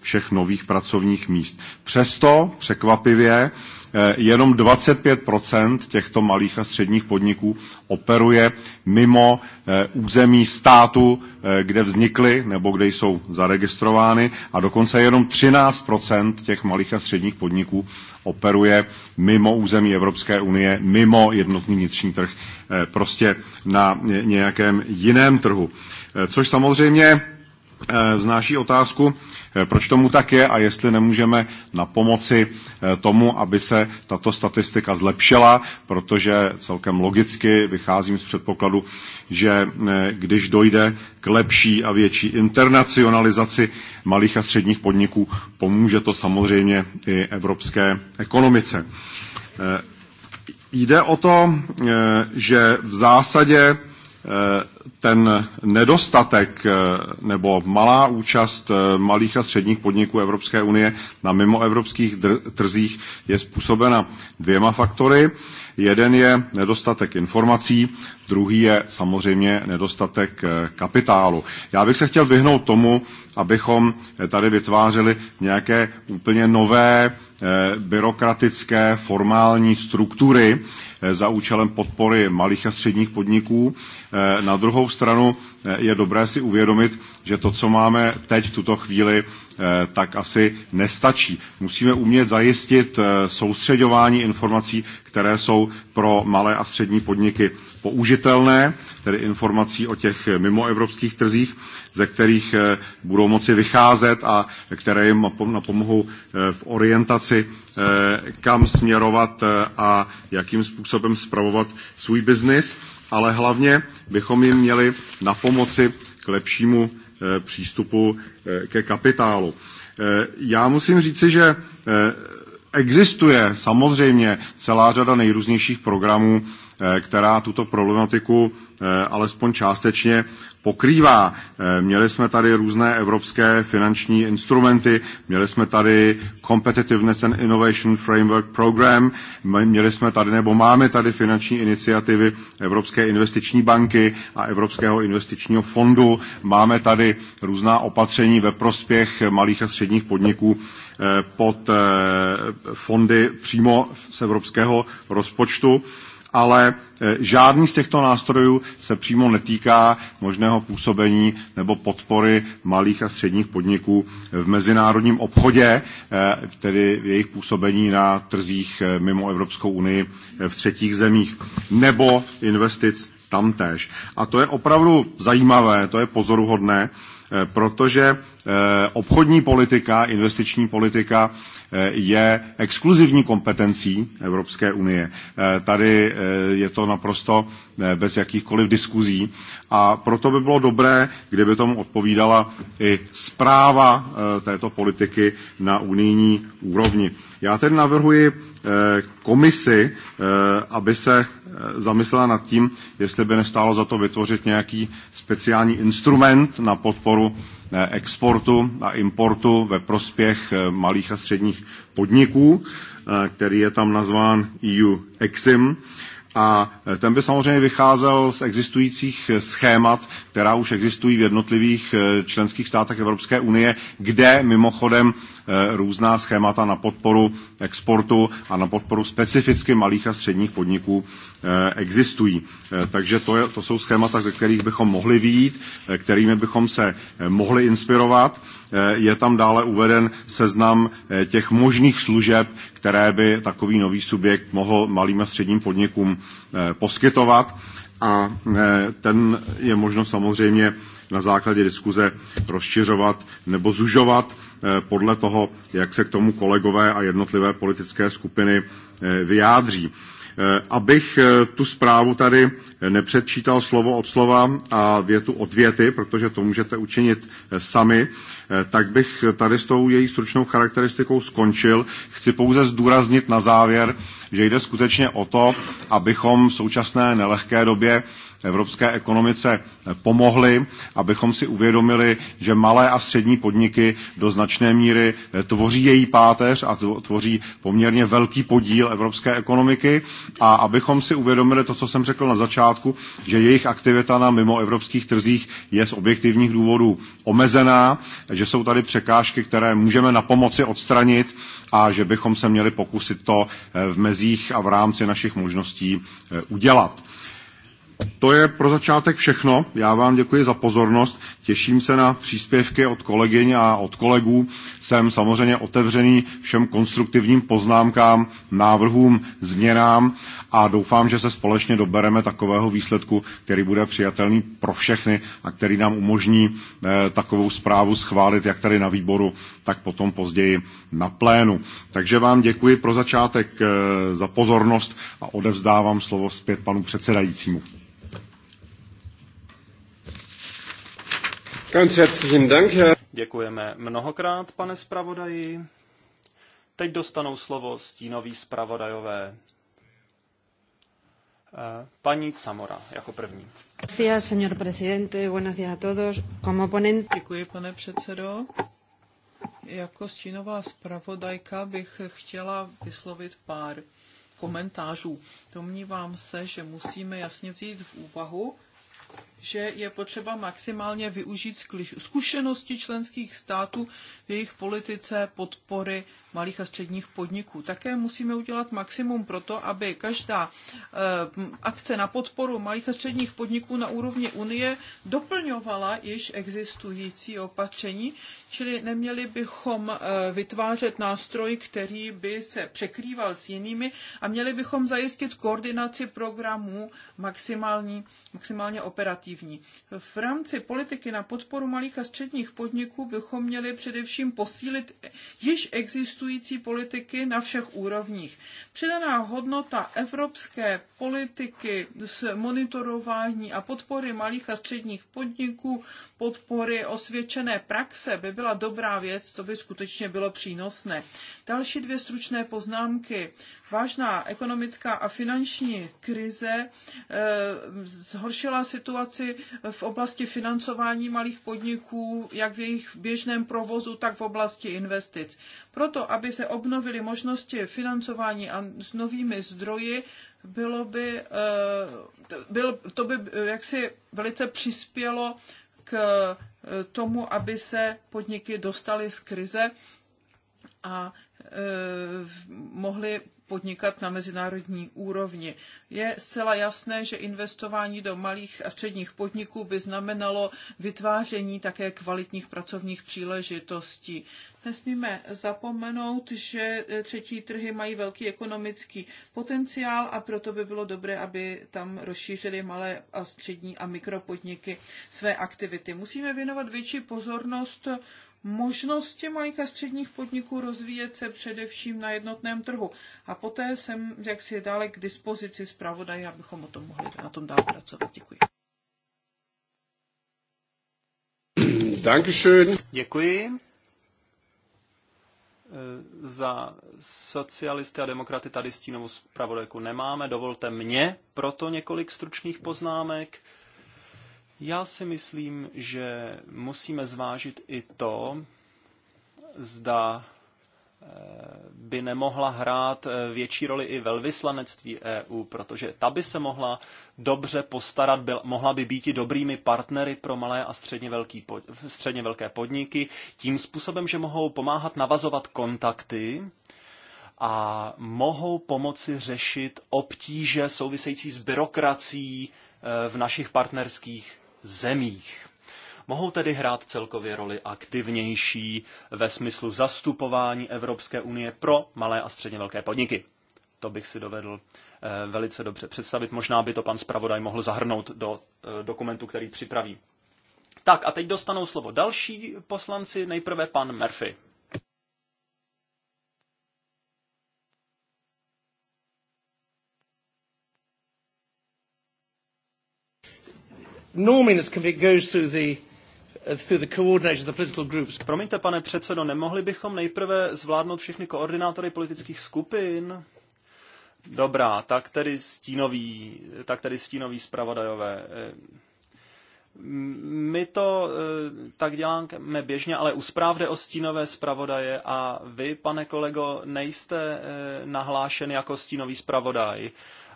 všech nových pracovních míst. Přesto překvapivě eh, jenom 25 těchto malých a středních podniků operuje mimo eh, území státu, eh, kde vznikly nebo kde jsou zaregistrovány a dokonce jenom 13 těch malých a středních podniků operuje mimo území Evropské unie, mimo jednotný vnitřní trh, prostě na nějakém jiném trhu. Což samozřejmě Eh, vznáší otázku, eh, proč tomu tak je a jestli nemůžeme na pomoci eh, tomu, aby se tato statistika zlepšila, protože celkem logicky vycházím z předpokladu, že když dojde k lepší a větší internacionalizaci malých a středních podniků, pomůže to samozřejmě i evropské ekonomice. Jde o to, že v zásadě Eh, ten nedostatek eh, nebo malá účast eh, malých a středních podniků Evropské unie na mimoevropských trzích je způsobena dvěma faktory. Jeden je nedostatek informací, druhý je samozřejmě nedostatek kapitálu. Já bych se chtěl vyhnout tomu, abychom tady vytvářeli nějaké úplně nové Eh, byrokratické formální struktury eh, za účelem podpory malých a středních podniků. Eh, na druhou stranu je dobré si uvědomit, že to, co máme teď v tuto chvíli, eh, tak asi nestačí. Musíme umět zajistit eh, soustředování informací, které jsou pro malé a střední podniky použitelné, tedy informací o těch mimoevropských trzích, ze kterých eh, budou moci vycházet a které jim napomohou v orientaci, kam směrovat a jakým způsobem spravovat svůj biznis ale hlavně bychom jim měli na pomoci k lepšímu eh, přístupu eh, ke kapitálu. Eh, já musím říci, že existuje samozřejmě celá řada nejrůznějších programů, která tuto problematiku Eh, alespoň částečně pokrývá. Eh, měli jsme tady různé evropské finanční instrumenty, měli jsme tady Competitiveness and Innovation Framework Program, měli jsme tady nebo máme tady finanční iniciativy Evropské investiční banky a Evropského investičního fondu, máme tady různá opatření ve prospěch malých a středních podniků eh, pod fondy přímo z evropského rozpočtu ale e, žádný z těchto nástrojů se přímo netýká možného působení nebo podpory malých a středních podniků v mezinárodním obchodě, e, tedy jejich působení na trzích e, mimo Evropskou unii v třetích zemích nebo investic tamtéž. A to je opravdu zajímavé, to je pozoruhodné, Eh, protože eh, obchodní politika, investiční politika eh, je exkluzivní kompetencí Evropské unie. Tady je to naprosto bez jakýchkoliv diskuzí a proto by bylo dobré, kdyby tomu odpovídala i zpráva této politiky na unijní úrovni. Já tedy navrhuji Eh, komisi, eh, aby se eh, zamyslela nad tím, jestli by nestálo za to vytvořit nějaký speciální instrument na podporu exportu a importu ve prospěch malých a středních podniků, který je tam nazván EU Exim. A ten by samozřejmě vycházel z existujících schémat, která už existují v jednotlivých členských státech Evropské unie, kde mimochodem Eh, různá schémata na podporu exportu a na podporu specificky malých a středních podniků eh, existují. Eh, takže to, je, to jsou schémata, ze kterých bychom mohli výjít, kterými bychom se mohli inspirovat. Je tam dále uveden seznam těch možných služeb, které by takový nový subjekt mohl malým a středním podnikům poskytovat. A ten je možno samozřejmě na základě diskuze rozšiřovat nebo zužovat Eh, podle toho, jak se k tomu kolegové a jednotlivé politické skupiny eh, vyjádří. Eh, abych tu zprávu tady nepředčítal slovo od slova a větu od věty, protože to můžete učinit sami, tak bych tady s tou její stručnou charakteristikou skončil. Chci pouze zdůraznit na závěr, že jde skutečně o to, abychom v současné nelehké době evropské ekonomice pomohli, abychom si uvědomili, že malé a střední podniky do značné míry eh, tvoří její páteř a tvoří poměrně velký podíl evropské ekonomiky a abychom si uvědomili to, co jsem řekl na začátku, že jejich aktivita na mimoevropských trzích je z objektivních důvodů omezená, že jsou tady překážky, které můžeme na pomoci odstranit a že bychom se měli pokusit to eh, v mezích a v rámci našich možností eh, udělat. To je pro začátek všechno. Já vám děkuji za pozornost. Těším se na příspěvky od kolegyň a od kolegů. Jsem samozřejmě otevřený všem konstruktivním poznámkám, návrhům, změnám a doufám, že se společně dobereme takového výsledku, který bude přijatelný pro všechny a který nám umožní eh, takovou zprávu schválit jak tady na výboru, tak potom později na plénu. Takže vám děkuji pro začátek eh, za pozornost a odevzdávám slovo zpět panu předsedajícímu. Ganz herzlichen Dank, Herr. Děkujeme mnohokrát, pane zpravodaji. Teď dostanou slovo stínoví zpravodajové. Eh, paní Samora jako první. Děkuji, pane předsedo. Jako stínová zpravodajka bych chtěla vyslovit pár komentářů. Domnívám se, že musíme jasně vzít v úvahu, že je potřeba maximálně využít zkušenosti členských států v jejich politice podpory malých a středních podniků. Také musíme udělat maximum pro to, aby každá eh, akce na podporu malých a středních podniků na úrovni Unie doplňovala již existující opatření, čili neměli bychom eh, vytvářet nástroj, který by se překrýval s jinými a měli bychom zajistit koordinaci programů maximální, maximálně operativní efektivní. V rámci politiky na podporu malých a středních podniků bychom měli především posílit již existující politiky na všech úrovních. Přidaná hodnota evropské politiky s monitorování a podpory malých a středních podniků, podpory osvědčené praxe by byla dobrá věc, to by skutečně bylo přínosné. Další dvě stručné poznámky. Vážná ekonomická a finanční krize eh, zhoršila situaci pomoci v oblasti financování malých podniků, jak v jejich běžném provozu, tak v oblasti investic. Proto, aby se obnovily možnosti financování a s novými zdroji, bylo by, eh, byl, to by eh, jaksi velice přispělo k eh, tomu, aby se podniky dostaly z krize a mohly podnikat na mezinárodní úrovni. Je zcela jasné, že investování do malých a středních podniků by znamenalo vytváření také kvalitních pracovních příležitostí. Nesmíme zapomenout, že eh, třetí trhy mají velký ekonomický potenciál a proto by bylo dobré, aby tam rozšířili malé a střední a mikropodniky své aktivity. Musíme věnovat větší pozornost možnosti malých a středních podniků rozvíjet se především na jednotném trhu. A poté jsem jaksi dále k dispozici zpravodaje, abychom o tom mohli na tom dál pracovat. Děkuji. Dankeschön. Děkuji. E, za socialisty a demokraty tady stínovou zpravodajku nemáme. Dovolte mě proto několik stručných poznámek. Já si myslím, že musíme zvážit i to, zda eh, by nemohla hrát eh, větší roli i velvyslanectví EU, protože ta by se mohla dobře postarat, byl, mohla by být i dobrými partnery pro malé a středně, velký, pod, středně velké podniky, tím způsobem, že mohou pomáhat navazovat kontakty a mohou pomoci řešit obtíže související s byrokracií eh, v našich partnerských zemích. Mohou tedy hrát celkově roli aktivnější ve smyslu zastupování Evropské unie pro malé a středně velké podniky. To bych si dovedl eh, velice dobře představit. Možná by to pan zpravodaj mohl zahrnout do eh, dokumentu, který připraví. Tak a teď dostanou slovo další poslanci, nejprve pan Murphy. normally this committee goes through the uh, Promiňte, pane předsedo, nemohli bychom nejprve zvládnout všechny koordinátory politických skupin? Dobrá, tak tedy stínový, tak tedy stínový zpravodajové. Eh, my to eh, tak děláme běžně, ale u zpráv jde o stínové zpravodaje a vy, pane kolego, nejste eh, nahlášen jako stínový zpravodaj.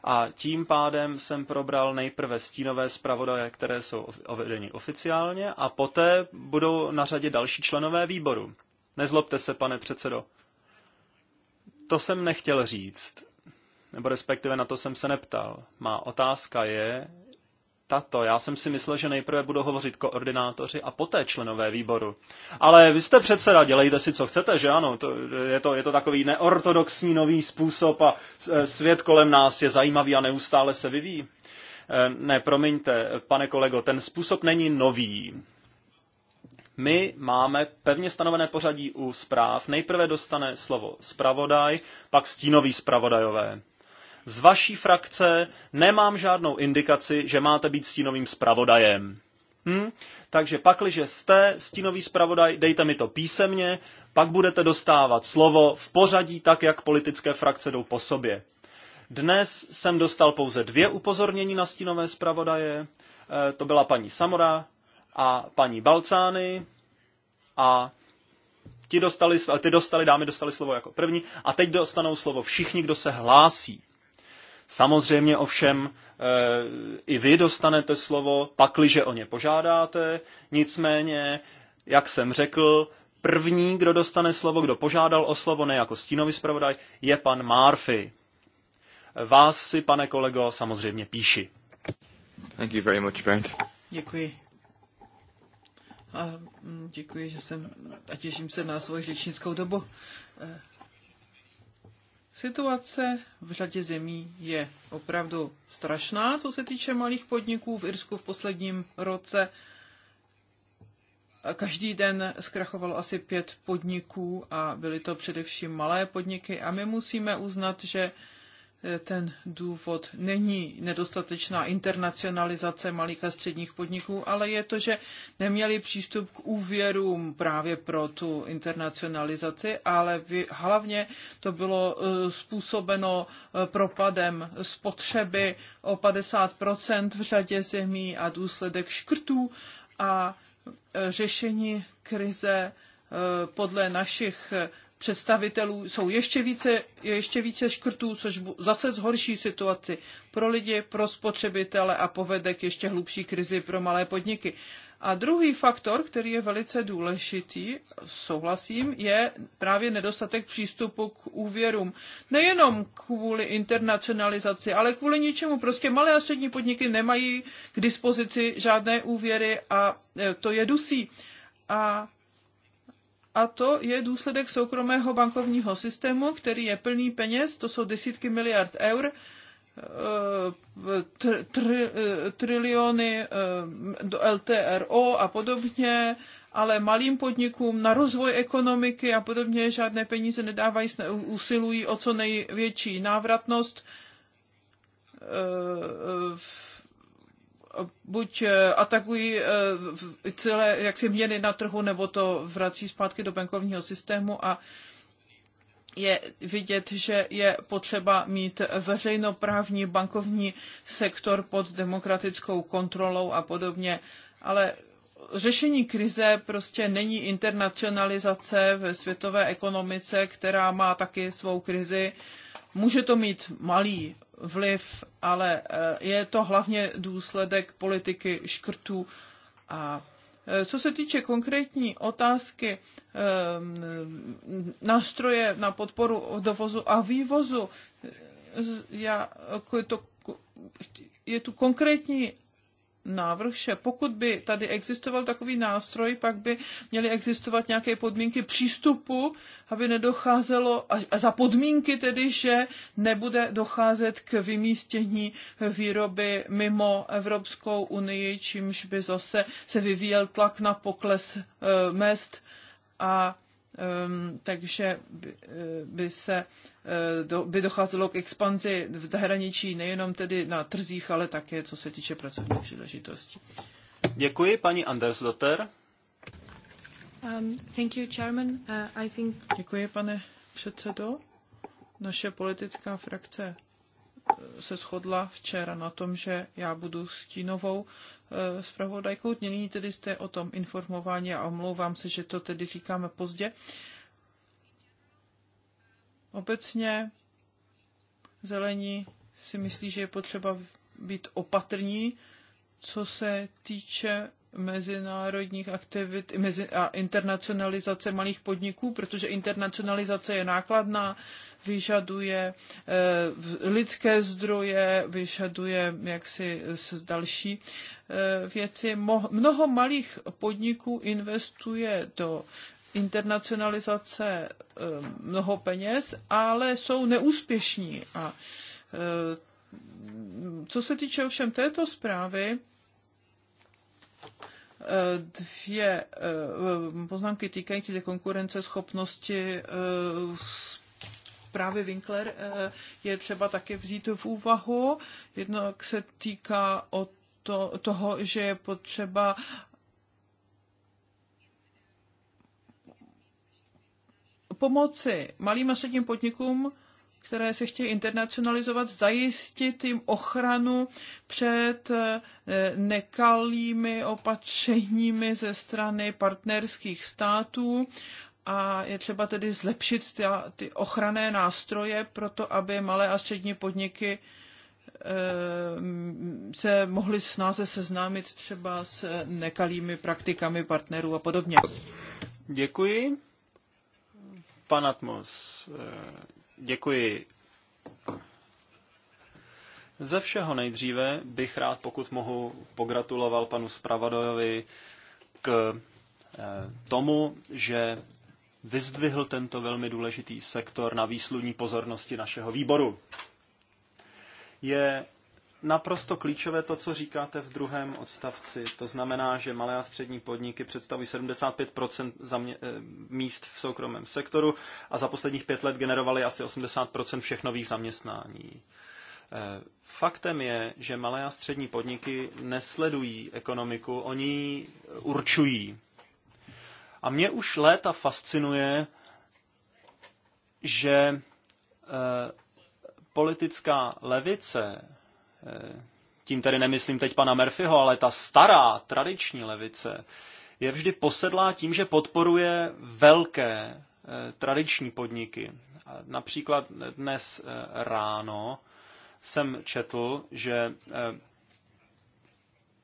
A tím pádem jsem probral nejprve stínové zpravodaje, které jsou ovedeny oficiálně, a poté budou na řadě další členové výboru. Nezlobte se, pane předsedo. To jsem nechtěl říct, nebo respektive na to jsem se neptal. Má otázka je, tato. Já jsem si myslel, že nejprve budou hovořit koordinátoři a poté členové výboru. Ale vy jste předseda, dělejte si, co chcete, že ano? To, je, to, je to takový neortodoxní nový způsob a e, svět kolem nás je zajímavý a neustále se vyvíjí. E, ne, promiňte, pane kolego, ten způsob není nový. My máme pevně stanovené pořadí u zpráv. Nejprve dostane slovo zpravodaj, pak stínový zpravodajové z vaší frakce nemám žádnou indikaci, že máte být stínovým zpravodajem. Hm? Takže pakliže jste stínový zpravodaj, dejte mi to písemně, pak budete dostávat slovo v pořadí tak, jak politické frakce jdou po sobě. Dnes jsem dostal pouze dvě upozornění na stínové zpravodaje. Eh, to byla paní Samora a paní Balcány. A ti dostali, ty dostali, dámy dostali slovo jako první. A teď dostanou slovo všichni, kdo se hlásí. Samozřejmě ovšem eh, i vy dostanete slovo, pakliže o ně požádáte, nicméně, jak jsem řekl, první, kdo dostane slovo, kdo požádal o slovo, ne jako stínový zpravodaj, je pan Murphy. Vás si, pane kolego, samozřejmě píši. Thank you very much, Bernd. Děkuji. A mm, děkuji, že jsem a těším se na svoji řečnickou dobu. Eh, Situace v řadě zemí je opravdu strašná, co se týče malých podniků. V Irsku v posledním roce každý den zkrachovalo asi pět podniků a byly to především malé podniky a my musíme uznat, že Eh, ten důvod není nedostatečná internacionalizace malých a středních podniků, ale je to, že neměli přístup k úvěrům právě pro tu internacionalizaci, ale hlavně to bylo eh, způsobeno eh, propadem spotřeby o 50% v řadě zemí a důsledek škrtů a řešení krize podle našich představitelů jsou ještě více, ještě více škrtů, což zase zhorší situaci pro lidi, pro spotřebitele a povede k ještě hlubší krizi pro malé podniky. A druhý faktor, který je velice důležitý, souhlasím, je právě nedostatek přístupu k úvěrům. Nejenom kvůli internacionalizaci, ale kvůli ničemu. Prostě malé a střední podniky nemají k dispozici žádné úvěry a e, to je dusí. A a to je důsledek soukromého bankovního systému, který je plný peněz, to jsou desítky miliard eur, eh, tr, tr, eh, triliony eh, do LTRO a podobně, ale malým podnikům na rozvoj ekonomiky a podobně žádné peníze nedávají, usilují o co největší návratnost buď eh, atakují eh, celé jaksi měny na trhu, nebo to vrací zpátky do bankovního systému a je vidět, že je potřeba mít veřejnoprávní bankovní sektor pod demokratickou kontrolou a podobně. Ale řešení krize prostě není internacionalizace ve světové ekonomice, která má taky svou krizi. Může to mít malý vliv, ale eh, je to hlavně důsledek politiky škrtů. A eh, co se týče konkrétní otázky eh, nástroje na podporu dovozu a vývozu, já, jako je, to, je tu konkrétní návrh, že pokud by tady existoval takový nástroj, pak by měly existovat nějaké podmínky přístupu, aby nedocházelo, a za podmínky tedy, že nebude docházet k vymístění výroby mimo Evropskou unii, čímž by zase se vyvíjel tlak na pokles eh, mest a Ehm, takže by eh, se eh, by docházelo k expanzi v zahraničí nejenom tedy na trzích, ale také co se týče pracovních příležitostí. Děkuji, paní Andersdotter. Um, thank you, Chairman. Uh, I think... Děkuji, pane předsedo. Naše politická frakce eh, se shodla včera na tom, že já budu stínovou Eh, zpravodajkou. Nyní tedy jste o tom informováni a omlouvám se, že to tedy říkáme pozdě. Obecně zelení si myslí, že je potřeba být opatrní, co se týče mezinárodních aktivit mezi, a internacionalizace malých podniků, protože internacionalizace je nákladná, vyžaduje eh, lidské zdroje, vyžaduje jaksi další eh, věci. Mnoho malých podniků investuje do internacionalizace eh, mnoho peněz, ale jsou neúspěšní. A co se týče ovšem této zprávy, Eh, dvě eh, poznámky týkající se konkurenceschopnosti eh, právě Winkler je třeba také vzít v úvahu. Jednak se týká o to, toho, že je potřeba pomoci malým a středním podnikům které se chtějí internacionalizovat, zajistit jim ochranu před eh, nekalými opatřeními ze strany partnerských států a je třeba tedy zlepšit ty, ty ochranné nástroje pro to, aby malé a střední podniky eh, se mohli snáze seznámit třeba s nekalými praktikami partnerů a podobně. Děkuji. Pan Atmos, eh, Děkuji. Ze všeho nejdříve bych rád, pokud mohu, pogratuloval panu Spravadojovi k eh, tomu, že vyzdvihl tento velmi důležitý sektor na výsluní pozornosti našeho výboru. Je naprosto klíčové to, co říkáte v druhém odstavci. To znamená, že malé a střední podniky představují 75 zamě- eh, míst v soukromém sektoru a za posledních pět let generovaly asi 80 všech nových zaměstnání. Eh, faktem je, že malé a střední podniky nesledují ekonomiku, oni ji určují. A mě už léta fascinuje, že eh, politická levice Eh, tím tedy nemyslím teď pana Murphyho, ale ta stará, tradiční levice, je vždy posedlá tím, že podporuje velké eh, tradiční podniky. Například dnes eh, ráno jsem četl, že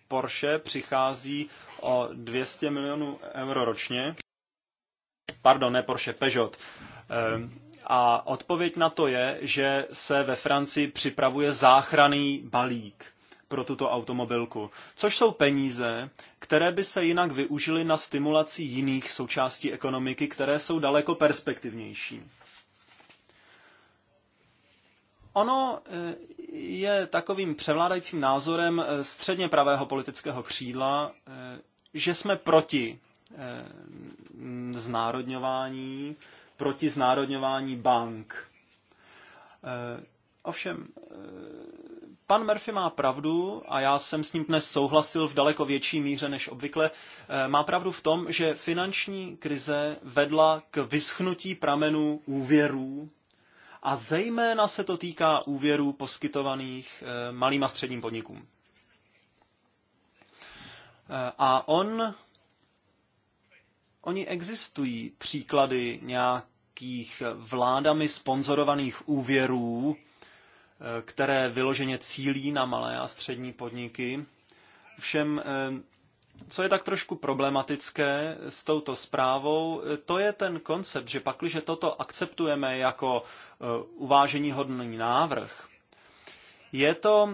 Porsche přichází o 200 milionů euro ročně. Pardon, ne Porsche, Peugeot. A odpověď na to je, že se ve Francii připravuje záchranný balík pro tuto automobilku, což jsou peníze, které by se jinak využily na stimulaci jiných součástí ekonomiky, které jsou daleko perspektivnější. Ono eh, je takovým převládajícím názorem eh, středně pravého politického křídla, eh, že jsme proti znárodňování, proti znárodňování bank. E, ovšem, e, pan Murphy má pravdu, a já jsem s ním dnes souhlasil v daleko větší míře než obvykle, e, má pravdu v tom, že finanční krize vedla k vyschnutí pramenů úvěrů a zejména se to týká úvěrů poskytovaných malým a středním podnikům. A on Oni existují příklady nějakých vládami sponzorovaných úvěrů, eh, které vyloženě cílí na malé a střední podniky. Všem, eh, co je tak trošku problematické s touto zprávou, eh, to je ten koncept, že pakliže toto akceptujeme jako uvážení hodný návrh, je to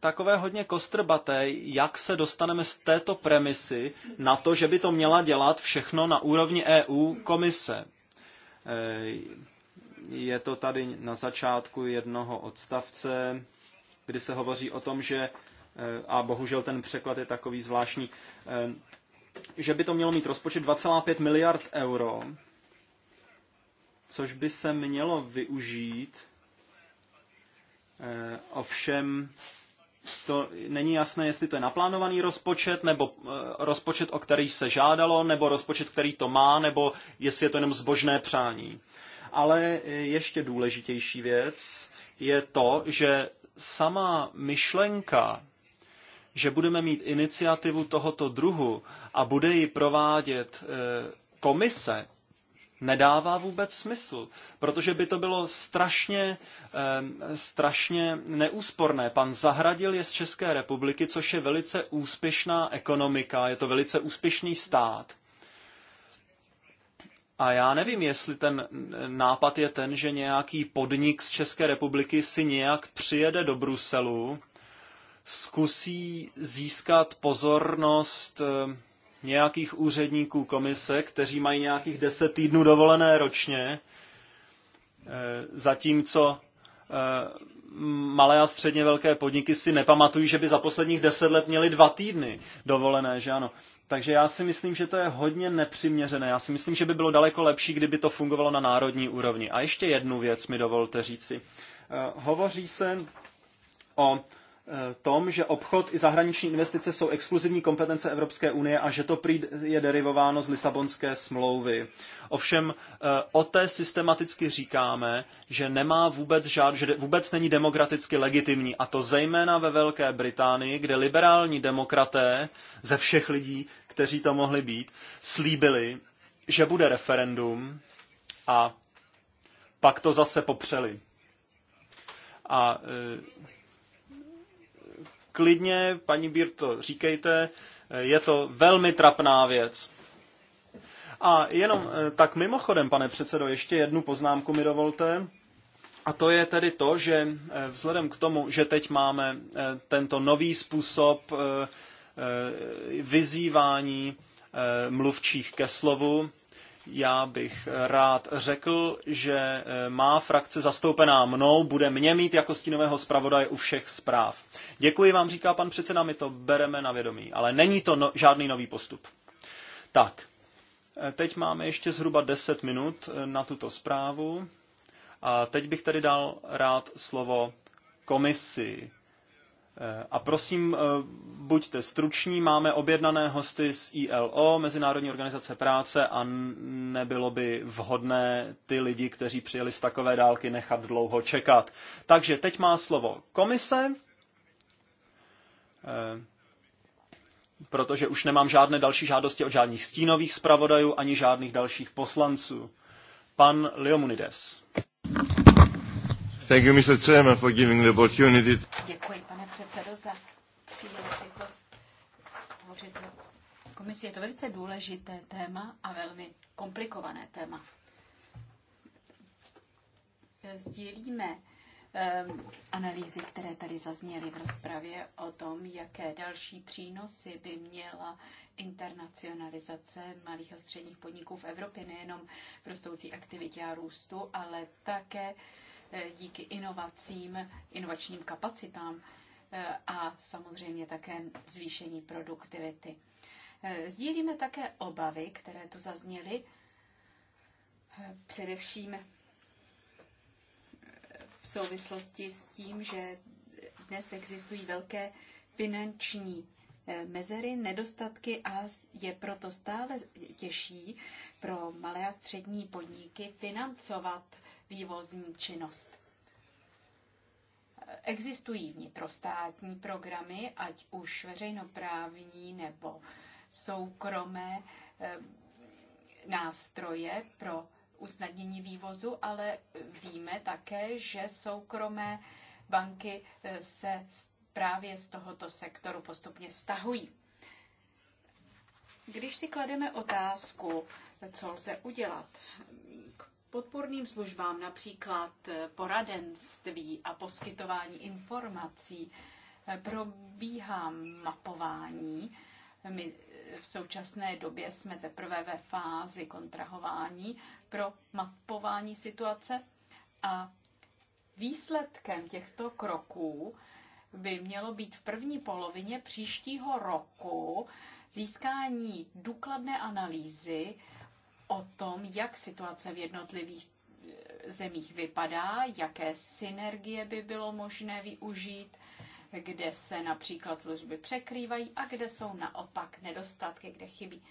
takové hodně kostrbaté, jak se dostaneme z této premisy na to, že by to měla dělat všechno na úrovni EU komise. Eh, je to tady na začátku jednoho odstavce, kdy se hovoří o tom, že, eh, a bohužel ten překlad je takový zvláštní, eh, že by to mělo mít rozpočet 2,5 miliard euro, což by se mělo využít Ovšem to není jasné, jestli to je naplánovaný rozpočet, nebo eh, rozpočet, o který se žádalo, nebo rozpočet, který to má, nebo jestli je to jenom zbožné přání. Ale eh, ještě důležitější věc je to, že sama myšlenka, že budeme mít iniciativu tohoto druhu a bude ji provádět eh, komise, nedává vůbec smysl, protože by to bylo strašně, strašně neúsporné. Pan Zahradil je z České republiky, což je velice úspěšná ekonomika, je to velice úspěšný stát. A já nevím, jestli ten nápad je ten, že nějaký podnik z České republiky si nějak přijede do Bruselu, zkusí získat pozornost nějakých úředníků komise, kteří mají nějakých deset týdnů dovolené ročně, eh, zatímco eh, malé a středně velké podniky si nepamatují, že by za posledních deset let měli dva týdny dovolené, že ano. Takže já si myslím, že to je hodně nepřiměřené. Já si myslím, že by bylo daleko lepší, kdyby to fungovalo na národní úrovni. A ještě jednu věc mi dovolte říci. Eh, hovoří se o Eh, tom, že obchod i zahraniční investice jsou exkluzivní kompetence Evropské unie a že to prý je derivováno z Lisabonské smlouvy. Ovšem eh, o té systematicky říkáme, že nemá vůbec žád, že vůbec není demokraticky legitimní a to zejména ve Velké Británii, kde liberální demokraté ze všech lidí, kteří to mohli být, slíbili, že bude referendum a pak to zase popřeli. A eh, klidně, paní Bír, to říkejte, eh, je to velmi trapná věc. A jenom eh, tak mimochodem, pane předsedo, ještě jednu poznámku mi dovolte. A to je tedy to, že eh, vzhledem k tomu, že teď máme tento nový způsob vyzývání mluvčích ke slovu, já bych rád řekl, že eh, má frakce zastoupená mnou bude mě mít jako stínového zpravodaje u všech zpráv. Děkuji vám, říká pan předseda, my to bereme na vědomí, ale není to no, žádný nový postup. Tak, eh, teď máme ještě zhruba 10 minut eh, na tuto zprávu a teď bych tedy dal rád slovo komisi. Eh, a prosím, eh, buďte struční, máme objednané hosty z ILO, Mezinárodní organizace práce, a nebylo by vhodné ty lidi, kteří přijeli z takové dálky, nechat dlouho čekat. Takže teď má slovo komise, eh, protože už nemám žádné další žádosti od žádných stínových zpravodajů ani žádných dalších poslanců. Pan Leomunides. Thank you, Mr. Chairman, for giving the opportunity. Děkuji, pane předsedo, za příležitost hovořit komisi. Je to velice důležité téma a velmi komplikované téma. Sdílíme ehm, analýzy, které tady zazněly v rozpravě o tom, jaké další přínosy by měla internacionalizace malých a středních podniků v Evropě, nejenom v rostoucí aktivitě a růstu, ale také E, díky inovacím, inovačním kapacitám e, a samozřejmě také zvýšení produktivity. E, sdílíme také obavy, které tu zazněly, především v souvislosti s tím, že dnes existují velké finanční mezery, nedostatky a je proto stále těžší pro malé a střední podniky financovat vývozní činnost. Existují vnitrostátní programy, ať už veřejnoprávní nebo soukromé eh, nástroje pro usnadnění vývozu, ale víme také, že soukromé banky eh, se právě z tohoto sektoru postupně stahují. Když si klademe otázku, co lze udělat, podporným službám, například eh, poradenství a poskytování informací, eh, probíhá mapování. My eh, v současné době jsme teprve ve fázi kontrahování pro mapování situace a výsledkem těchto kroků by mělo být v první polovině příštího roku získání důkladné analýzy o tom, jak situace v jednotlivých eh, zemích vypadá, jaké synergie by bylo možné využít, kde se například služby překrývají a kde jsou naopak nedostatky, kde chybí.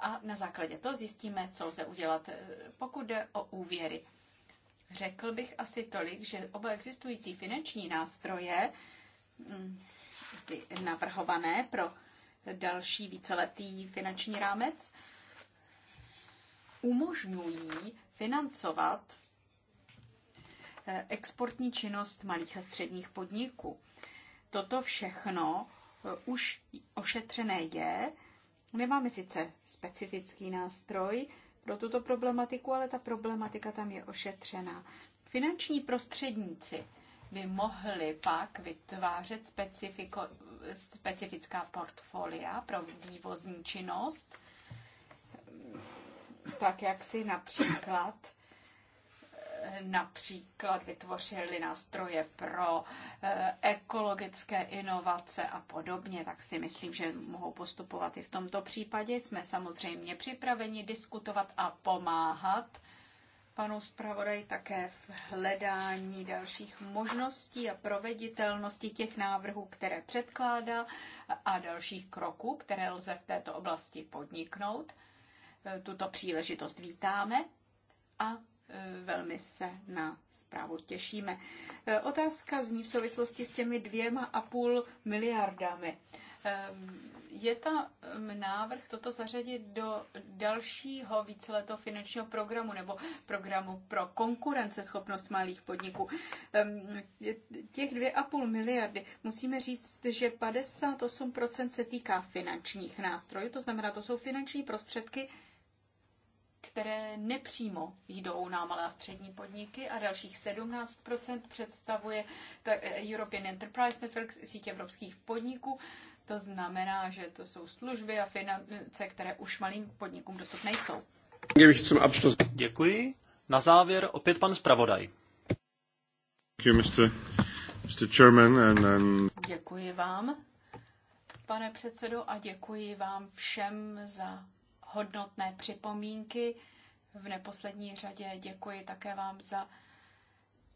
A na základě toho zjistíme, co lze udělat, eh, pokud jde o úvěry. Řekl bych asi tolik, že oba existující finanční nástroje, mm, ty navrhované pro další víceletý finanční rámec, umožňují financovat eh, exportní činnost malých a středních podniků. Toto všechno eh, už ošetřené je. Nemáme sice specifický nástroj pro tuto problematiku, ale ta problematika tam je ošetřená. Finanční prostředníci by mohli pak vytvářet specifická portfolia pro vývozní činnost tak jak si například například vytvořili nástroje pro eh, ekologické inovace a podobně, tak si myslím, že mohou postupovat i v tomto případě. Jsme samozřejmě připraveni diskutovat a pomáhat panu zpravodaj také v hledání dalších možností a proveditelnosti těch návrhů, které předkládá a dalších kroků, které lze v této oblasti podniknout tuto příležitost vítáme a e, velmi se na zprávu těšíme. E, otázka zní v souvislosti s těmi dvěma a půl miliardami. E, je tam návrh toto zařadit do dalšího víceletého finančního programu nebo programu pro konkurenceschopnost malých podniků. Těch 2,5 miliardy musíme říct, že 58% se týká finančních nástrojů, to znamená, to jsou finanční prostředky, které nepřímo jdou na malé a střední podniky a dalších 17 představuje eh, European Enterprise Network, sítě evropských podniků. To znamená, že to jsou služby a finance, které už malým podnikům dostupné jsou. Děkuji. Na závěr opět pan zpravodaj. Děkuji vám, pane předsedo, a děkuji vám všem za hodnotné připomínky. V neposlední řadě děkuji také vám za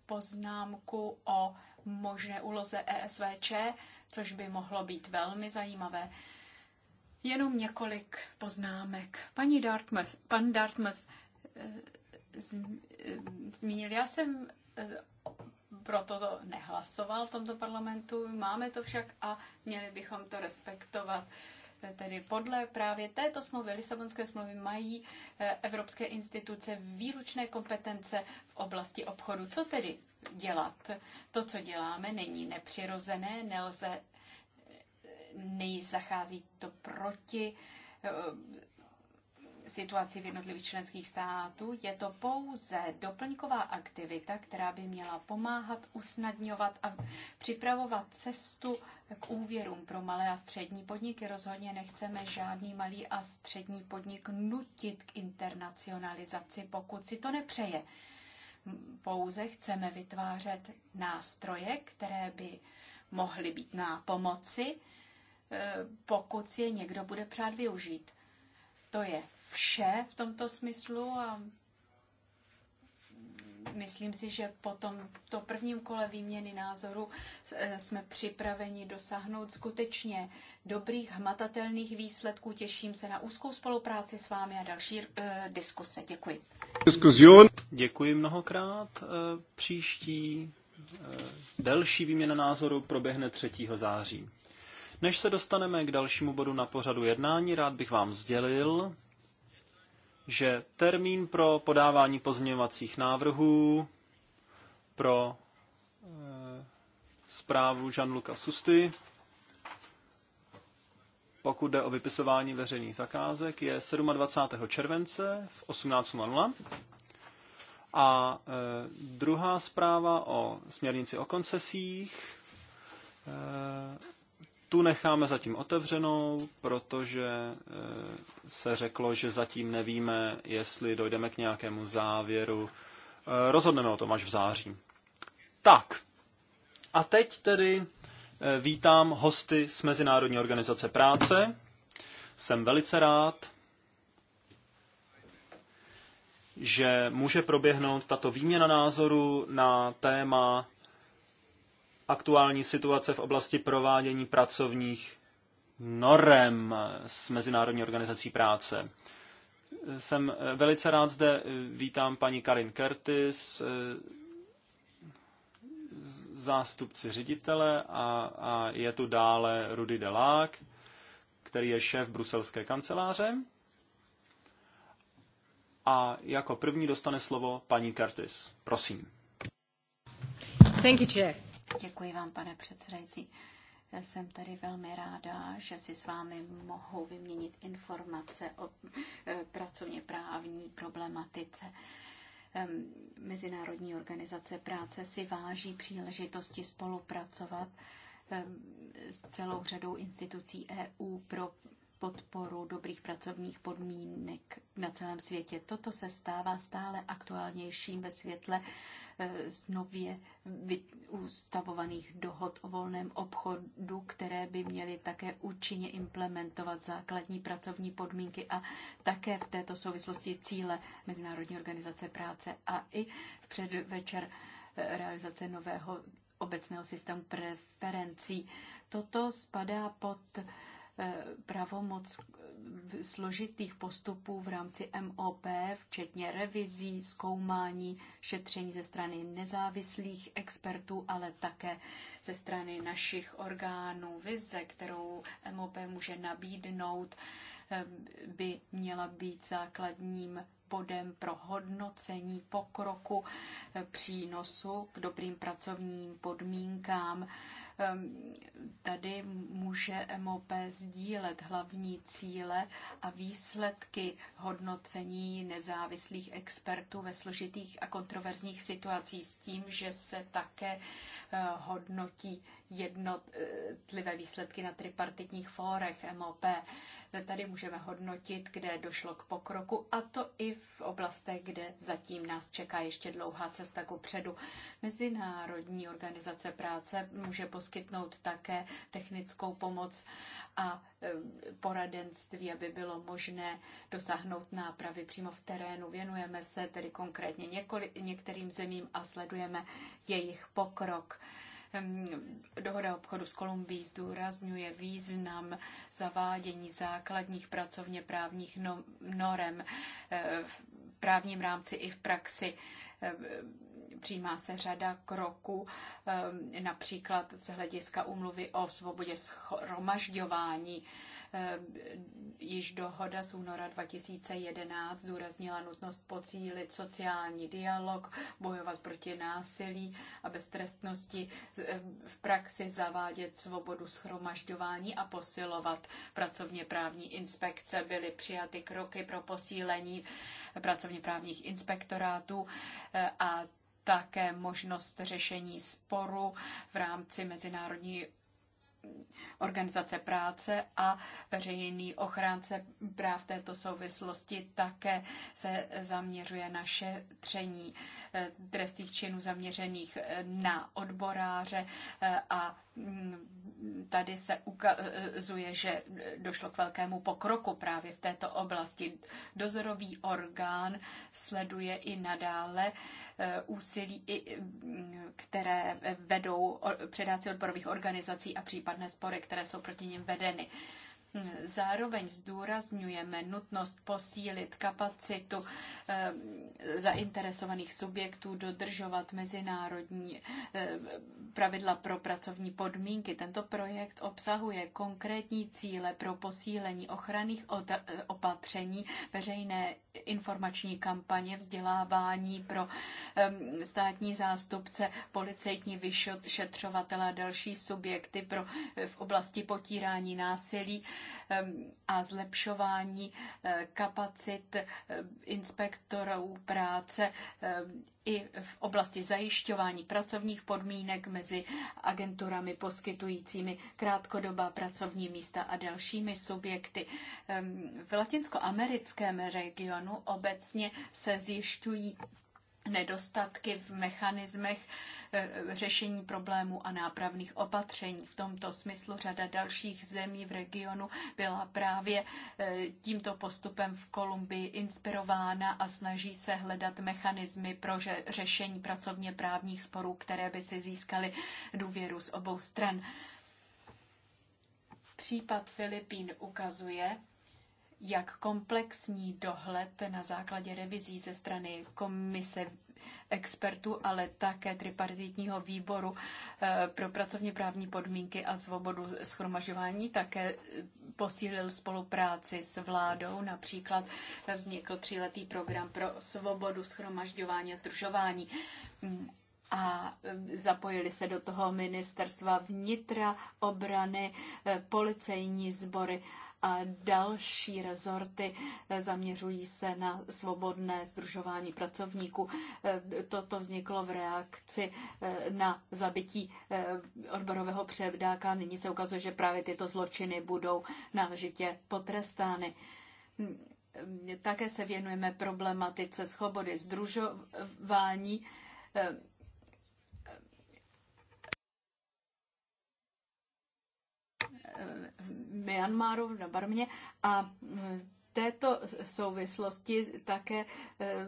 poznámku o možné úloze ESVČ, což by mohlo být velmi zajímavé. Jenom několik poznámek. Paní Dartmouth, pan Dartmouth eh, eh, zmínil, já jsem eh, proto to nehlasoval v tomto parlamentu, máme to však a měli bychom to respektovat tedy podle právě této smlouvy, Lisabonské smlouvy, mají eh, evropské instituce výručné kompetence v oblasti obchodu. Co tedy dělat? To, co děláme, není nepřirozené, nelze, eh, nejzachází to proti eh, situaci v jednotlivých členských států. Je to pouze doplňková aktivita, která by měla pomáhat, usnadňovat a připravovat cestu k úvěrům pro malé a střední podniky. Rozhodně nechceme žádný malý a střední podnik nutit k internacionalizaci, pokud si to nepřeje. Pouze chceme vytvářet nástroje, které by mohly být na pomoci, eh, pokud si je někdo bude přát využít. To je vše v tomto smyslu a myslím si, že po tomto prvním kole výměny názoru eh, jsme připraveni dosáhnout skutečně dobrých, hmatatelných výsledků. Těším se na úzkou spolupráci s vámi a další uh, diskuse. Děkuji. Diskuzion. Děkuji mnohokrát. Eh, příští další výměna názoru proběhne 3. září. Než se dostaneme k dalšímu bodu na pořadu jednání, rád bych vám sdělil, že termín pro podávání pozměňovacích návrhů pro e, zprávu Jean-Luca Susty, pokud jde o vypisování veřejných zakázek, je 27. července v 18.00. A e, druhá zpráva o směrnici o koncesích e, tu necháme zatím otevřenou, protože e, se řeklo, že zatím nevíme, jestli dojdeme k nějakému závěru. E, rozhodneme o tom až v září. Tak. A teď tedy e, vítám hosty z Mezinárodní organizace práce. Jsem velice rád, že může proběhnout tato výměna názoru na téma aktuální situace v oblasti provádění pracovních norem s Mezinárodní organizací práce. Jsem velice rád zde, vítám paní Karin Curtis, zástupci ředitele a, a je tu dále Rudy Delák, který je šéf bruselské kanceláře. A jako první dostane slovo paní Curtis. Prosím. Thank you, Chair. Děkuji vám, pane předsedající. Jsem tady velmi ráda, že si s vámi mohu vyměnit informace o e, pracovně právní problematice. Mezinárodní organizace práce si váží příležitosti spolupracovat s celou řadou institucí EU pro podporu dobrých pracovních podmínek na celém světě. Toto se stává stále aktuálnějším ve světle eh, z nově ustavovaných dohod o volném obchodu, které by měly také účinně implementovat základní pracovní podmínky a také v této souvislosti cíle Mezinárodní organizace práce a i v předvečer eh, realizace nového obecného systému preferencí. Toto spadá pod Eh, pravomoc eh, složitých postupů v rámci MOP, včetně revizí, zkoumání, šetření ze strany nezávislých expertů, ale také ze strany našich orgánů. Vize, kterou MOP může nabídnout, eh, by měla být základním bodem pro hodnocení pokroku, přínosu k dobrým pracovním podmínkám Ehm, tady může MOP sdílet hlavní cíle a výsledky hodnocení nezávislých expertů ve složitých a kontroverzních situacích s tím, že se také eh, hodnotí jednotlivé výsledky na tripartitních fórech MOP. Tady můžeme hodnotit, kde došlo k pokroku a to i v oblastech, kde zatím nás čeká ještě dlouhá cesta ku předu. Mezinárodní organizace práce může poskytnout také technickou pomoc a e, poradenství, aby bylo možné dosáhnout nápravy přímo v terénu. Věnujeme se tedy konkrétně několik, některým zemím a sledujeme jejich pokrok. Dohoda obchodu s Kolumbií zdůrazňuje význam zavádění základních pracovně právních no-, norem eh, v právním rámci i v praxi přijímá se řada kroků, například z hlediska úmluvy o svobodě schromažďování. Eh, již dohoda z února 2011 zdůraznila nutnost pocílit sociální dialog, bojovat proti násilí a beztrestnosti, eh, v praxi zavádět svobodu schromažďování a posilovat pracovně právní inspekce. Byly přijaty kroky pro posílení pracovně právních inspektorátů eh, a také možnost řešení sporu v rámci mezinárodní organizace práce a veřejný ochránce práv této souvislosti také se zaměřuje na šetření eh, trestných činů zaměřených eh, na odboráře eh, a mm, tady se ukazuje, že došlo k velkému pokroku právě v této oblasti. Dozorový orgán sleduje i nadále eh, úsilí, mm, které vedou předáci odborových organizací a případné spory, které jsou proti nim vedeny. Zároveň zdůrazňujeme nutnost posílit kapacitu eh, zainteresovaných subjektů dodržovat mezinárodní eh, pravidla pro pracovní podmínky. Tento projekt obsahuje konkrétní cíle pro posílení ochranných eh, opatření, veřejné informační kampaně, vzdělávání pro státní zástupce, policejní vyšetřovatele a další subjekty pro, v oblasti potírání násilí a zlepšování eh, kapacit eh, inspektorů práce i v oblasti zajišťování pracovních podmínek mezi agenturami poskytujícími krátkodobá pracovní místa a dalšími subjekty. V latinskoamerickém regionu obecně se zjišťují nedostatky v mechanismech E, řešení problémů a nápravných opatření. V tomto smyslu řada dalších zemí v regionu byla právě e, tímto postupem v Kolumbii inspirována a snaží se hledat mechanismy pro řešení pracovně právních sporů, které by si získaly důvěru z obou stran. Případ Filipín ukazuje, jak komplexní dohled na základě revizí ze strany komise expertů, ale také tripartitního výboru eh, pro pracovně právní podmínky a svobodu schromažování také eh, posílil spolupráci s vládou. Například vznikl tříletý program pro svobodu schromažďování a združování a eh, zapojili se do toho ministerstva vnitra, obrany, policejní sbory a další rezorty eh, zaměřují se na svobodné združování pracovníků. Eh, toto vzniklo v reakci eh, na zabití odborového převdáka, Nyní se ukazuje, že právě tyto zločiny budou náležitě potrestány hm, také se věnujeme problematice svobody združování. Myanmaru na Barmě a mm, této souvislosti také eh,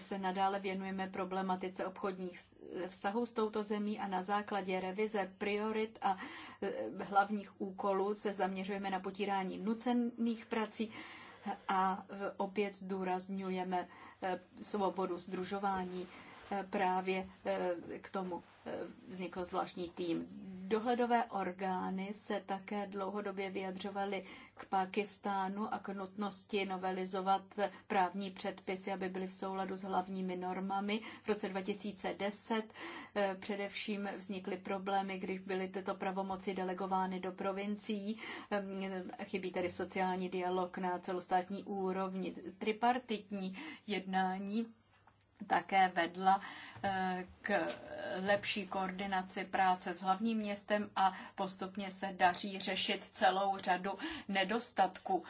se nadále věnujeme problematice obchodních vztahů s touto zemí a na základě revize priorit a eh, hlavních úkolů se zaměřujeme na potírání nucených prací a eh, opět zdůrazňujeme svobodu združování právě eh, k tomu eh, vznikl zvláštní tým. Dohledové orgány se také dlouhodobě vyjadřovaly k Pakistánu a k nutnosti novelizovat právní předpisy, aby byly v souladu s hlavními normami. V roce 2010 eh, především vznikly problémy, když byly tyto pravomoci delegovány do provincií. Ehm, chybí tady sociální dialog na celostátní úrovni, tripartitní jednání také vedla k lepší koordinaci práce s hlavním městem a postupně se daří řešit celou řadu nedostatků,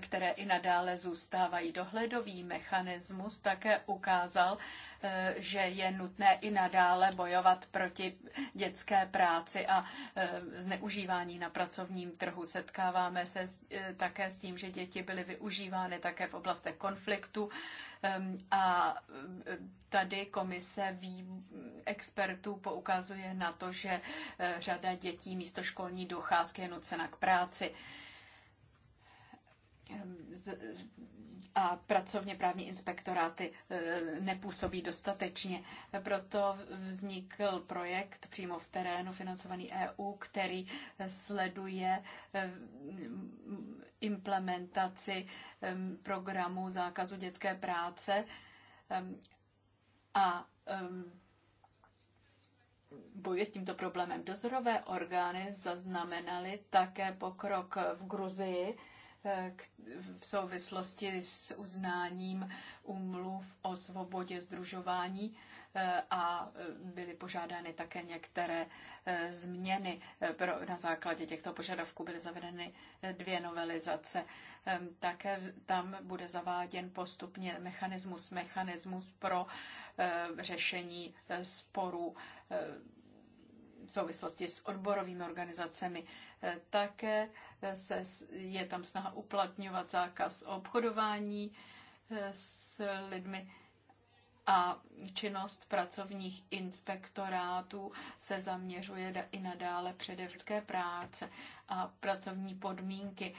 které i nadále zůstávají. Dohledový mechanismus také ukázal, eh, že je nutné i nadále bojovat proti dětské práci a eh, zneužívání na pracovním trhu. Setkáváme se eh, také s tím, že děti byly využívány také v oblastech konfliktu ehm, a tady komise vý, expertů poukazuje na to, že eh, řada dětí místo školní docházky je nucena k práci ehm, a pracovně právní inspektoráty eh, nepůsobí dostatečně. Proto vznikl projekt přímo v terénu financovaný EU, který sleduje eh, implementaci ehm, programu zákazu dětské práce ehm, a um, bojuje s tímto problémem. Dozorové orgány zaznamenaly také pokrok v Gruzii eh, v souvislosti s uznáním umluv o svobodě združování eh, a eh, byly požádány také některé změny. Na základě těchto požadavků byly zavedeny dvě novelizace. Také tam bude zaváděn postupně mechanismus, mechanismus pro uh, řešení eh, sporů eh, v souvislosti s odborovými organizacemi. Eh, také se, je tam snaha uplatňovat zákaz obchodování s lidmi a činnost pracovních inspektorátů se zaměřuje i nadále předevské práce a pracovní podmínky.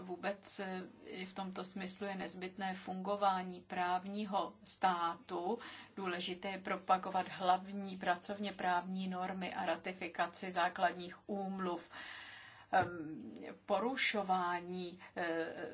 Vůbec e, v tomto smyslu je nezbytné fungování právního státu. Důležité je propagovat hlavní pracovně právní normy a ratifikaci základních úmluv porušování e,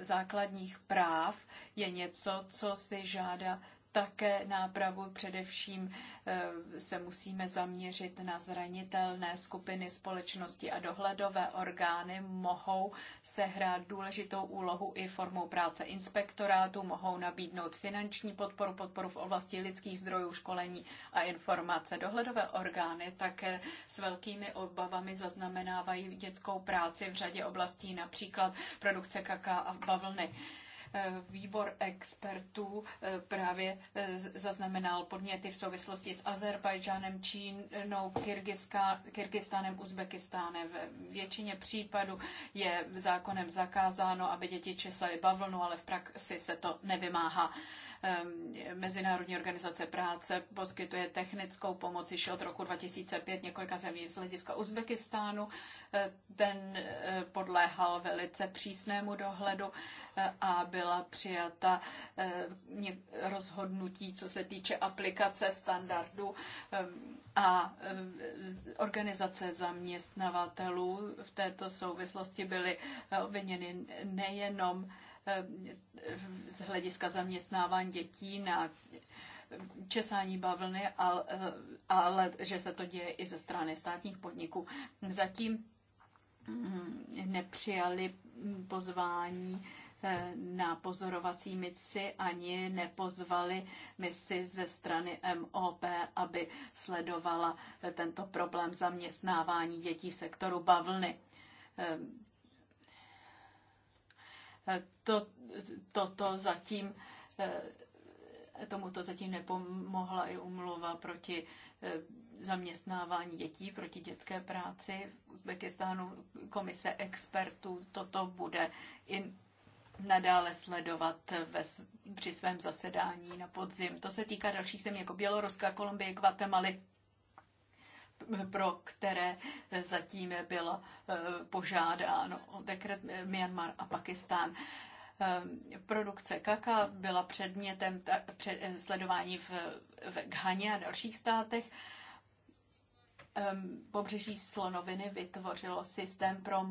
základních práv je něco, co si žádá také nápravu. Především eh, se musíme zaměřit na zranitelné skupiny společnosti a dohledové orgány mohou sehrát důležitou úlohu i formou práce inspektorátu, mohou nabídnout finanční podporu, podporu v oblasti lidských zdrojů, školení a informace. Dohledové orgány také s velkými obavami zaznamenávají dětskou práci v řadě oblastí, například produkce kaká a bavlny. Eh, výbor expertů eh, právě eh, zaznamenal podněty v souvislosti s Azerbajdžánem, Čínou, Kyrgyzstánem, Uzbekistánem. V většině případů je zákonem zakázáno, aby děti česaly bavlnu, ale v praxi se to nevymáhá. Mezinárodní organizace práce poskytuje technickou pomoc již od roku 2005 několika zemí z hlediska Uzbekistánu. E, ten e, podléhal velice přísnému dohledu e, a byla přijata rozhodnutí, co se týče aplikace standardů a organizace zaměstnavatelů v této souvislosti byly obviněny nejenom Eh, z hlediska zaměstnávání dětí na česání bavlny, ale, eh, ale že se to děje i ze strany státních podniků. Zatím mm, nepřijali pozvání eh, na pozorovací misi ani nepozvali misi ze strany MOP, aby sledovala tento problém zaměstnávání dětí v sektoru bavlny. To, toto zatím eh, tomuto zatím nepomohla i umluva proti eh, zaměstnávání dětí, proti dětské práci. V Uzbekistánu komise expertů toto bude i nadále sledovat ve, při svém zasedání na podzim. To se týká dalších zemí jako Běloruska, Kolumbie, Guatemala, pro které zatím bylo eh, požádáno o dekret eh, Myanmar a Pakistán eh, produkce kaka byla předmětem sledování v, v Ghaně a dalších státech. Ehm, pobřeží slonoviny vytvořilo systém pro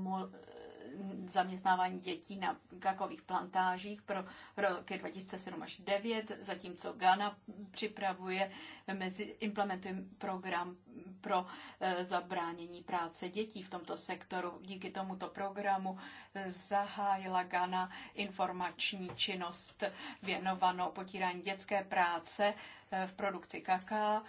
zaměstnávání dětí na kakových plantážích pro roky 2007 až 2009, zatímco Ghana připravuje, mezi, implementuje program pro e, zabránění práce dětí v tomto sektoru. Díky tomuto programu e, zahájila Ghana informační činnost věnovanou potírání dětské práce e, v produkci kaká,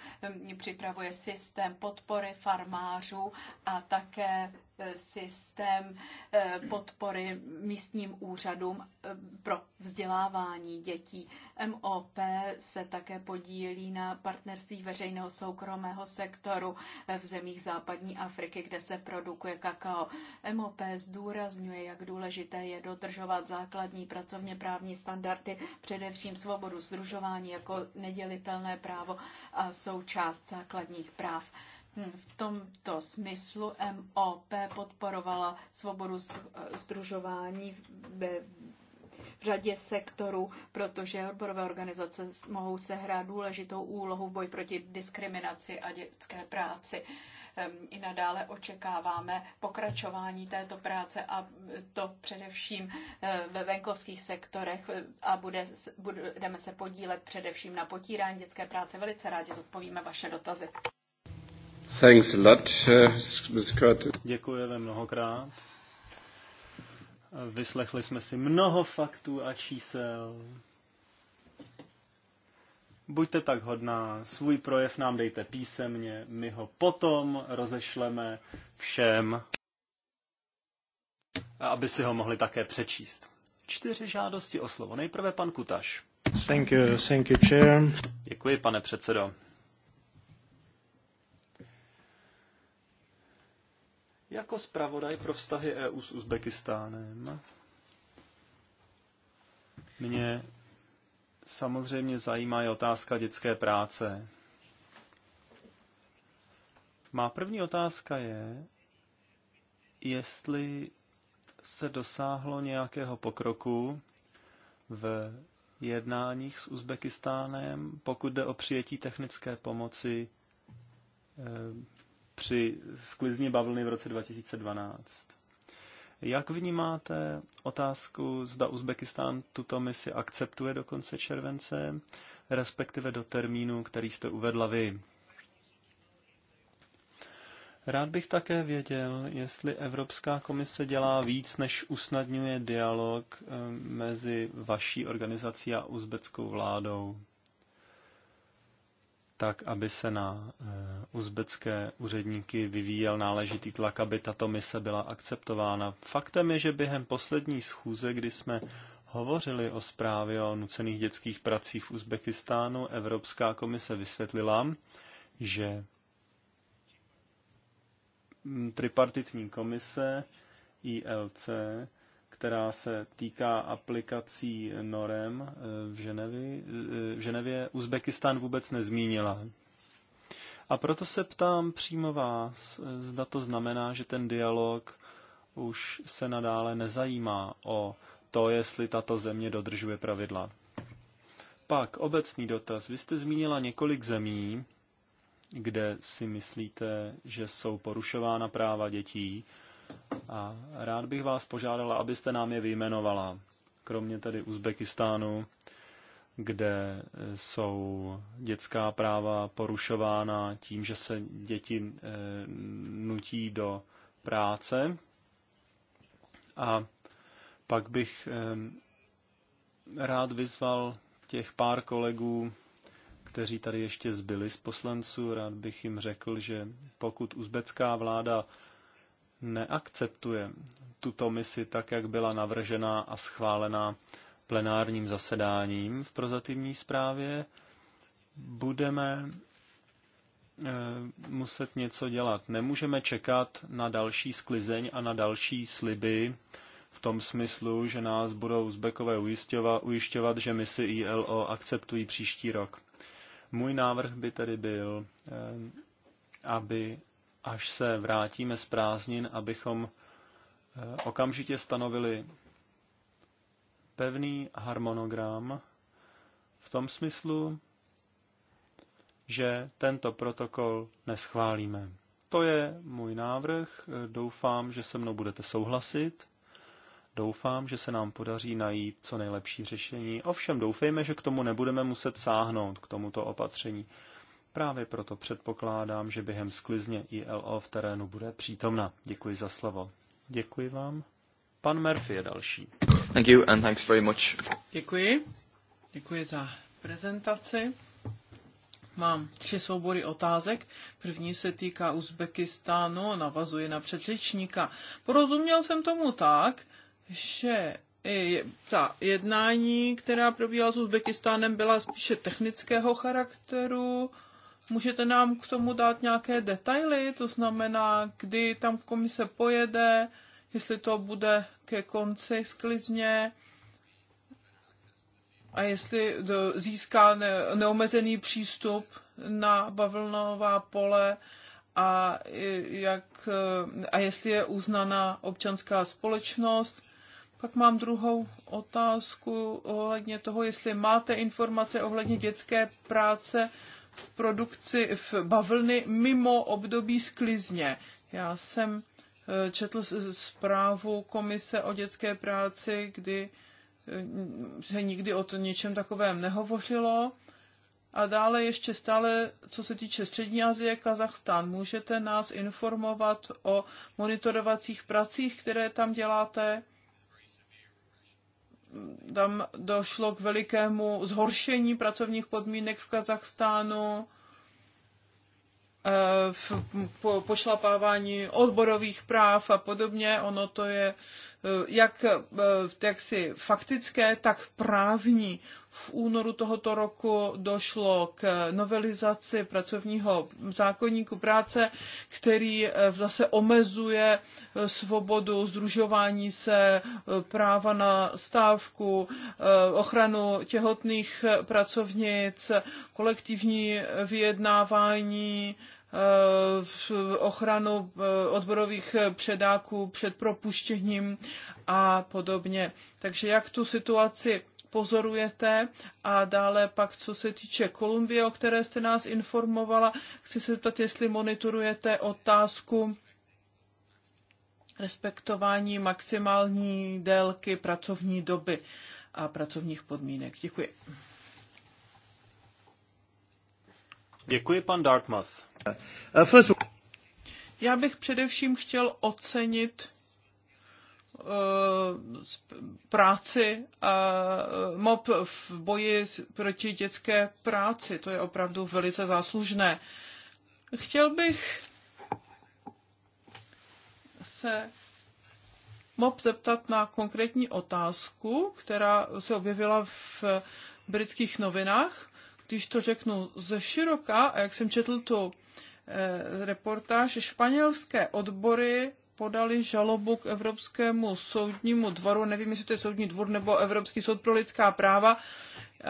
připravuje systém podpory farmářů a také systém eh, podpory místním úřadům eh, pro vzdělávání dětí. MOP se také podílí na partnerství veřejného soukromého sektoru eh, v zemích západní Afriky, kde se produkuje kakao. MOP zdůrazňuje, jak důležité je dodržovat základní pracovně právní standardy, především svobodu združování jako nedělitelné právo a součást základních práv. V tomto smyslu MOP podporovala svobodu združování ve v řadě sektorů, protože odborové organizace mohou sehrát důležitou úlohu v boji proti diskriminaci a dětské práci. I nadále očekáváme pokračování této práce a to především eh, ve venkovských sektorech eh, a bude, budeme se podílet především na potírání dětské práce. Velice rádi zodpovíme vaše dotazy. Thanks a lot, uh, Ms. Curtis. Děkujeme mnohokrát. Vyslechli jsme si mnoho faktů a čísel. Buďte tak hodná, svůj projev nám dejte písemně, my ho potom rozešleme všem, aby si ho mohli také přečíst. Čtyři žádosti o slovo. Nejprve pan Kutaš. Thank you, thank you, chair. Děkuji, pane předsedo. Jako zpravodaj pro vztahy EU s Uzbekistánem mě samozřejmě zajímá i otázka dětské práce. Má první otázka je, jestli se dosáhlo nějakého pokroku v jednáních s Uzbekistánem, pokud jde o přijetí technické pomoci eh, při sklizni bavlny v roce 2012. Jak vnímáte otázku, zda Uzbekistán tuto misi akceptuje do konce července, respektive do termínu, který jste uvedla vy? Rád bych také věděl, jestli Evropská komise dělá víc, než usnadňuje dialog eh, mezi vaší organizací a uzbeckou vládou tak, aby se na eh, uzbecké úředníky vyvíjel náležitý tlak, aby tato mise byla akceptována. Faktem je, že během poslední schůze, kdy jsme hovořili o zprávě o nucených dětských pracích v Uzbekistánu, Evropská komise vysvětlila, že tripartitní komise ILC která se týká aplikací norem eh, v, Ženevi, eh, v Ženevě, Uzbekistán vůbec nezmínila. A proto se ptám přímo vás, eh, zda to znamená, že ten dialog už se nadále nezajímá o to, jestli tato země dodržuje pravidla. Pak obecný dotaz. Vy jste zmínila několik zemí, kde si myslíte, že jsou porušována práva dětí a rád bych vás požádala, abyste nám je vyjmenovala, kromě tedy Uzbekistánu, kde jsou dětská práva porušována tím, že se děti eh, nutí do práce. A pak bych eh, rád vyzval těch pár kolegů, kteří tady ještě zbyli z poslanců, rád bych jim řekl, že pokud uzbecká vláda neakceptuje tuto misi tak, jak byla navržena a schválena plenárním zasedáním v prozatímní zprávě, budeme eh, muset něco dělat. Nemůžeme čekat na další sklizeň a na další sliby v tom smyslu, že nás budou uzbekové ujišťovat, ujišťovat že misi ILO akceptují příští rok. Můj návrh by tedy byl, eh, aby až se vrátíme z prázdnin, abychom eh, okamžitě stanovili pevný harmonogram v tom smyslu, že tento protokol neschválíme. To je můj návrh. Doufám, že se mnou budete souhlasit. Doufám, že se nám podaří najít co nejlepší řešení. Ovšem doufejme, že k tomu nebudeme muset sáhnout, k tomuto opatření. Právě proto předpokládám, že během sklizně ILO v terénu bude přítomna. Děkuji za slovo. Děkuji vám. Pan Murphy je další. Thank you and thanks very much. Děkuji. Děkuji za prezentaci. Mám tři soubory otázek. První se týká Uzbekistánu, navazuje na předřečníka. Porozuměl jsem tomu tak, že ta jednání, která probíhala s Uzbekistánem, byla spíše technického charakteru Můžete nám k tomu dát nějaké detaily, to znamená, kdy tam komise pojede, jestli to bude ke konci sklizně a jestli získá neomezený přístup na bavlnová pole a, jak, a jestli je uznaná občanská společnost. Pak mám druhou otázku ohledně toho, jestli máte informace ohledně dětské práce v produkci v bavlny mimo období sklizně. Já jsem eh, četl zprávu Komise o dětské práci, kdy eh, se nikdy o to něčem takovém nehovořilo. A dále ještě stále, co se týče Střední Azie, Kazachstán, můžete nás informovat o monitorovacích pracích, které tam děláte? tam došlo k velikému zhoršení pracovních podmínek v Kazachstánu, eh, v pošlapávání odborových práv a podobně. Ono to je Eh, jak, eh, jak si faktické, tak právní. V únoru tohoto roku došlo k novelizaci pracovního zákonníku práce, který eh, zase omezuje svobodu združování se, práva na stávku, ochranu těhotných pracovnic, kolektivní vyjednávání, Eh, ochranu eh, odborových předáků před propuštěním a podobně. Takže jak tu situaci pozorujete a dále pak, co se týče Kolumbie, o které jste nás informovala, chci se zeptat, jestli monitorujete otázku respektování maximální délky pracovní doby a pracovních podmínek. Děkuji. Děkuji, pan Dartmouth. Uh, Já bych především chtěl ocenit uh, práci uh, MOB v boji proti dětské práci. To je opravdu velice záslužné. Chtěl bych se MOB zeptat na konkrétní otázku, která se objevila v britských novinách když to řeknu ze široka, a jak jsem četl tu eh, reportáž, španělské odbory podali žalobu k Evropskému soudnímu dvoru, nevím, jestli to je soudní dvor nebo Evropský soud pro lidská práva, eh,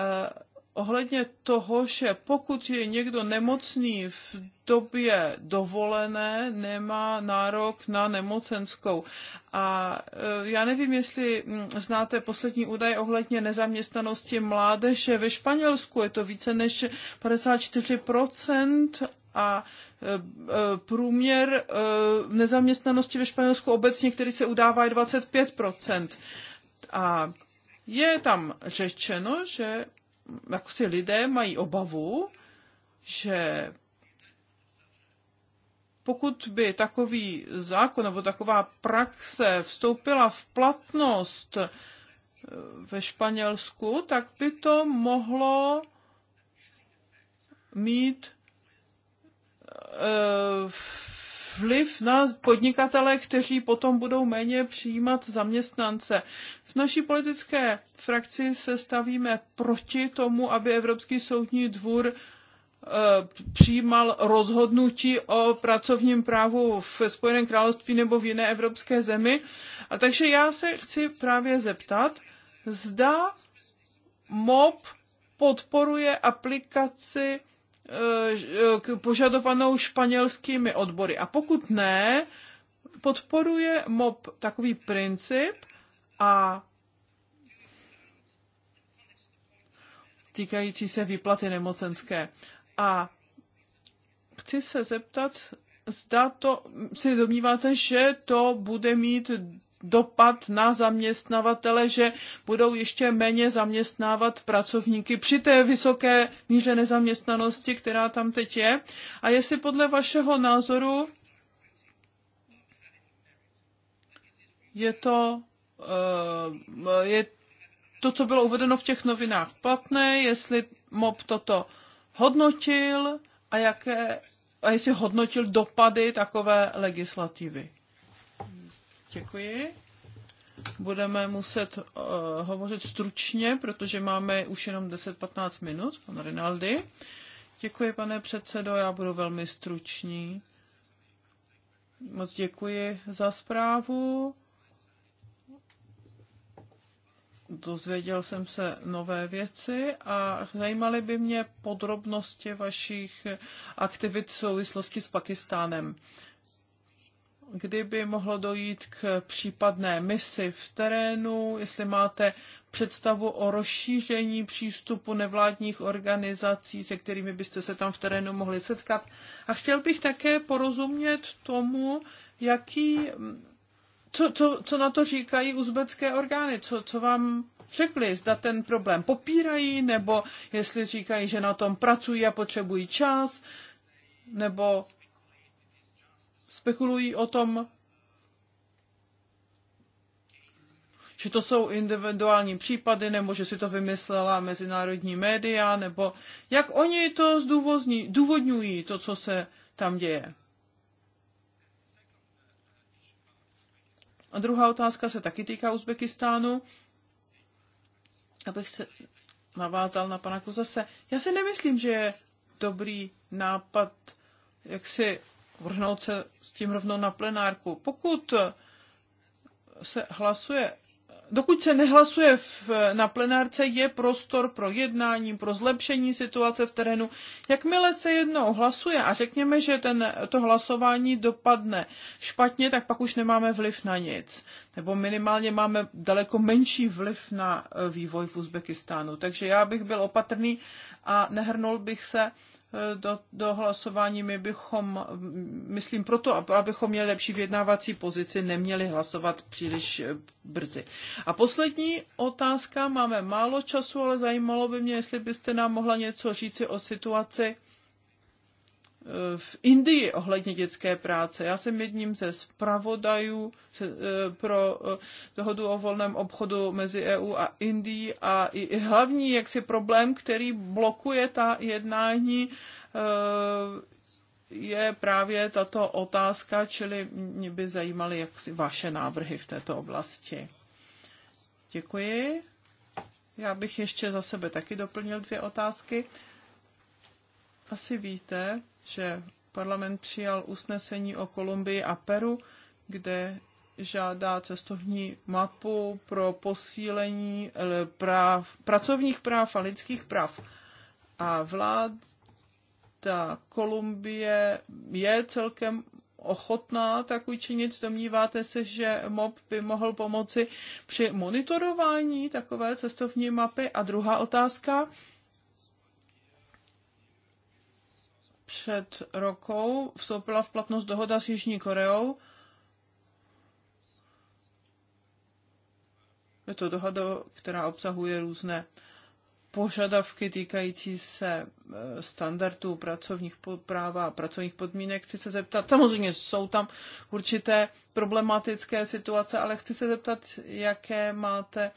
ohledně toho, že pokud je někdo nemocný v době dovolené, nemá nárok na nemocenskou. A e, já nevím, jestli mm, znáte poslední údaj ohledně nezaměstnanosti mládeže ve Španělsku. Je to více než 54% a e, e, průměr nezaměstnanosti ve Španělsku obecně, který se udává, je 25%. A je tam řečeno, že jako si lidé mají obavu, že pokud by takový zákon nebo taková praxe vstoupila v platnost eh, ve Španělsku, tak by to mohlo mít eh, vliv na podnikatele, kteří potom budou méně přijímat zaměstnance. V naší politické frakci se stavíme proti tomu, aby Evropský soudní dvůr e, přijímal rozhodnutí o pracovním právu v Spojeném království nebo v jiné evropské zemi. A takže já se chci právě zeptat, zda MOB podporuje aplikaci Eh, požadovanou španělskými odbory. A pokud ne, podporuje MOP takový princip a týkající se výplaty nemocenské. A chci se zeptat, zda to si domníváte, že to bude mít dopad na zaměstnavatele, že budou ještě méně zaměstnávat pracovníky při té vysoké míře nezaměstnanosti, která tam teď je. A jestli podle vašeho názoru je to, eh, je to, co bylo uvedeno v těch novinách platné, jestli MOB toto hodnotil a jaké a jestli hodnotil dopady takové legislativy. Děkuji. Budeme muset uh, hovořit stručně, protože máme už jenom 10-15 minut. Pan Rinaldi. Děkuji, pane předsedo, já budu velmi stručný. Moc děkuji za zprávu. Dozvěděl jsem se nové věci a zajímaly by mě podrobnosti vašich aktivit v souvislosti s Pakistánem. Uh, kdyby mohlo dojít k případné misi v terénu, jestli máte představu o rozšíření přístupu nevládních organizací, se kterými byste se tam v terénu mohli setkat. A chtěl bych také porozumět tomu, jaký, co, co, co na to říkají uzbecké orgány, co, co vám řekli, zda ten problém popírají, nebo jestli říkají, že na tom pracují a potřebují čas, nebo spekulují o tom, že to jsou individuální případy, nebo že si to vymyslela mezinárodní média, nebo jak oni to zdůvozní, důvodňují, to, co se tam děje. A druhá otázka se taky týká Uzbekistánu. Abych se navázal na pana Kozase. Já si nemyslím, že je dobrý nápad, jak si vrhnout se s tím rovnou na plenárku. Pokud se hlasuje, dokud se nehlasuje v, na plenárce, je prostor pro jednání, pro zlepšení situace v terénu. Jakmile se jednou hlasuje a řekněme, že ten, to hlasování dopadne špatně, tak pak už nemáme vliv na nic. Nebo minimálně máme daleko menší vliv na eh, vývoj v Uzbekistánu. Takže já bych byl opatrný a nehrnul bych se Eh, do, do hlasování. My bychom, mm, myslím proto, abychom měli lepší vyjednávací pozici, neměli hlasovat příliš eh, brzy. A poslední otázka, máme málo času, ale zajímalo by mě, jestli byste nám mohla něco říci o situaci v Indii ohledně dětské práce. Já jsem jedním ze zpravodajů eh, pro eh, dohodu o volném obchodu mezi EU a Indií a i hlavní jaksi problém, který blokuje ta jednání, eh, je právě tato otázka, čili mě by zajímaly jaksi vaše návrhy v této oblasti. Děkuji. Já bych ještě za sebe taky doplnil dvě otázky. Asi víte, že parlament přijal usnesení o Kolumbii a Peru, kde žádá cestovní mapu pro posílení eh, práv, pracovních práv a lidských práv. A vláda Kolumbie je celkem ochotná tak učinit. Domníváte se, že MOP by mohl pomoci při monitorování takové cestovní mapy? A druhá otázka, před rokou vstoupila v platnost dohoda s Jižní Koreou. Je to dohoda, která obsahuje různé požadavky týkající se e, standardů pracovních práva a pracovních podmínek. Chci se zeptat, samozřejmě jsou tam určité problematické situace, ale chci se zeptat, jaké máte e,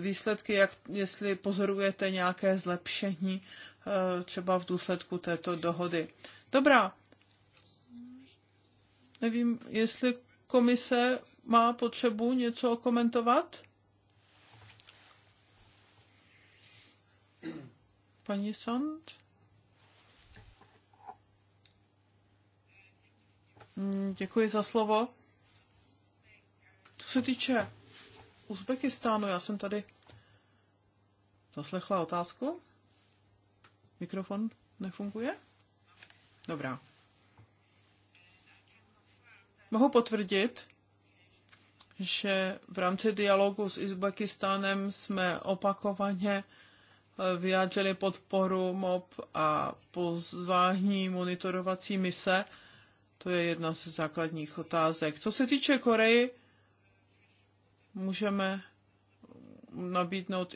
výsledky, jak, jestli pozorujete nějaké zlepšení e, třeba v důsledku této dohody. Dobrá. Nevím, jestli komise má potřebu něco komentovat? Paní Sand? Mm, děkuji za slovo. Co se týče Uzbekistánu, já jsem tady zaslechla otázku. Mikrofon nefunguje? Dobrá. Mohu potvrdit, že v rámci dialogu s Uzbekistánem jsme opakovaně vyjádřili podporu mob a pozvání monitorovací mise. To je jedna ze základních otázek. Co se týče Koreji, můžeme nabídnout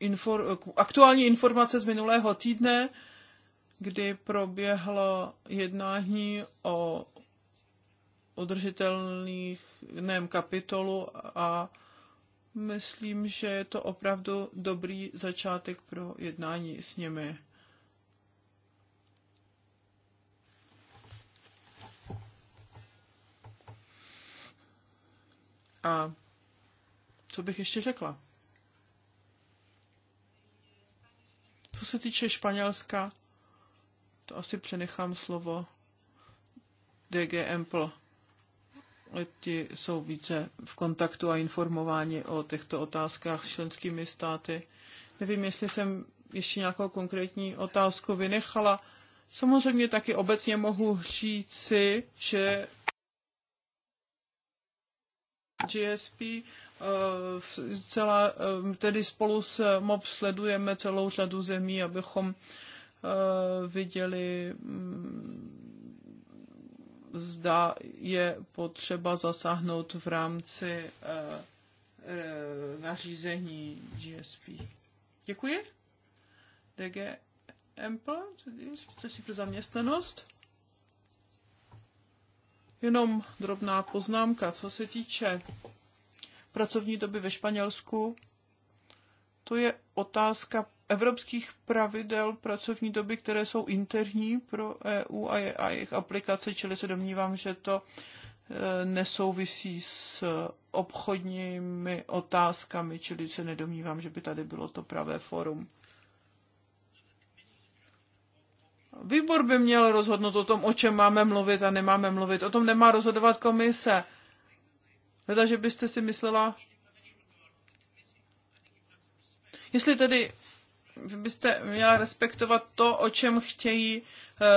infor- aktuální informace z minulého týdne, kdy proběhlo jednání o udržitelných kapitolu a Myslím, že je to opravdu dobrý začátek pro jednání s nimi. A co bych ještě řekla? Co se týče Španělska, to asi přenechám slovo DGM Ample ti jsou více v kontaktu a informováni o těchto otázkách s členskými státy. Nevím, jestli jsem ještě nějakou konkrétní otázku vynechala. Samozřejmě taky obecně mohu říci, že GSP eh, celá, eh, tedy spolu s MOB sledujeme celou řadu zemí, abychom eh, viděli, mm, zda je potřeba zasáhnout v rámci eh, eh, nařízení GSP. Děkuji. DG Empl, jste si pro zaměstnanost. Jenom drobná poznámka, co se týče pracovní doby ve Španělsku. To je otázka evropských pravidel pracovní doby, které jsou interní pro EU a, je, a jejich aplikace, čili se domnívám, že to e, nesouvisí s obchodními otázkami, čili se nedomnívám, že by tady bylo to pravé forum. Výbor by měl rozhodnout o tom, o čem máme mluvit a nemáme mluvit. O tom nemá rozhodovat komise. Hleda, že byste si myslela, Jestli tedy byste měla respektovat to, o čem chtějí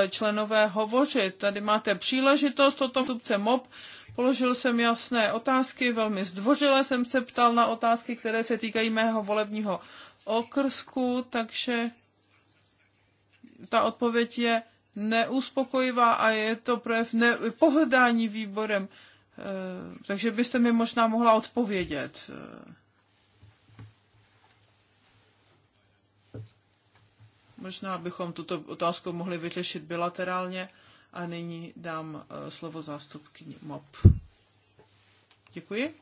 eh, členové hovořit. Tady máte příležitost o tom tubce MOB. Položil jsem jasné otázky, velmi zdvořile jsem se ptal na otázky, které se týkají mého volebního okrsku, takže ta odpověď je neuspokojivá a je to projev ne- pohrdání výborem. Eh, takže byste mi možná mohla odpovědět. Eh, Možná bychom tuto otázku mohli vyřešit bilaterálně a nyní dám eh, slovo zástupkyni MOP. Děkuji.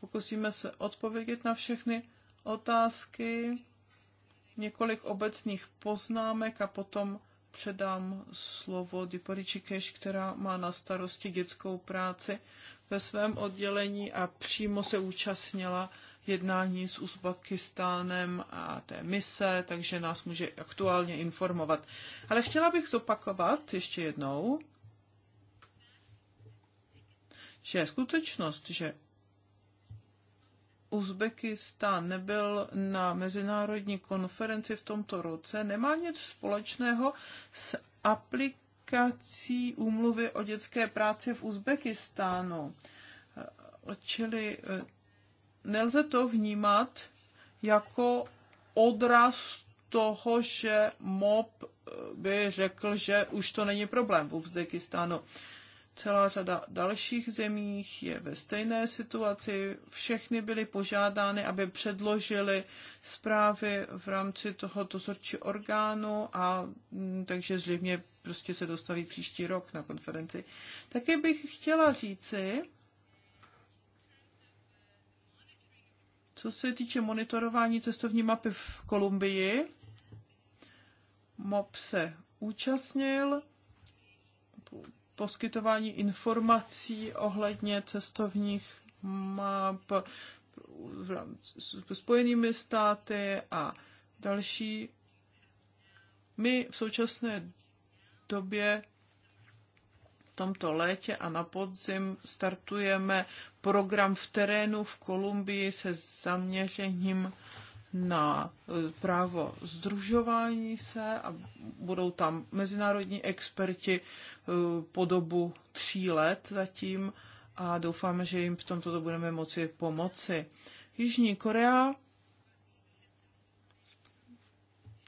Pokusíme se odpovědět na všechny otázky, několik obecných poznámek a potom předám slovo Diporiči Keš, která má na starosti dětskou práci ve svém oddělení a přímo se účastnila jednání s Uzbekistánem a té mise, takže nás může aktuálně informovat. Ale chtěla bych zopakovat ještě jednou, že skutečnost, že Uzbekistán nebyl na mezinárodní konferenci v tomto roce, nemá nic společného s aplikací úmluvy o dětské práci v Uzbekistánu. Čili nelze to vnímat jako odraz toho, že MOB eh, by řekl, že už to není problém v Uzbekistánu. Celá řada dalších zemích je ve stejné situaci. Všechny byly požádány, aby předložili zprávy v rámci toho dozorčí orgánu a mm, takže zřejmě prostě se dostaví příští rok na konferenci. Také bych chtěla říci, Co se týče monitorování cestovní mapy v Kolumbii, MOP se účastnil poskytování informací ohledně cestovních map s spojenými státy a další. My v současné době v tomto létě a na podzim startujeme program v terénu v Kolumbii se zaměřením na e, právo združování se a budou tam mezinárodní experti e, po dobu tří let zatím a doufáme, že jim v tomto to budeme moci pomoci. Jižní Korea.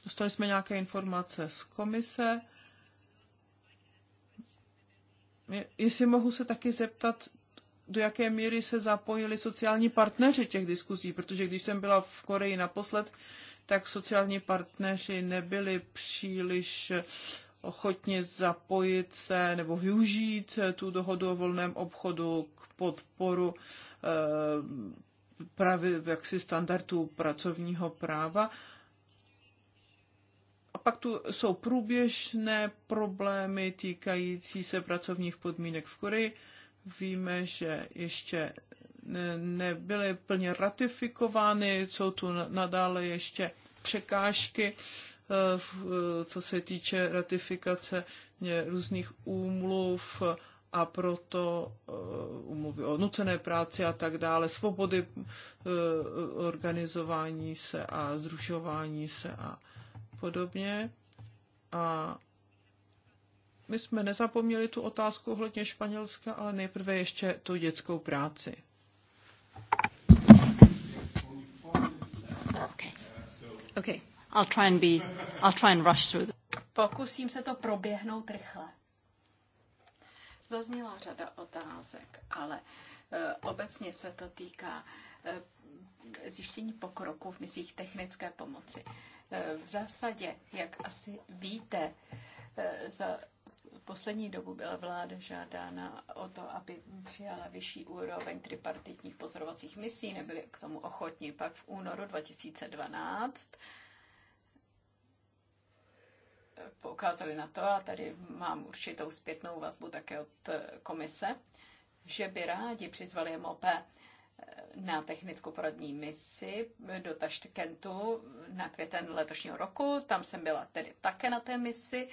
Dostali jsme nějaké informace z komise. Jestli mohu se taky zeptat, do jaké míry se zapojili sociální partneři těch diskuzí, protože když jsem byla v Koreji naposled, tak sociální partneři nebyli příliš ochotně zapojit se nebo využít tu dohodu o volném obchodu k podporu eh, právě jaksi standardů pracovního práva. A pak tu jsou průběžné problémy týkající se pracovních podmínek v Koreji Víme, že ještě nebyly plně ratifikovány, jsou tu nadále ještě překážky, eh, eh, co se týče ratifikace různých úmluv a proto umluvy eh, o nucené práci a tak dále, svobody organizování se a zrušování se a podobně. A my jsme nezapomněli tu otázku ohledně Španělska, ale nejprve ještě tu dětskou práci. Okay. Okay. I'll try and be, I'll try and rush through. Pokusím se to proběhnout rychle. Zazněla řada otázek, ale eh, obecně se to týká eh, zjištění pokroku v misích technické pomoci. Eh, v zásadě, jak asi víte, za poslední dobu byla vláda žádána o to, aby přijala vyšší úroveň tripartitních pozorovacích misí, nebyli k tomu ochotní. Pak v únoru 2012 poukázali na to, a tady mám určitou zpětnou vazbu také od komise, že by rádi přizvali MOP na technickou poradní misi do Taškentu na květen letošního roku. Tam jsem byla tedy také na té misi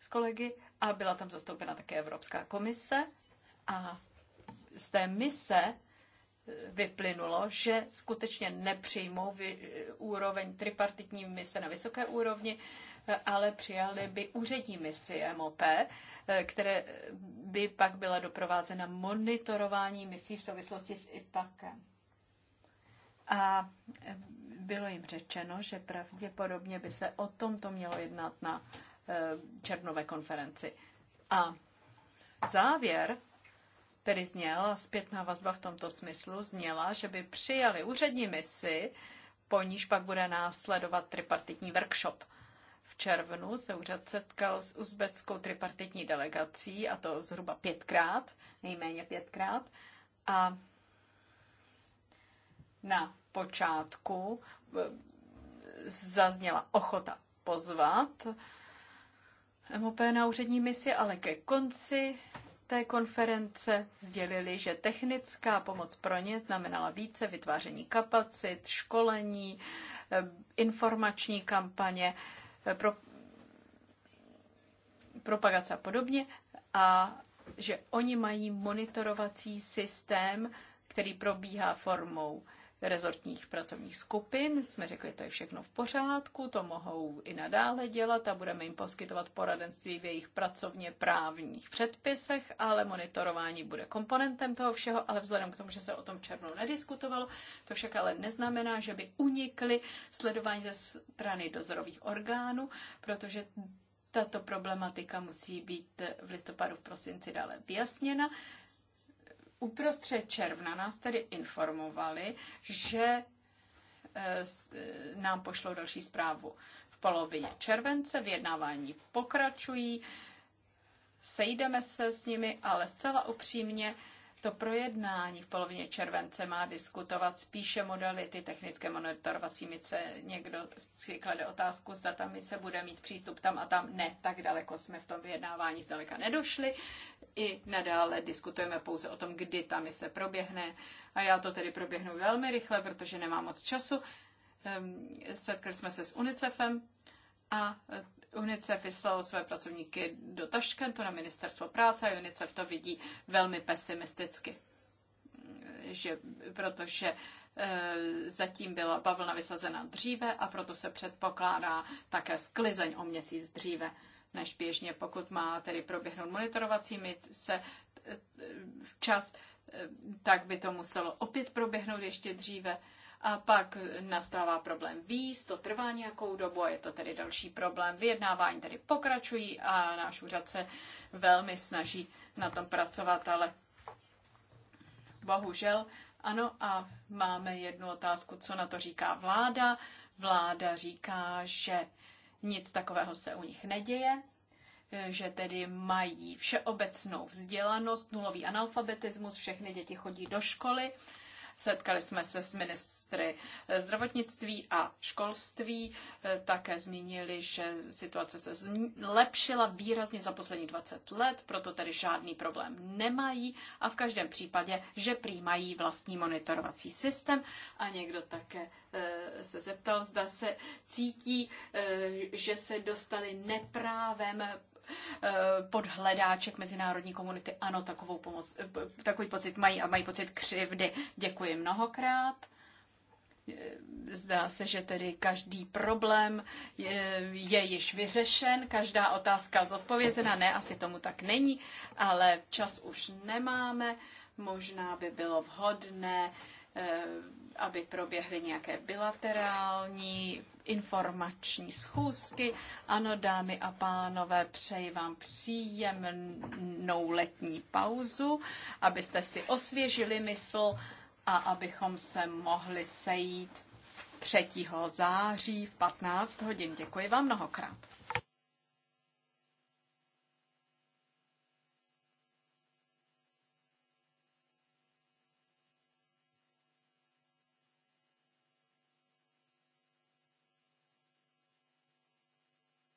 s kolegy a byla tam zastoupena také Evropská komise a z té mise e, vyplynulo, že skutečně nepřijmou vy, e, úroveň tripartitní mise na vysoké úrovni, e, ale přijali by úřední misi MOP, které by pak byla doprovázena monitorování misí v souvislosti s IPAKem. A bylo jim řečeno, že pravděpodobně by se o tomto mělo jednat na Eh, červnové konferenci. A závěr tedy zněl, zpětná vazba v tomto smyslu zněla, že by přijali úřední misi, po níž pak bude následovat tripartitní workshop. V červnu se úřad setkal s uzbeckou tripartitní delegací, a to zhruba pětkrát, nejméně pětkrát. A na počátku eh, zazněla ochota pozvat MOP na úřední misi, ale ke konci té konference sdělili, že technická pomoc pro ně znamenala více vytváření kapacit, školení, eh, informační kampaně, eh, pro, propagace a podobně a že oni mají monitorovací systém, který probíhá formou rezortních pracovních skupin. Jsme řekli, to je všechno v pořádku, to mohou i nadále dělat a budeme jim poskytovat poradenství v jejich pracovně právních předpisech, ale monitorování bude komponentem toho všeho, ale vzhledem k tomu, že se o tom v nediskutovalo, to však ale neznamená, že by unikly sledování ze strany dozorových orgánů, protože tato problematika musí být v listopadu v prosinci dále vyjasněna uprostřed června nás tedy informovali, že e, e, nám pošlou další zprávu. V polovině července vyjednávání pokračují, sejdeme se s nimi, ale zcela upřímně to projednání v polovině července má diskutovat spíše modality technické monitorovací mise. Někdo si klade otázku, zda ta mise bude mít přístup tam a tam. Ne, tak daleko jsme v tom vyjednávání zdaleka nedošli. I nadále diskutujeme pouze o tom, kdy ta mise proběhne. A já to tedy proběhnu velmi rychle, protože nemám moc času. Ehm, setkali jsme se s UNICEFem a UNICEF vyslal své pracovníky do Taškentu na ministerstvo práce a UNICEF to vidí velmi pesimisticky. Že, protože e, zatím byla bavlna vysazena dříve a proto se předpokládá také sklizeň o měsíc dříve než běžně, pokud má tedy proběhnout monitorovací mise eh, včas, eh, tak by to muselo opět proběhnout ještě dříve a pak nastává problém víz, to trvá nějakou dobu a je to tedy další problém. Vyjednávání tedy pokračují a náš úřad se velmi snaží na tom pracovat, ale bohužel ano a máme jednu otázku, co na to říká vláda. Vláda říká, že nic takového se u nich neděje, že tedy mají všeobecnou vzdělanost, nulový analfabetismus, všechny děti chodí do školy Setkali jsme se s ministry zdravotnictví a školství. Eh, také zmínili, že situace se zlepšila výrazně za poslední 20 let, proto tedy žádný problém nemají a v každém případě, že přijímají vlastní monitorovací systém. A někdo také eh, se zeptal, zda se cítí, eh, že se dostali neprávem Eh, pod hledáček mezinárodní komunity. Ano, takovou pomoc, eh, takový pocit mají a mají pocit křivdy. Děkuji mnohokrát. Eh, zdá se, že tedy každý problém je, je již vyřešen, každá otázka zodpovězena. Ne, asi tomu tak není, ale čas už nemáme. Možná by bylo vhodné aby proběhly nějaké bilaterální informační schůzky. Ano, dámy a pánové, přeji vám příjemnou letní pauzu, abyste si osvěžili mysl a abychom se mohli sejít 3. září v 15 hodin. Děkuji vám mnohokrát.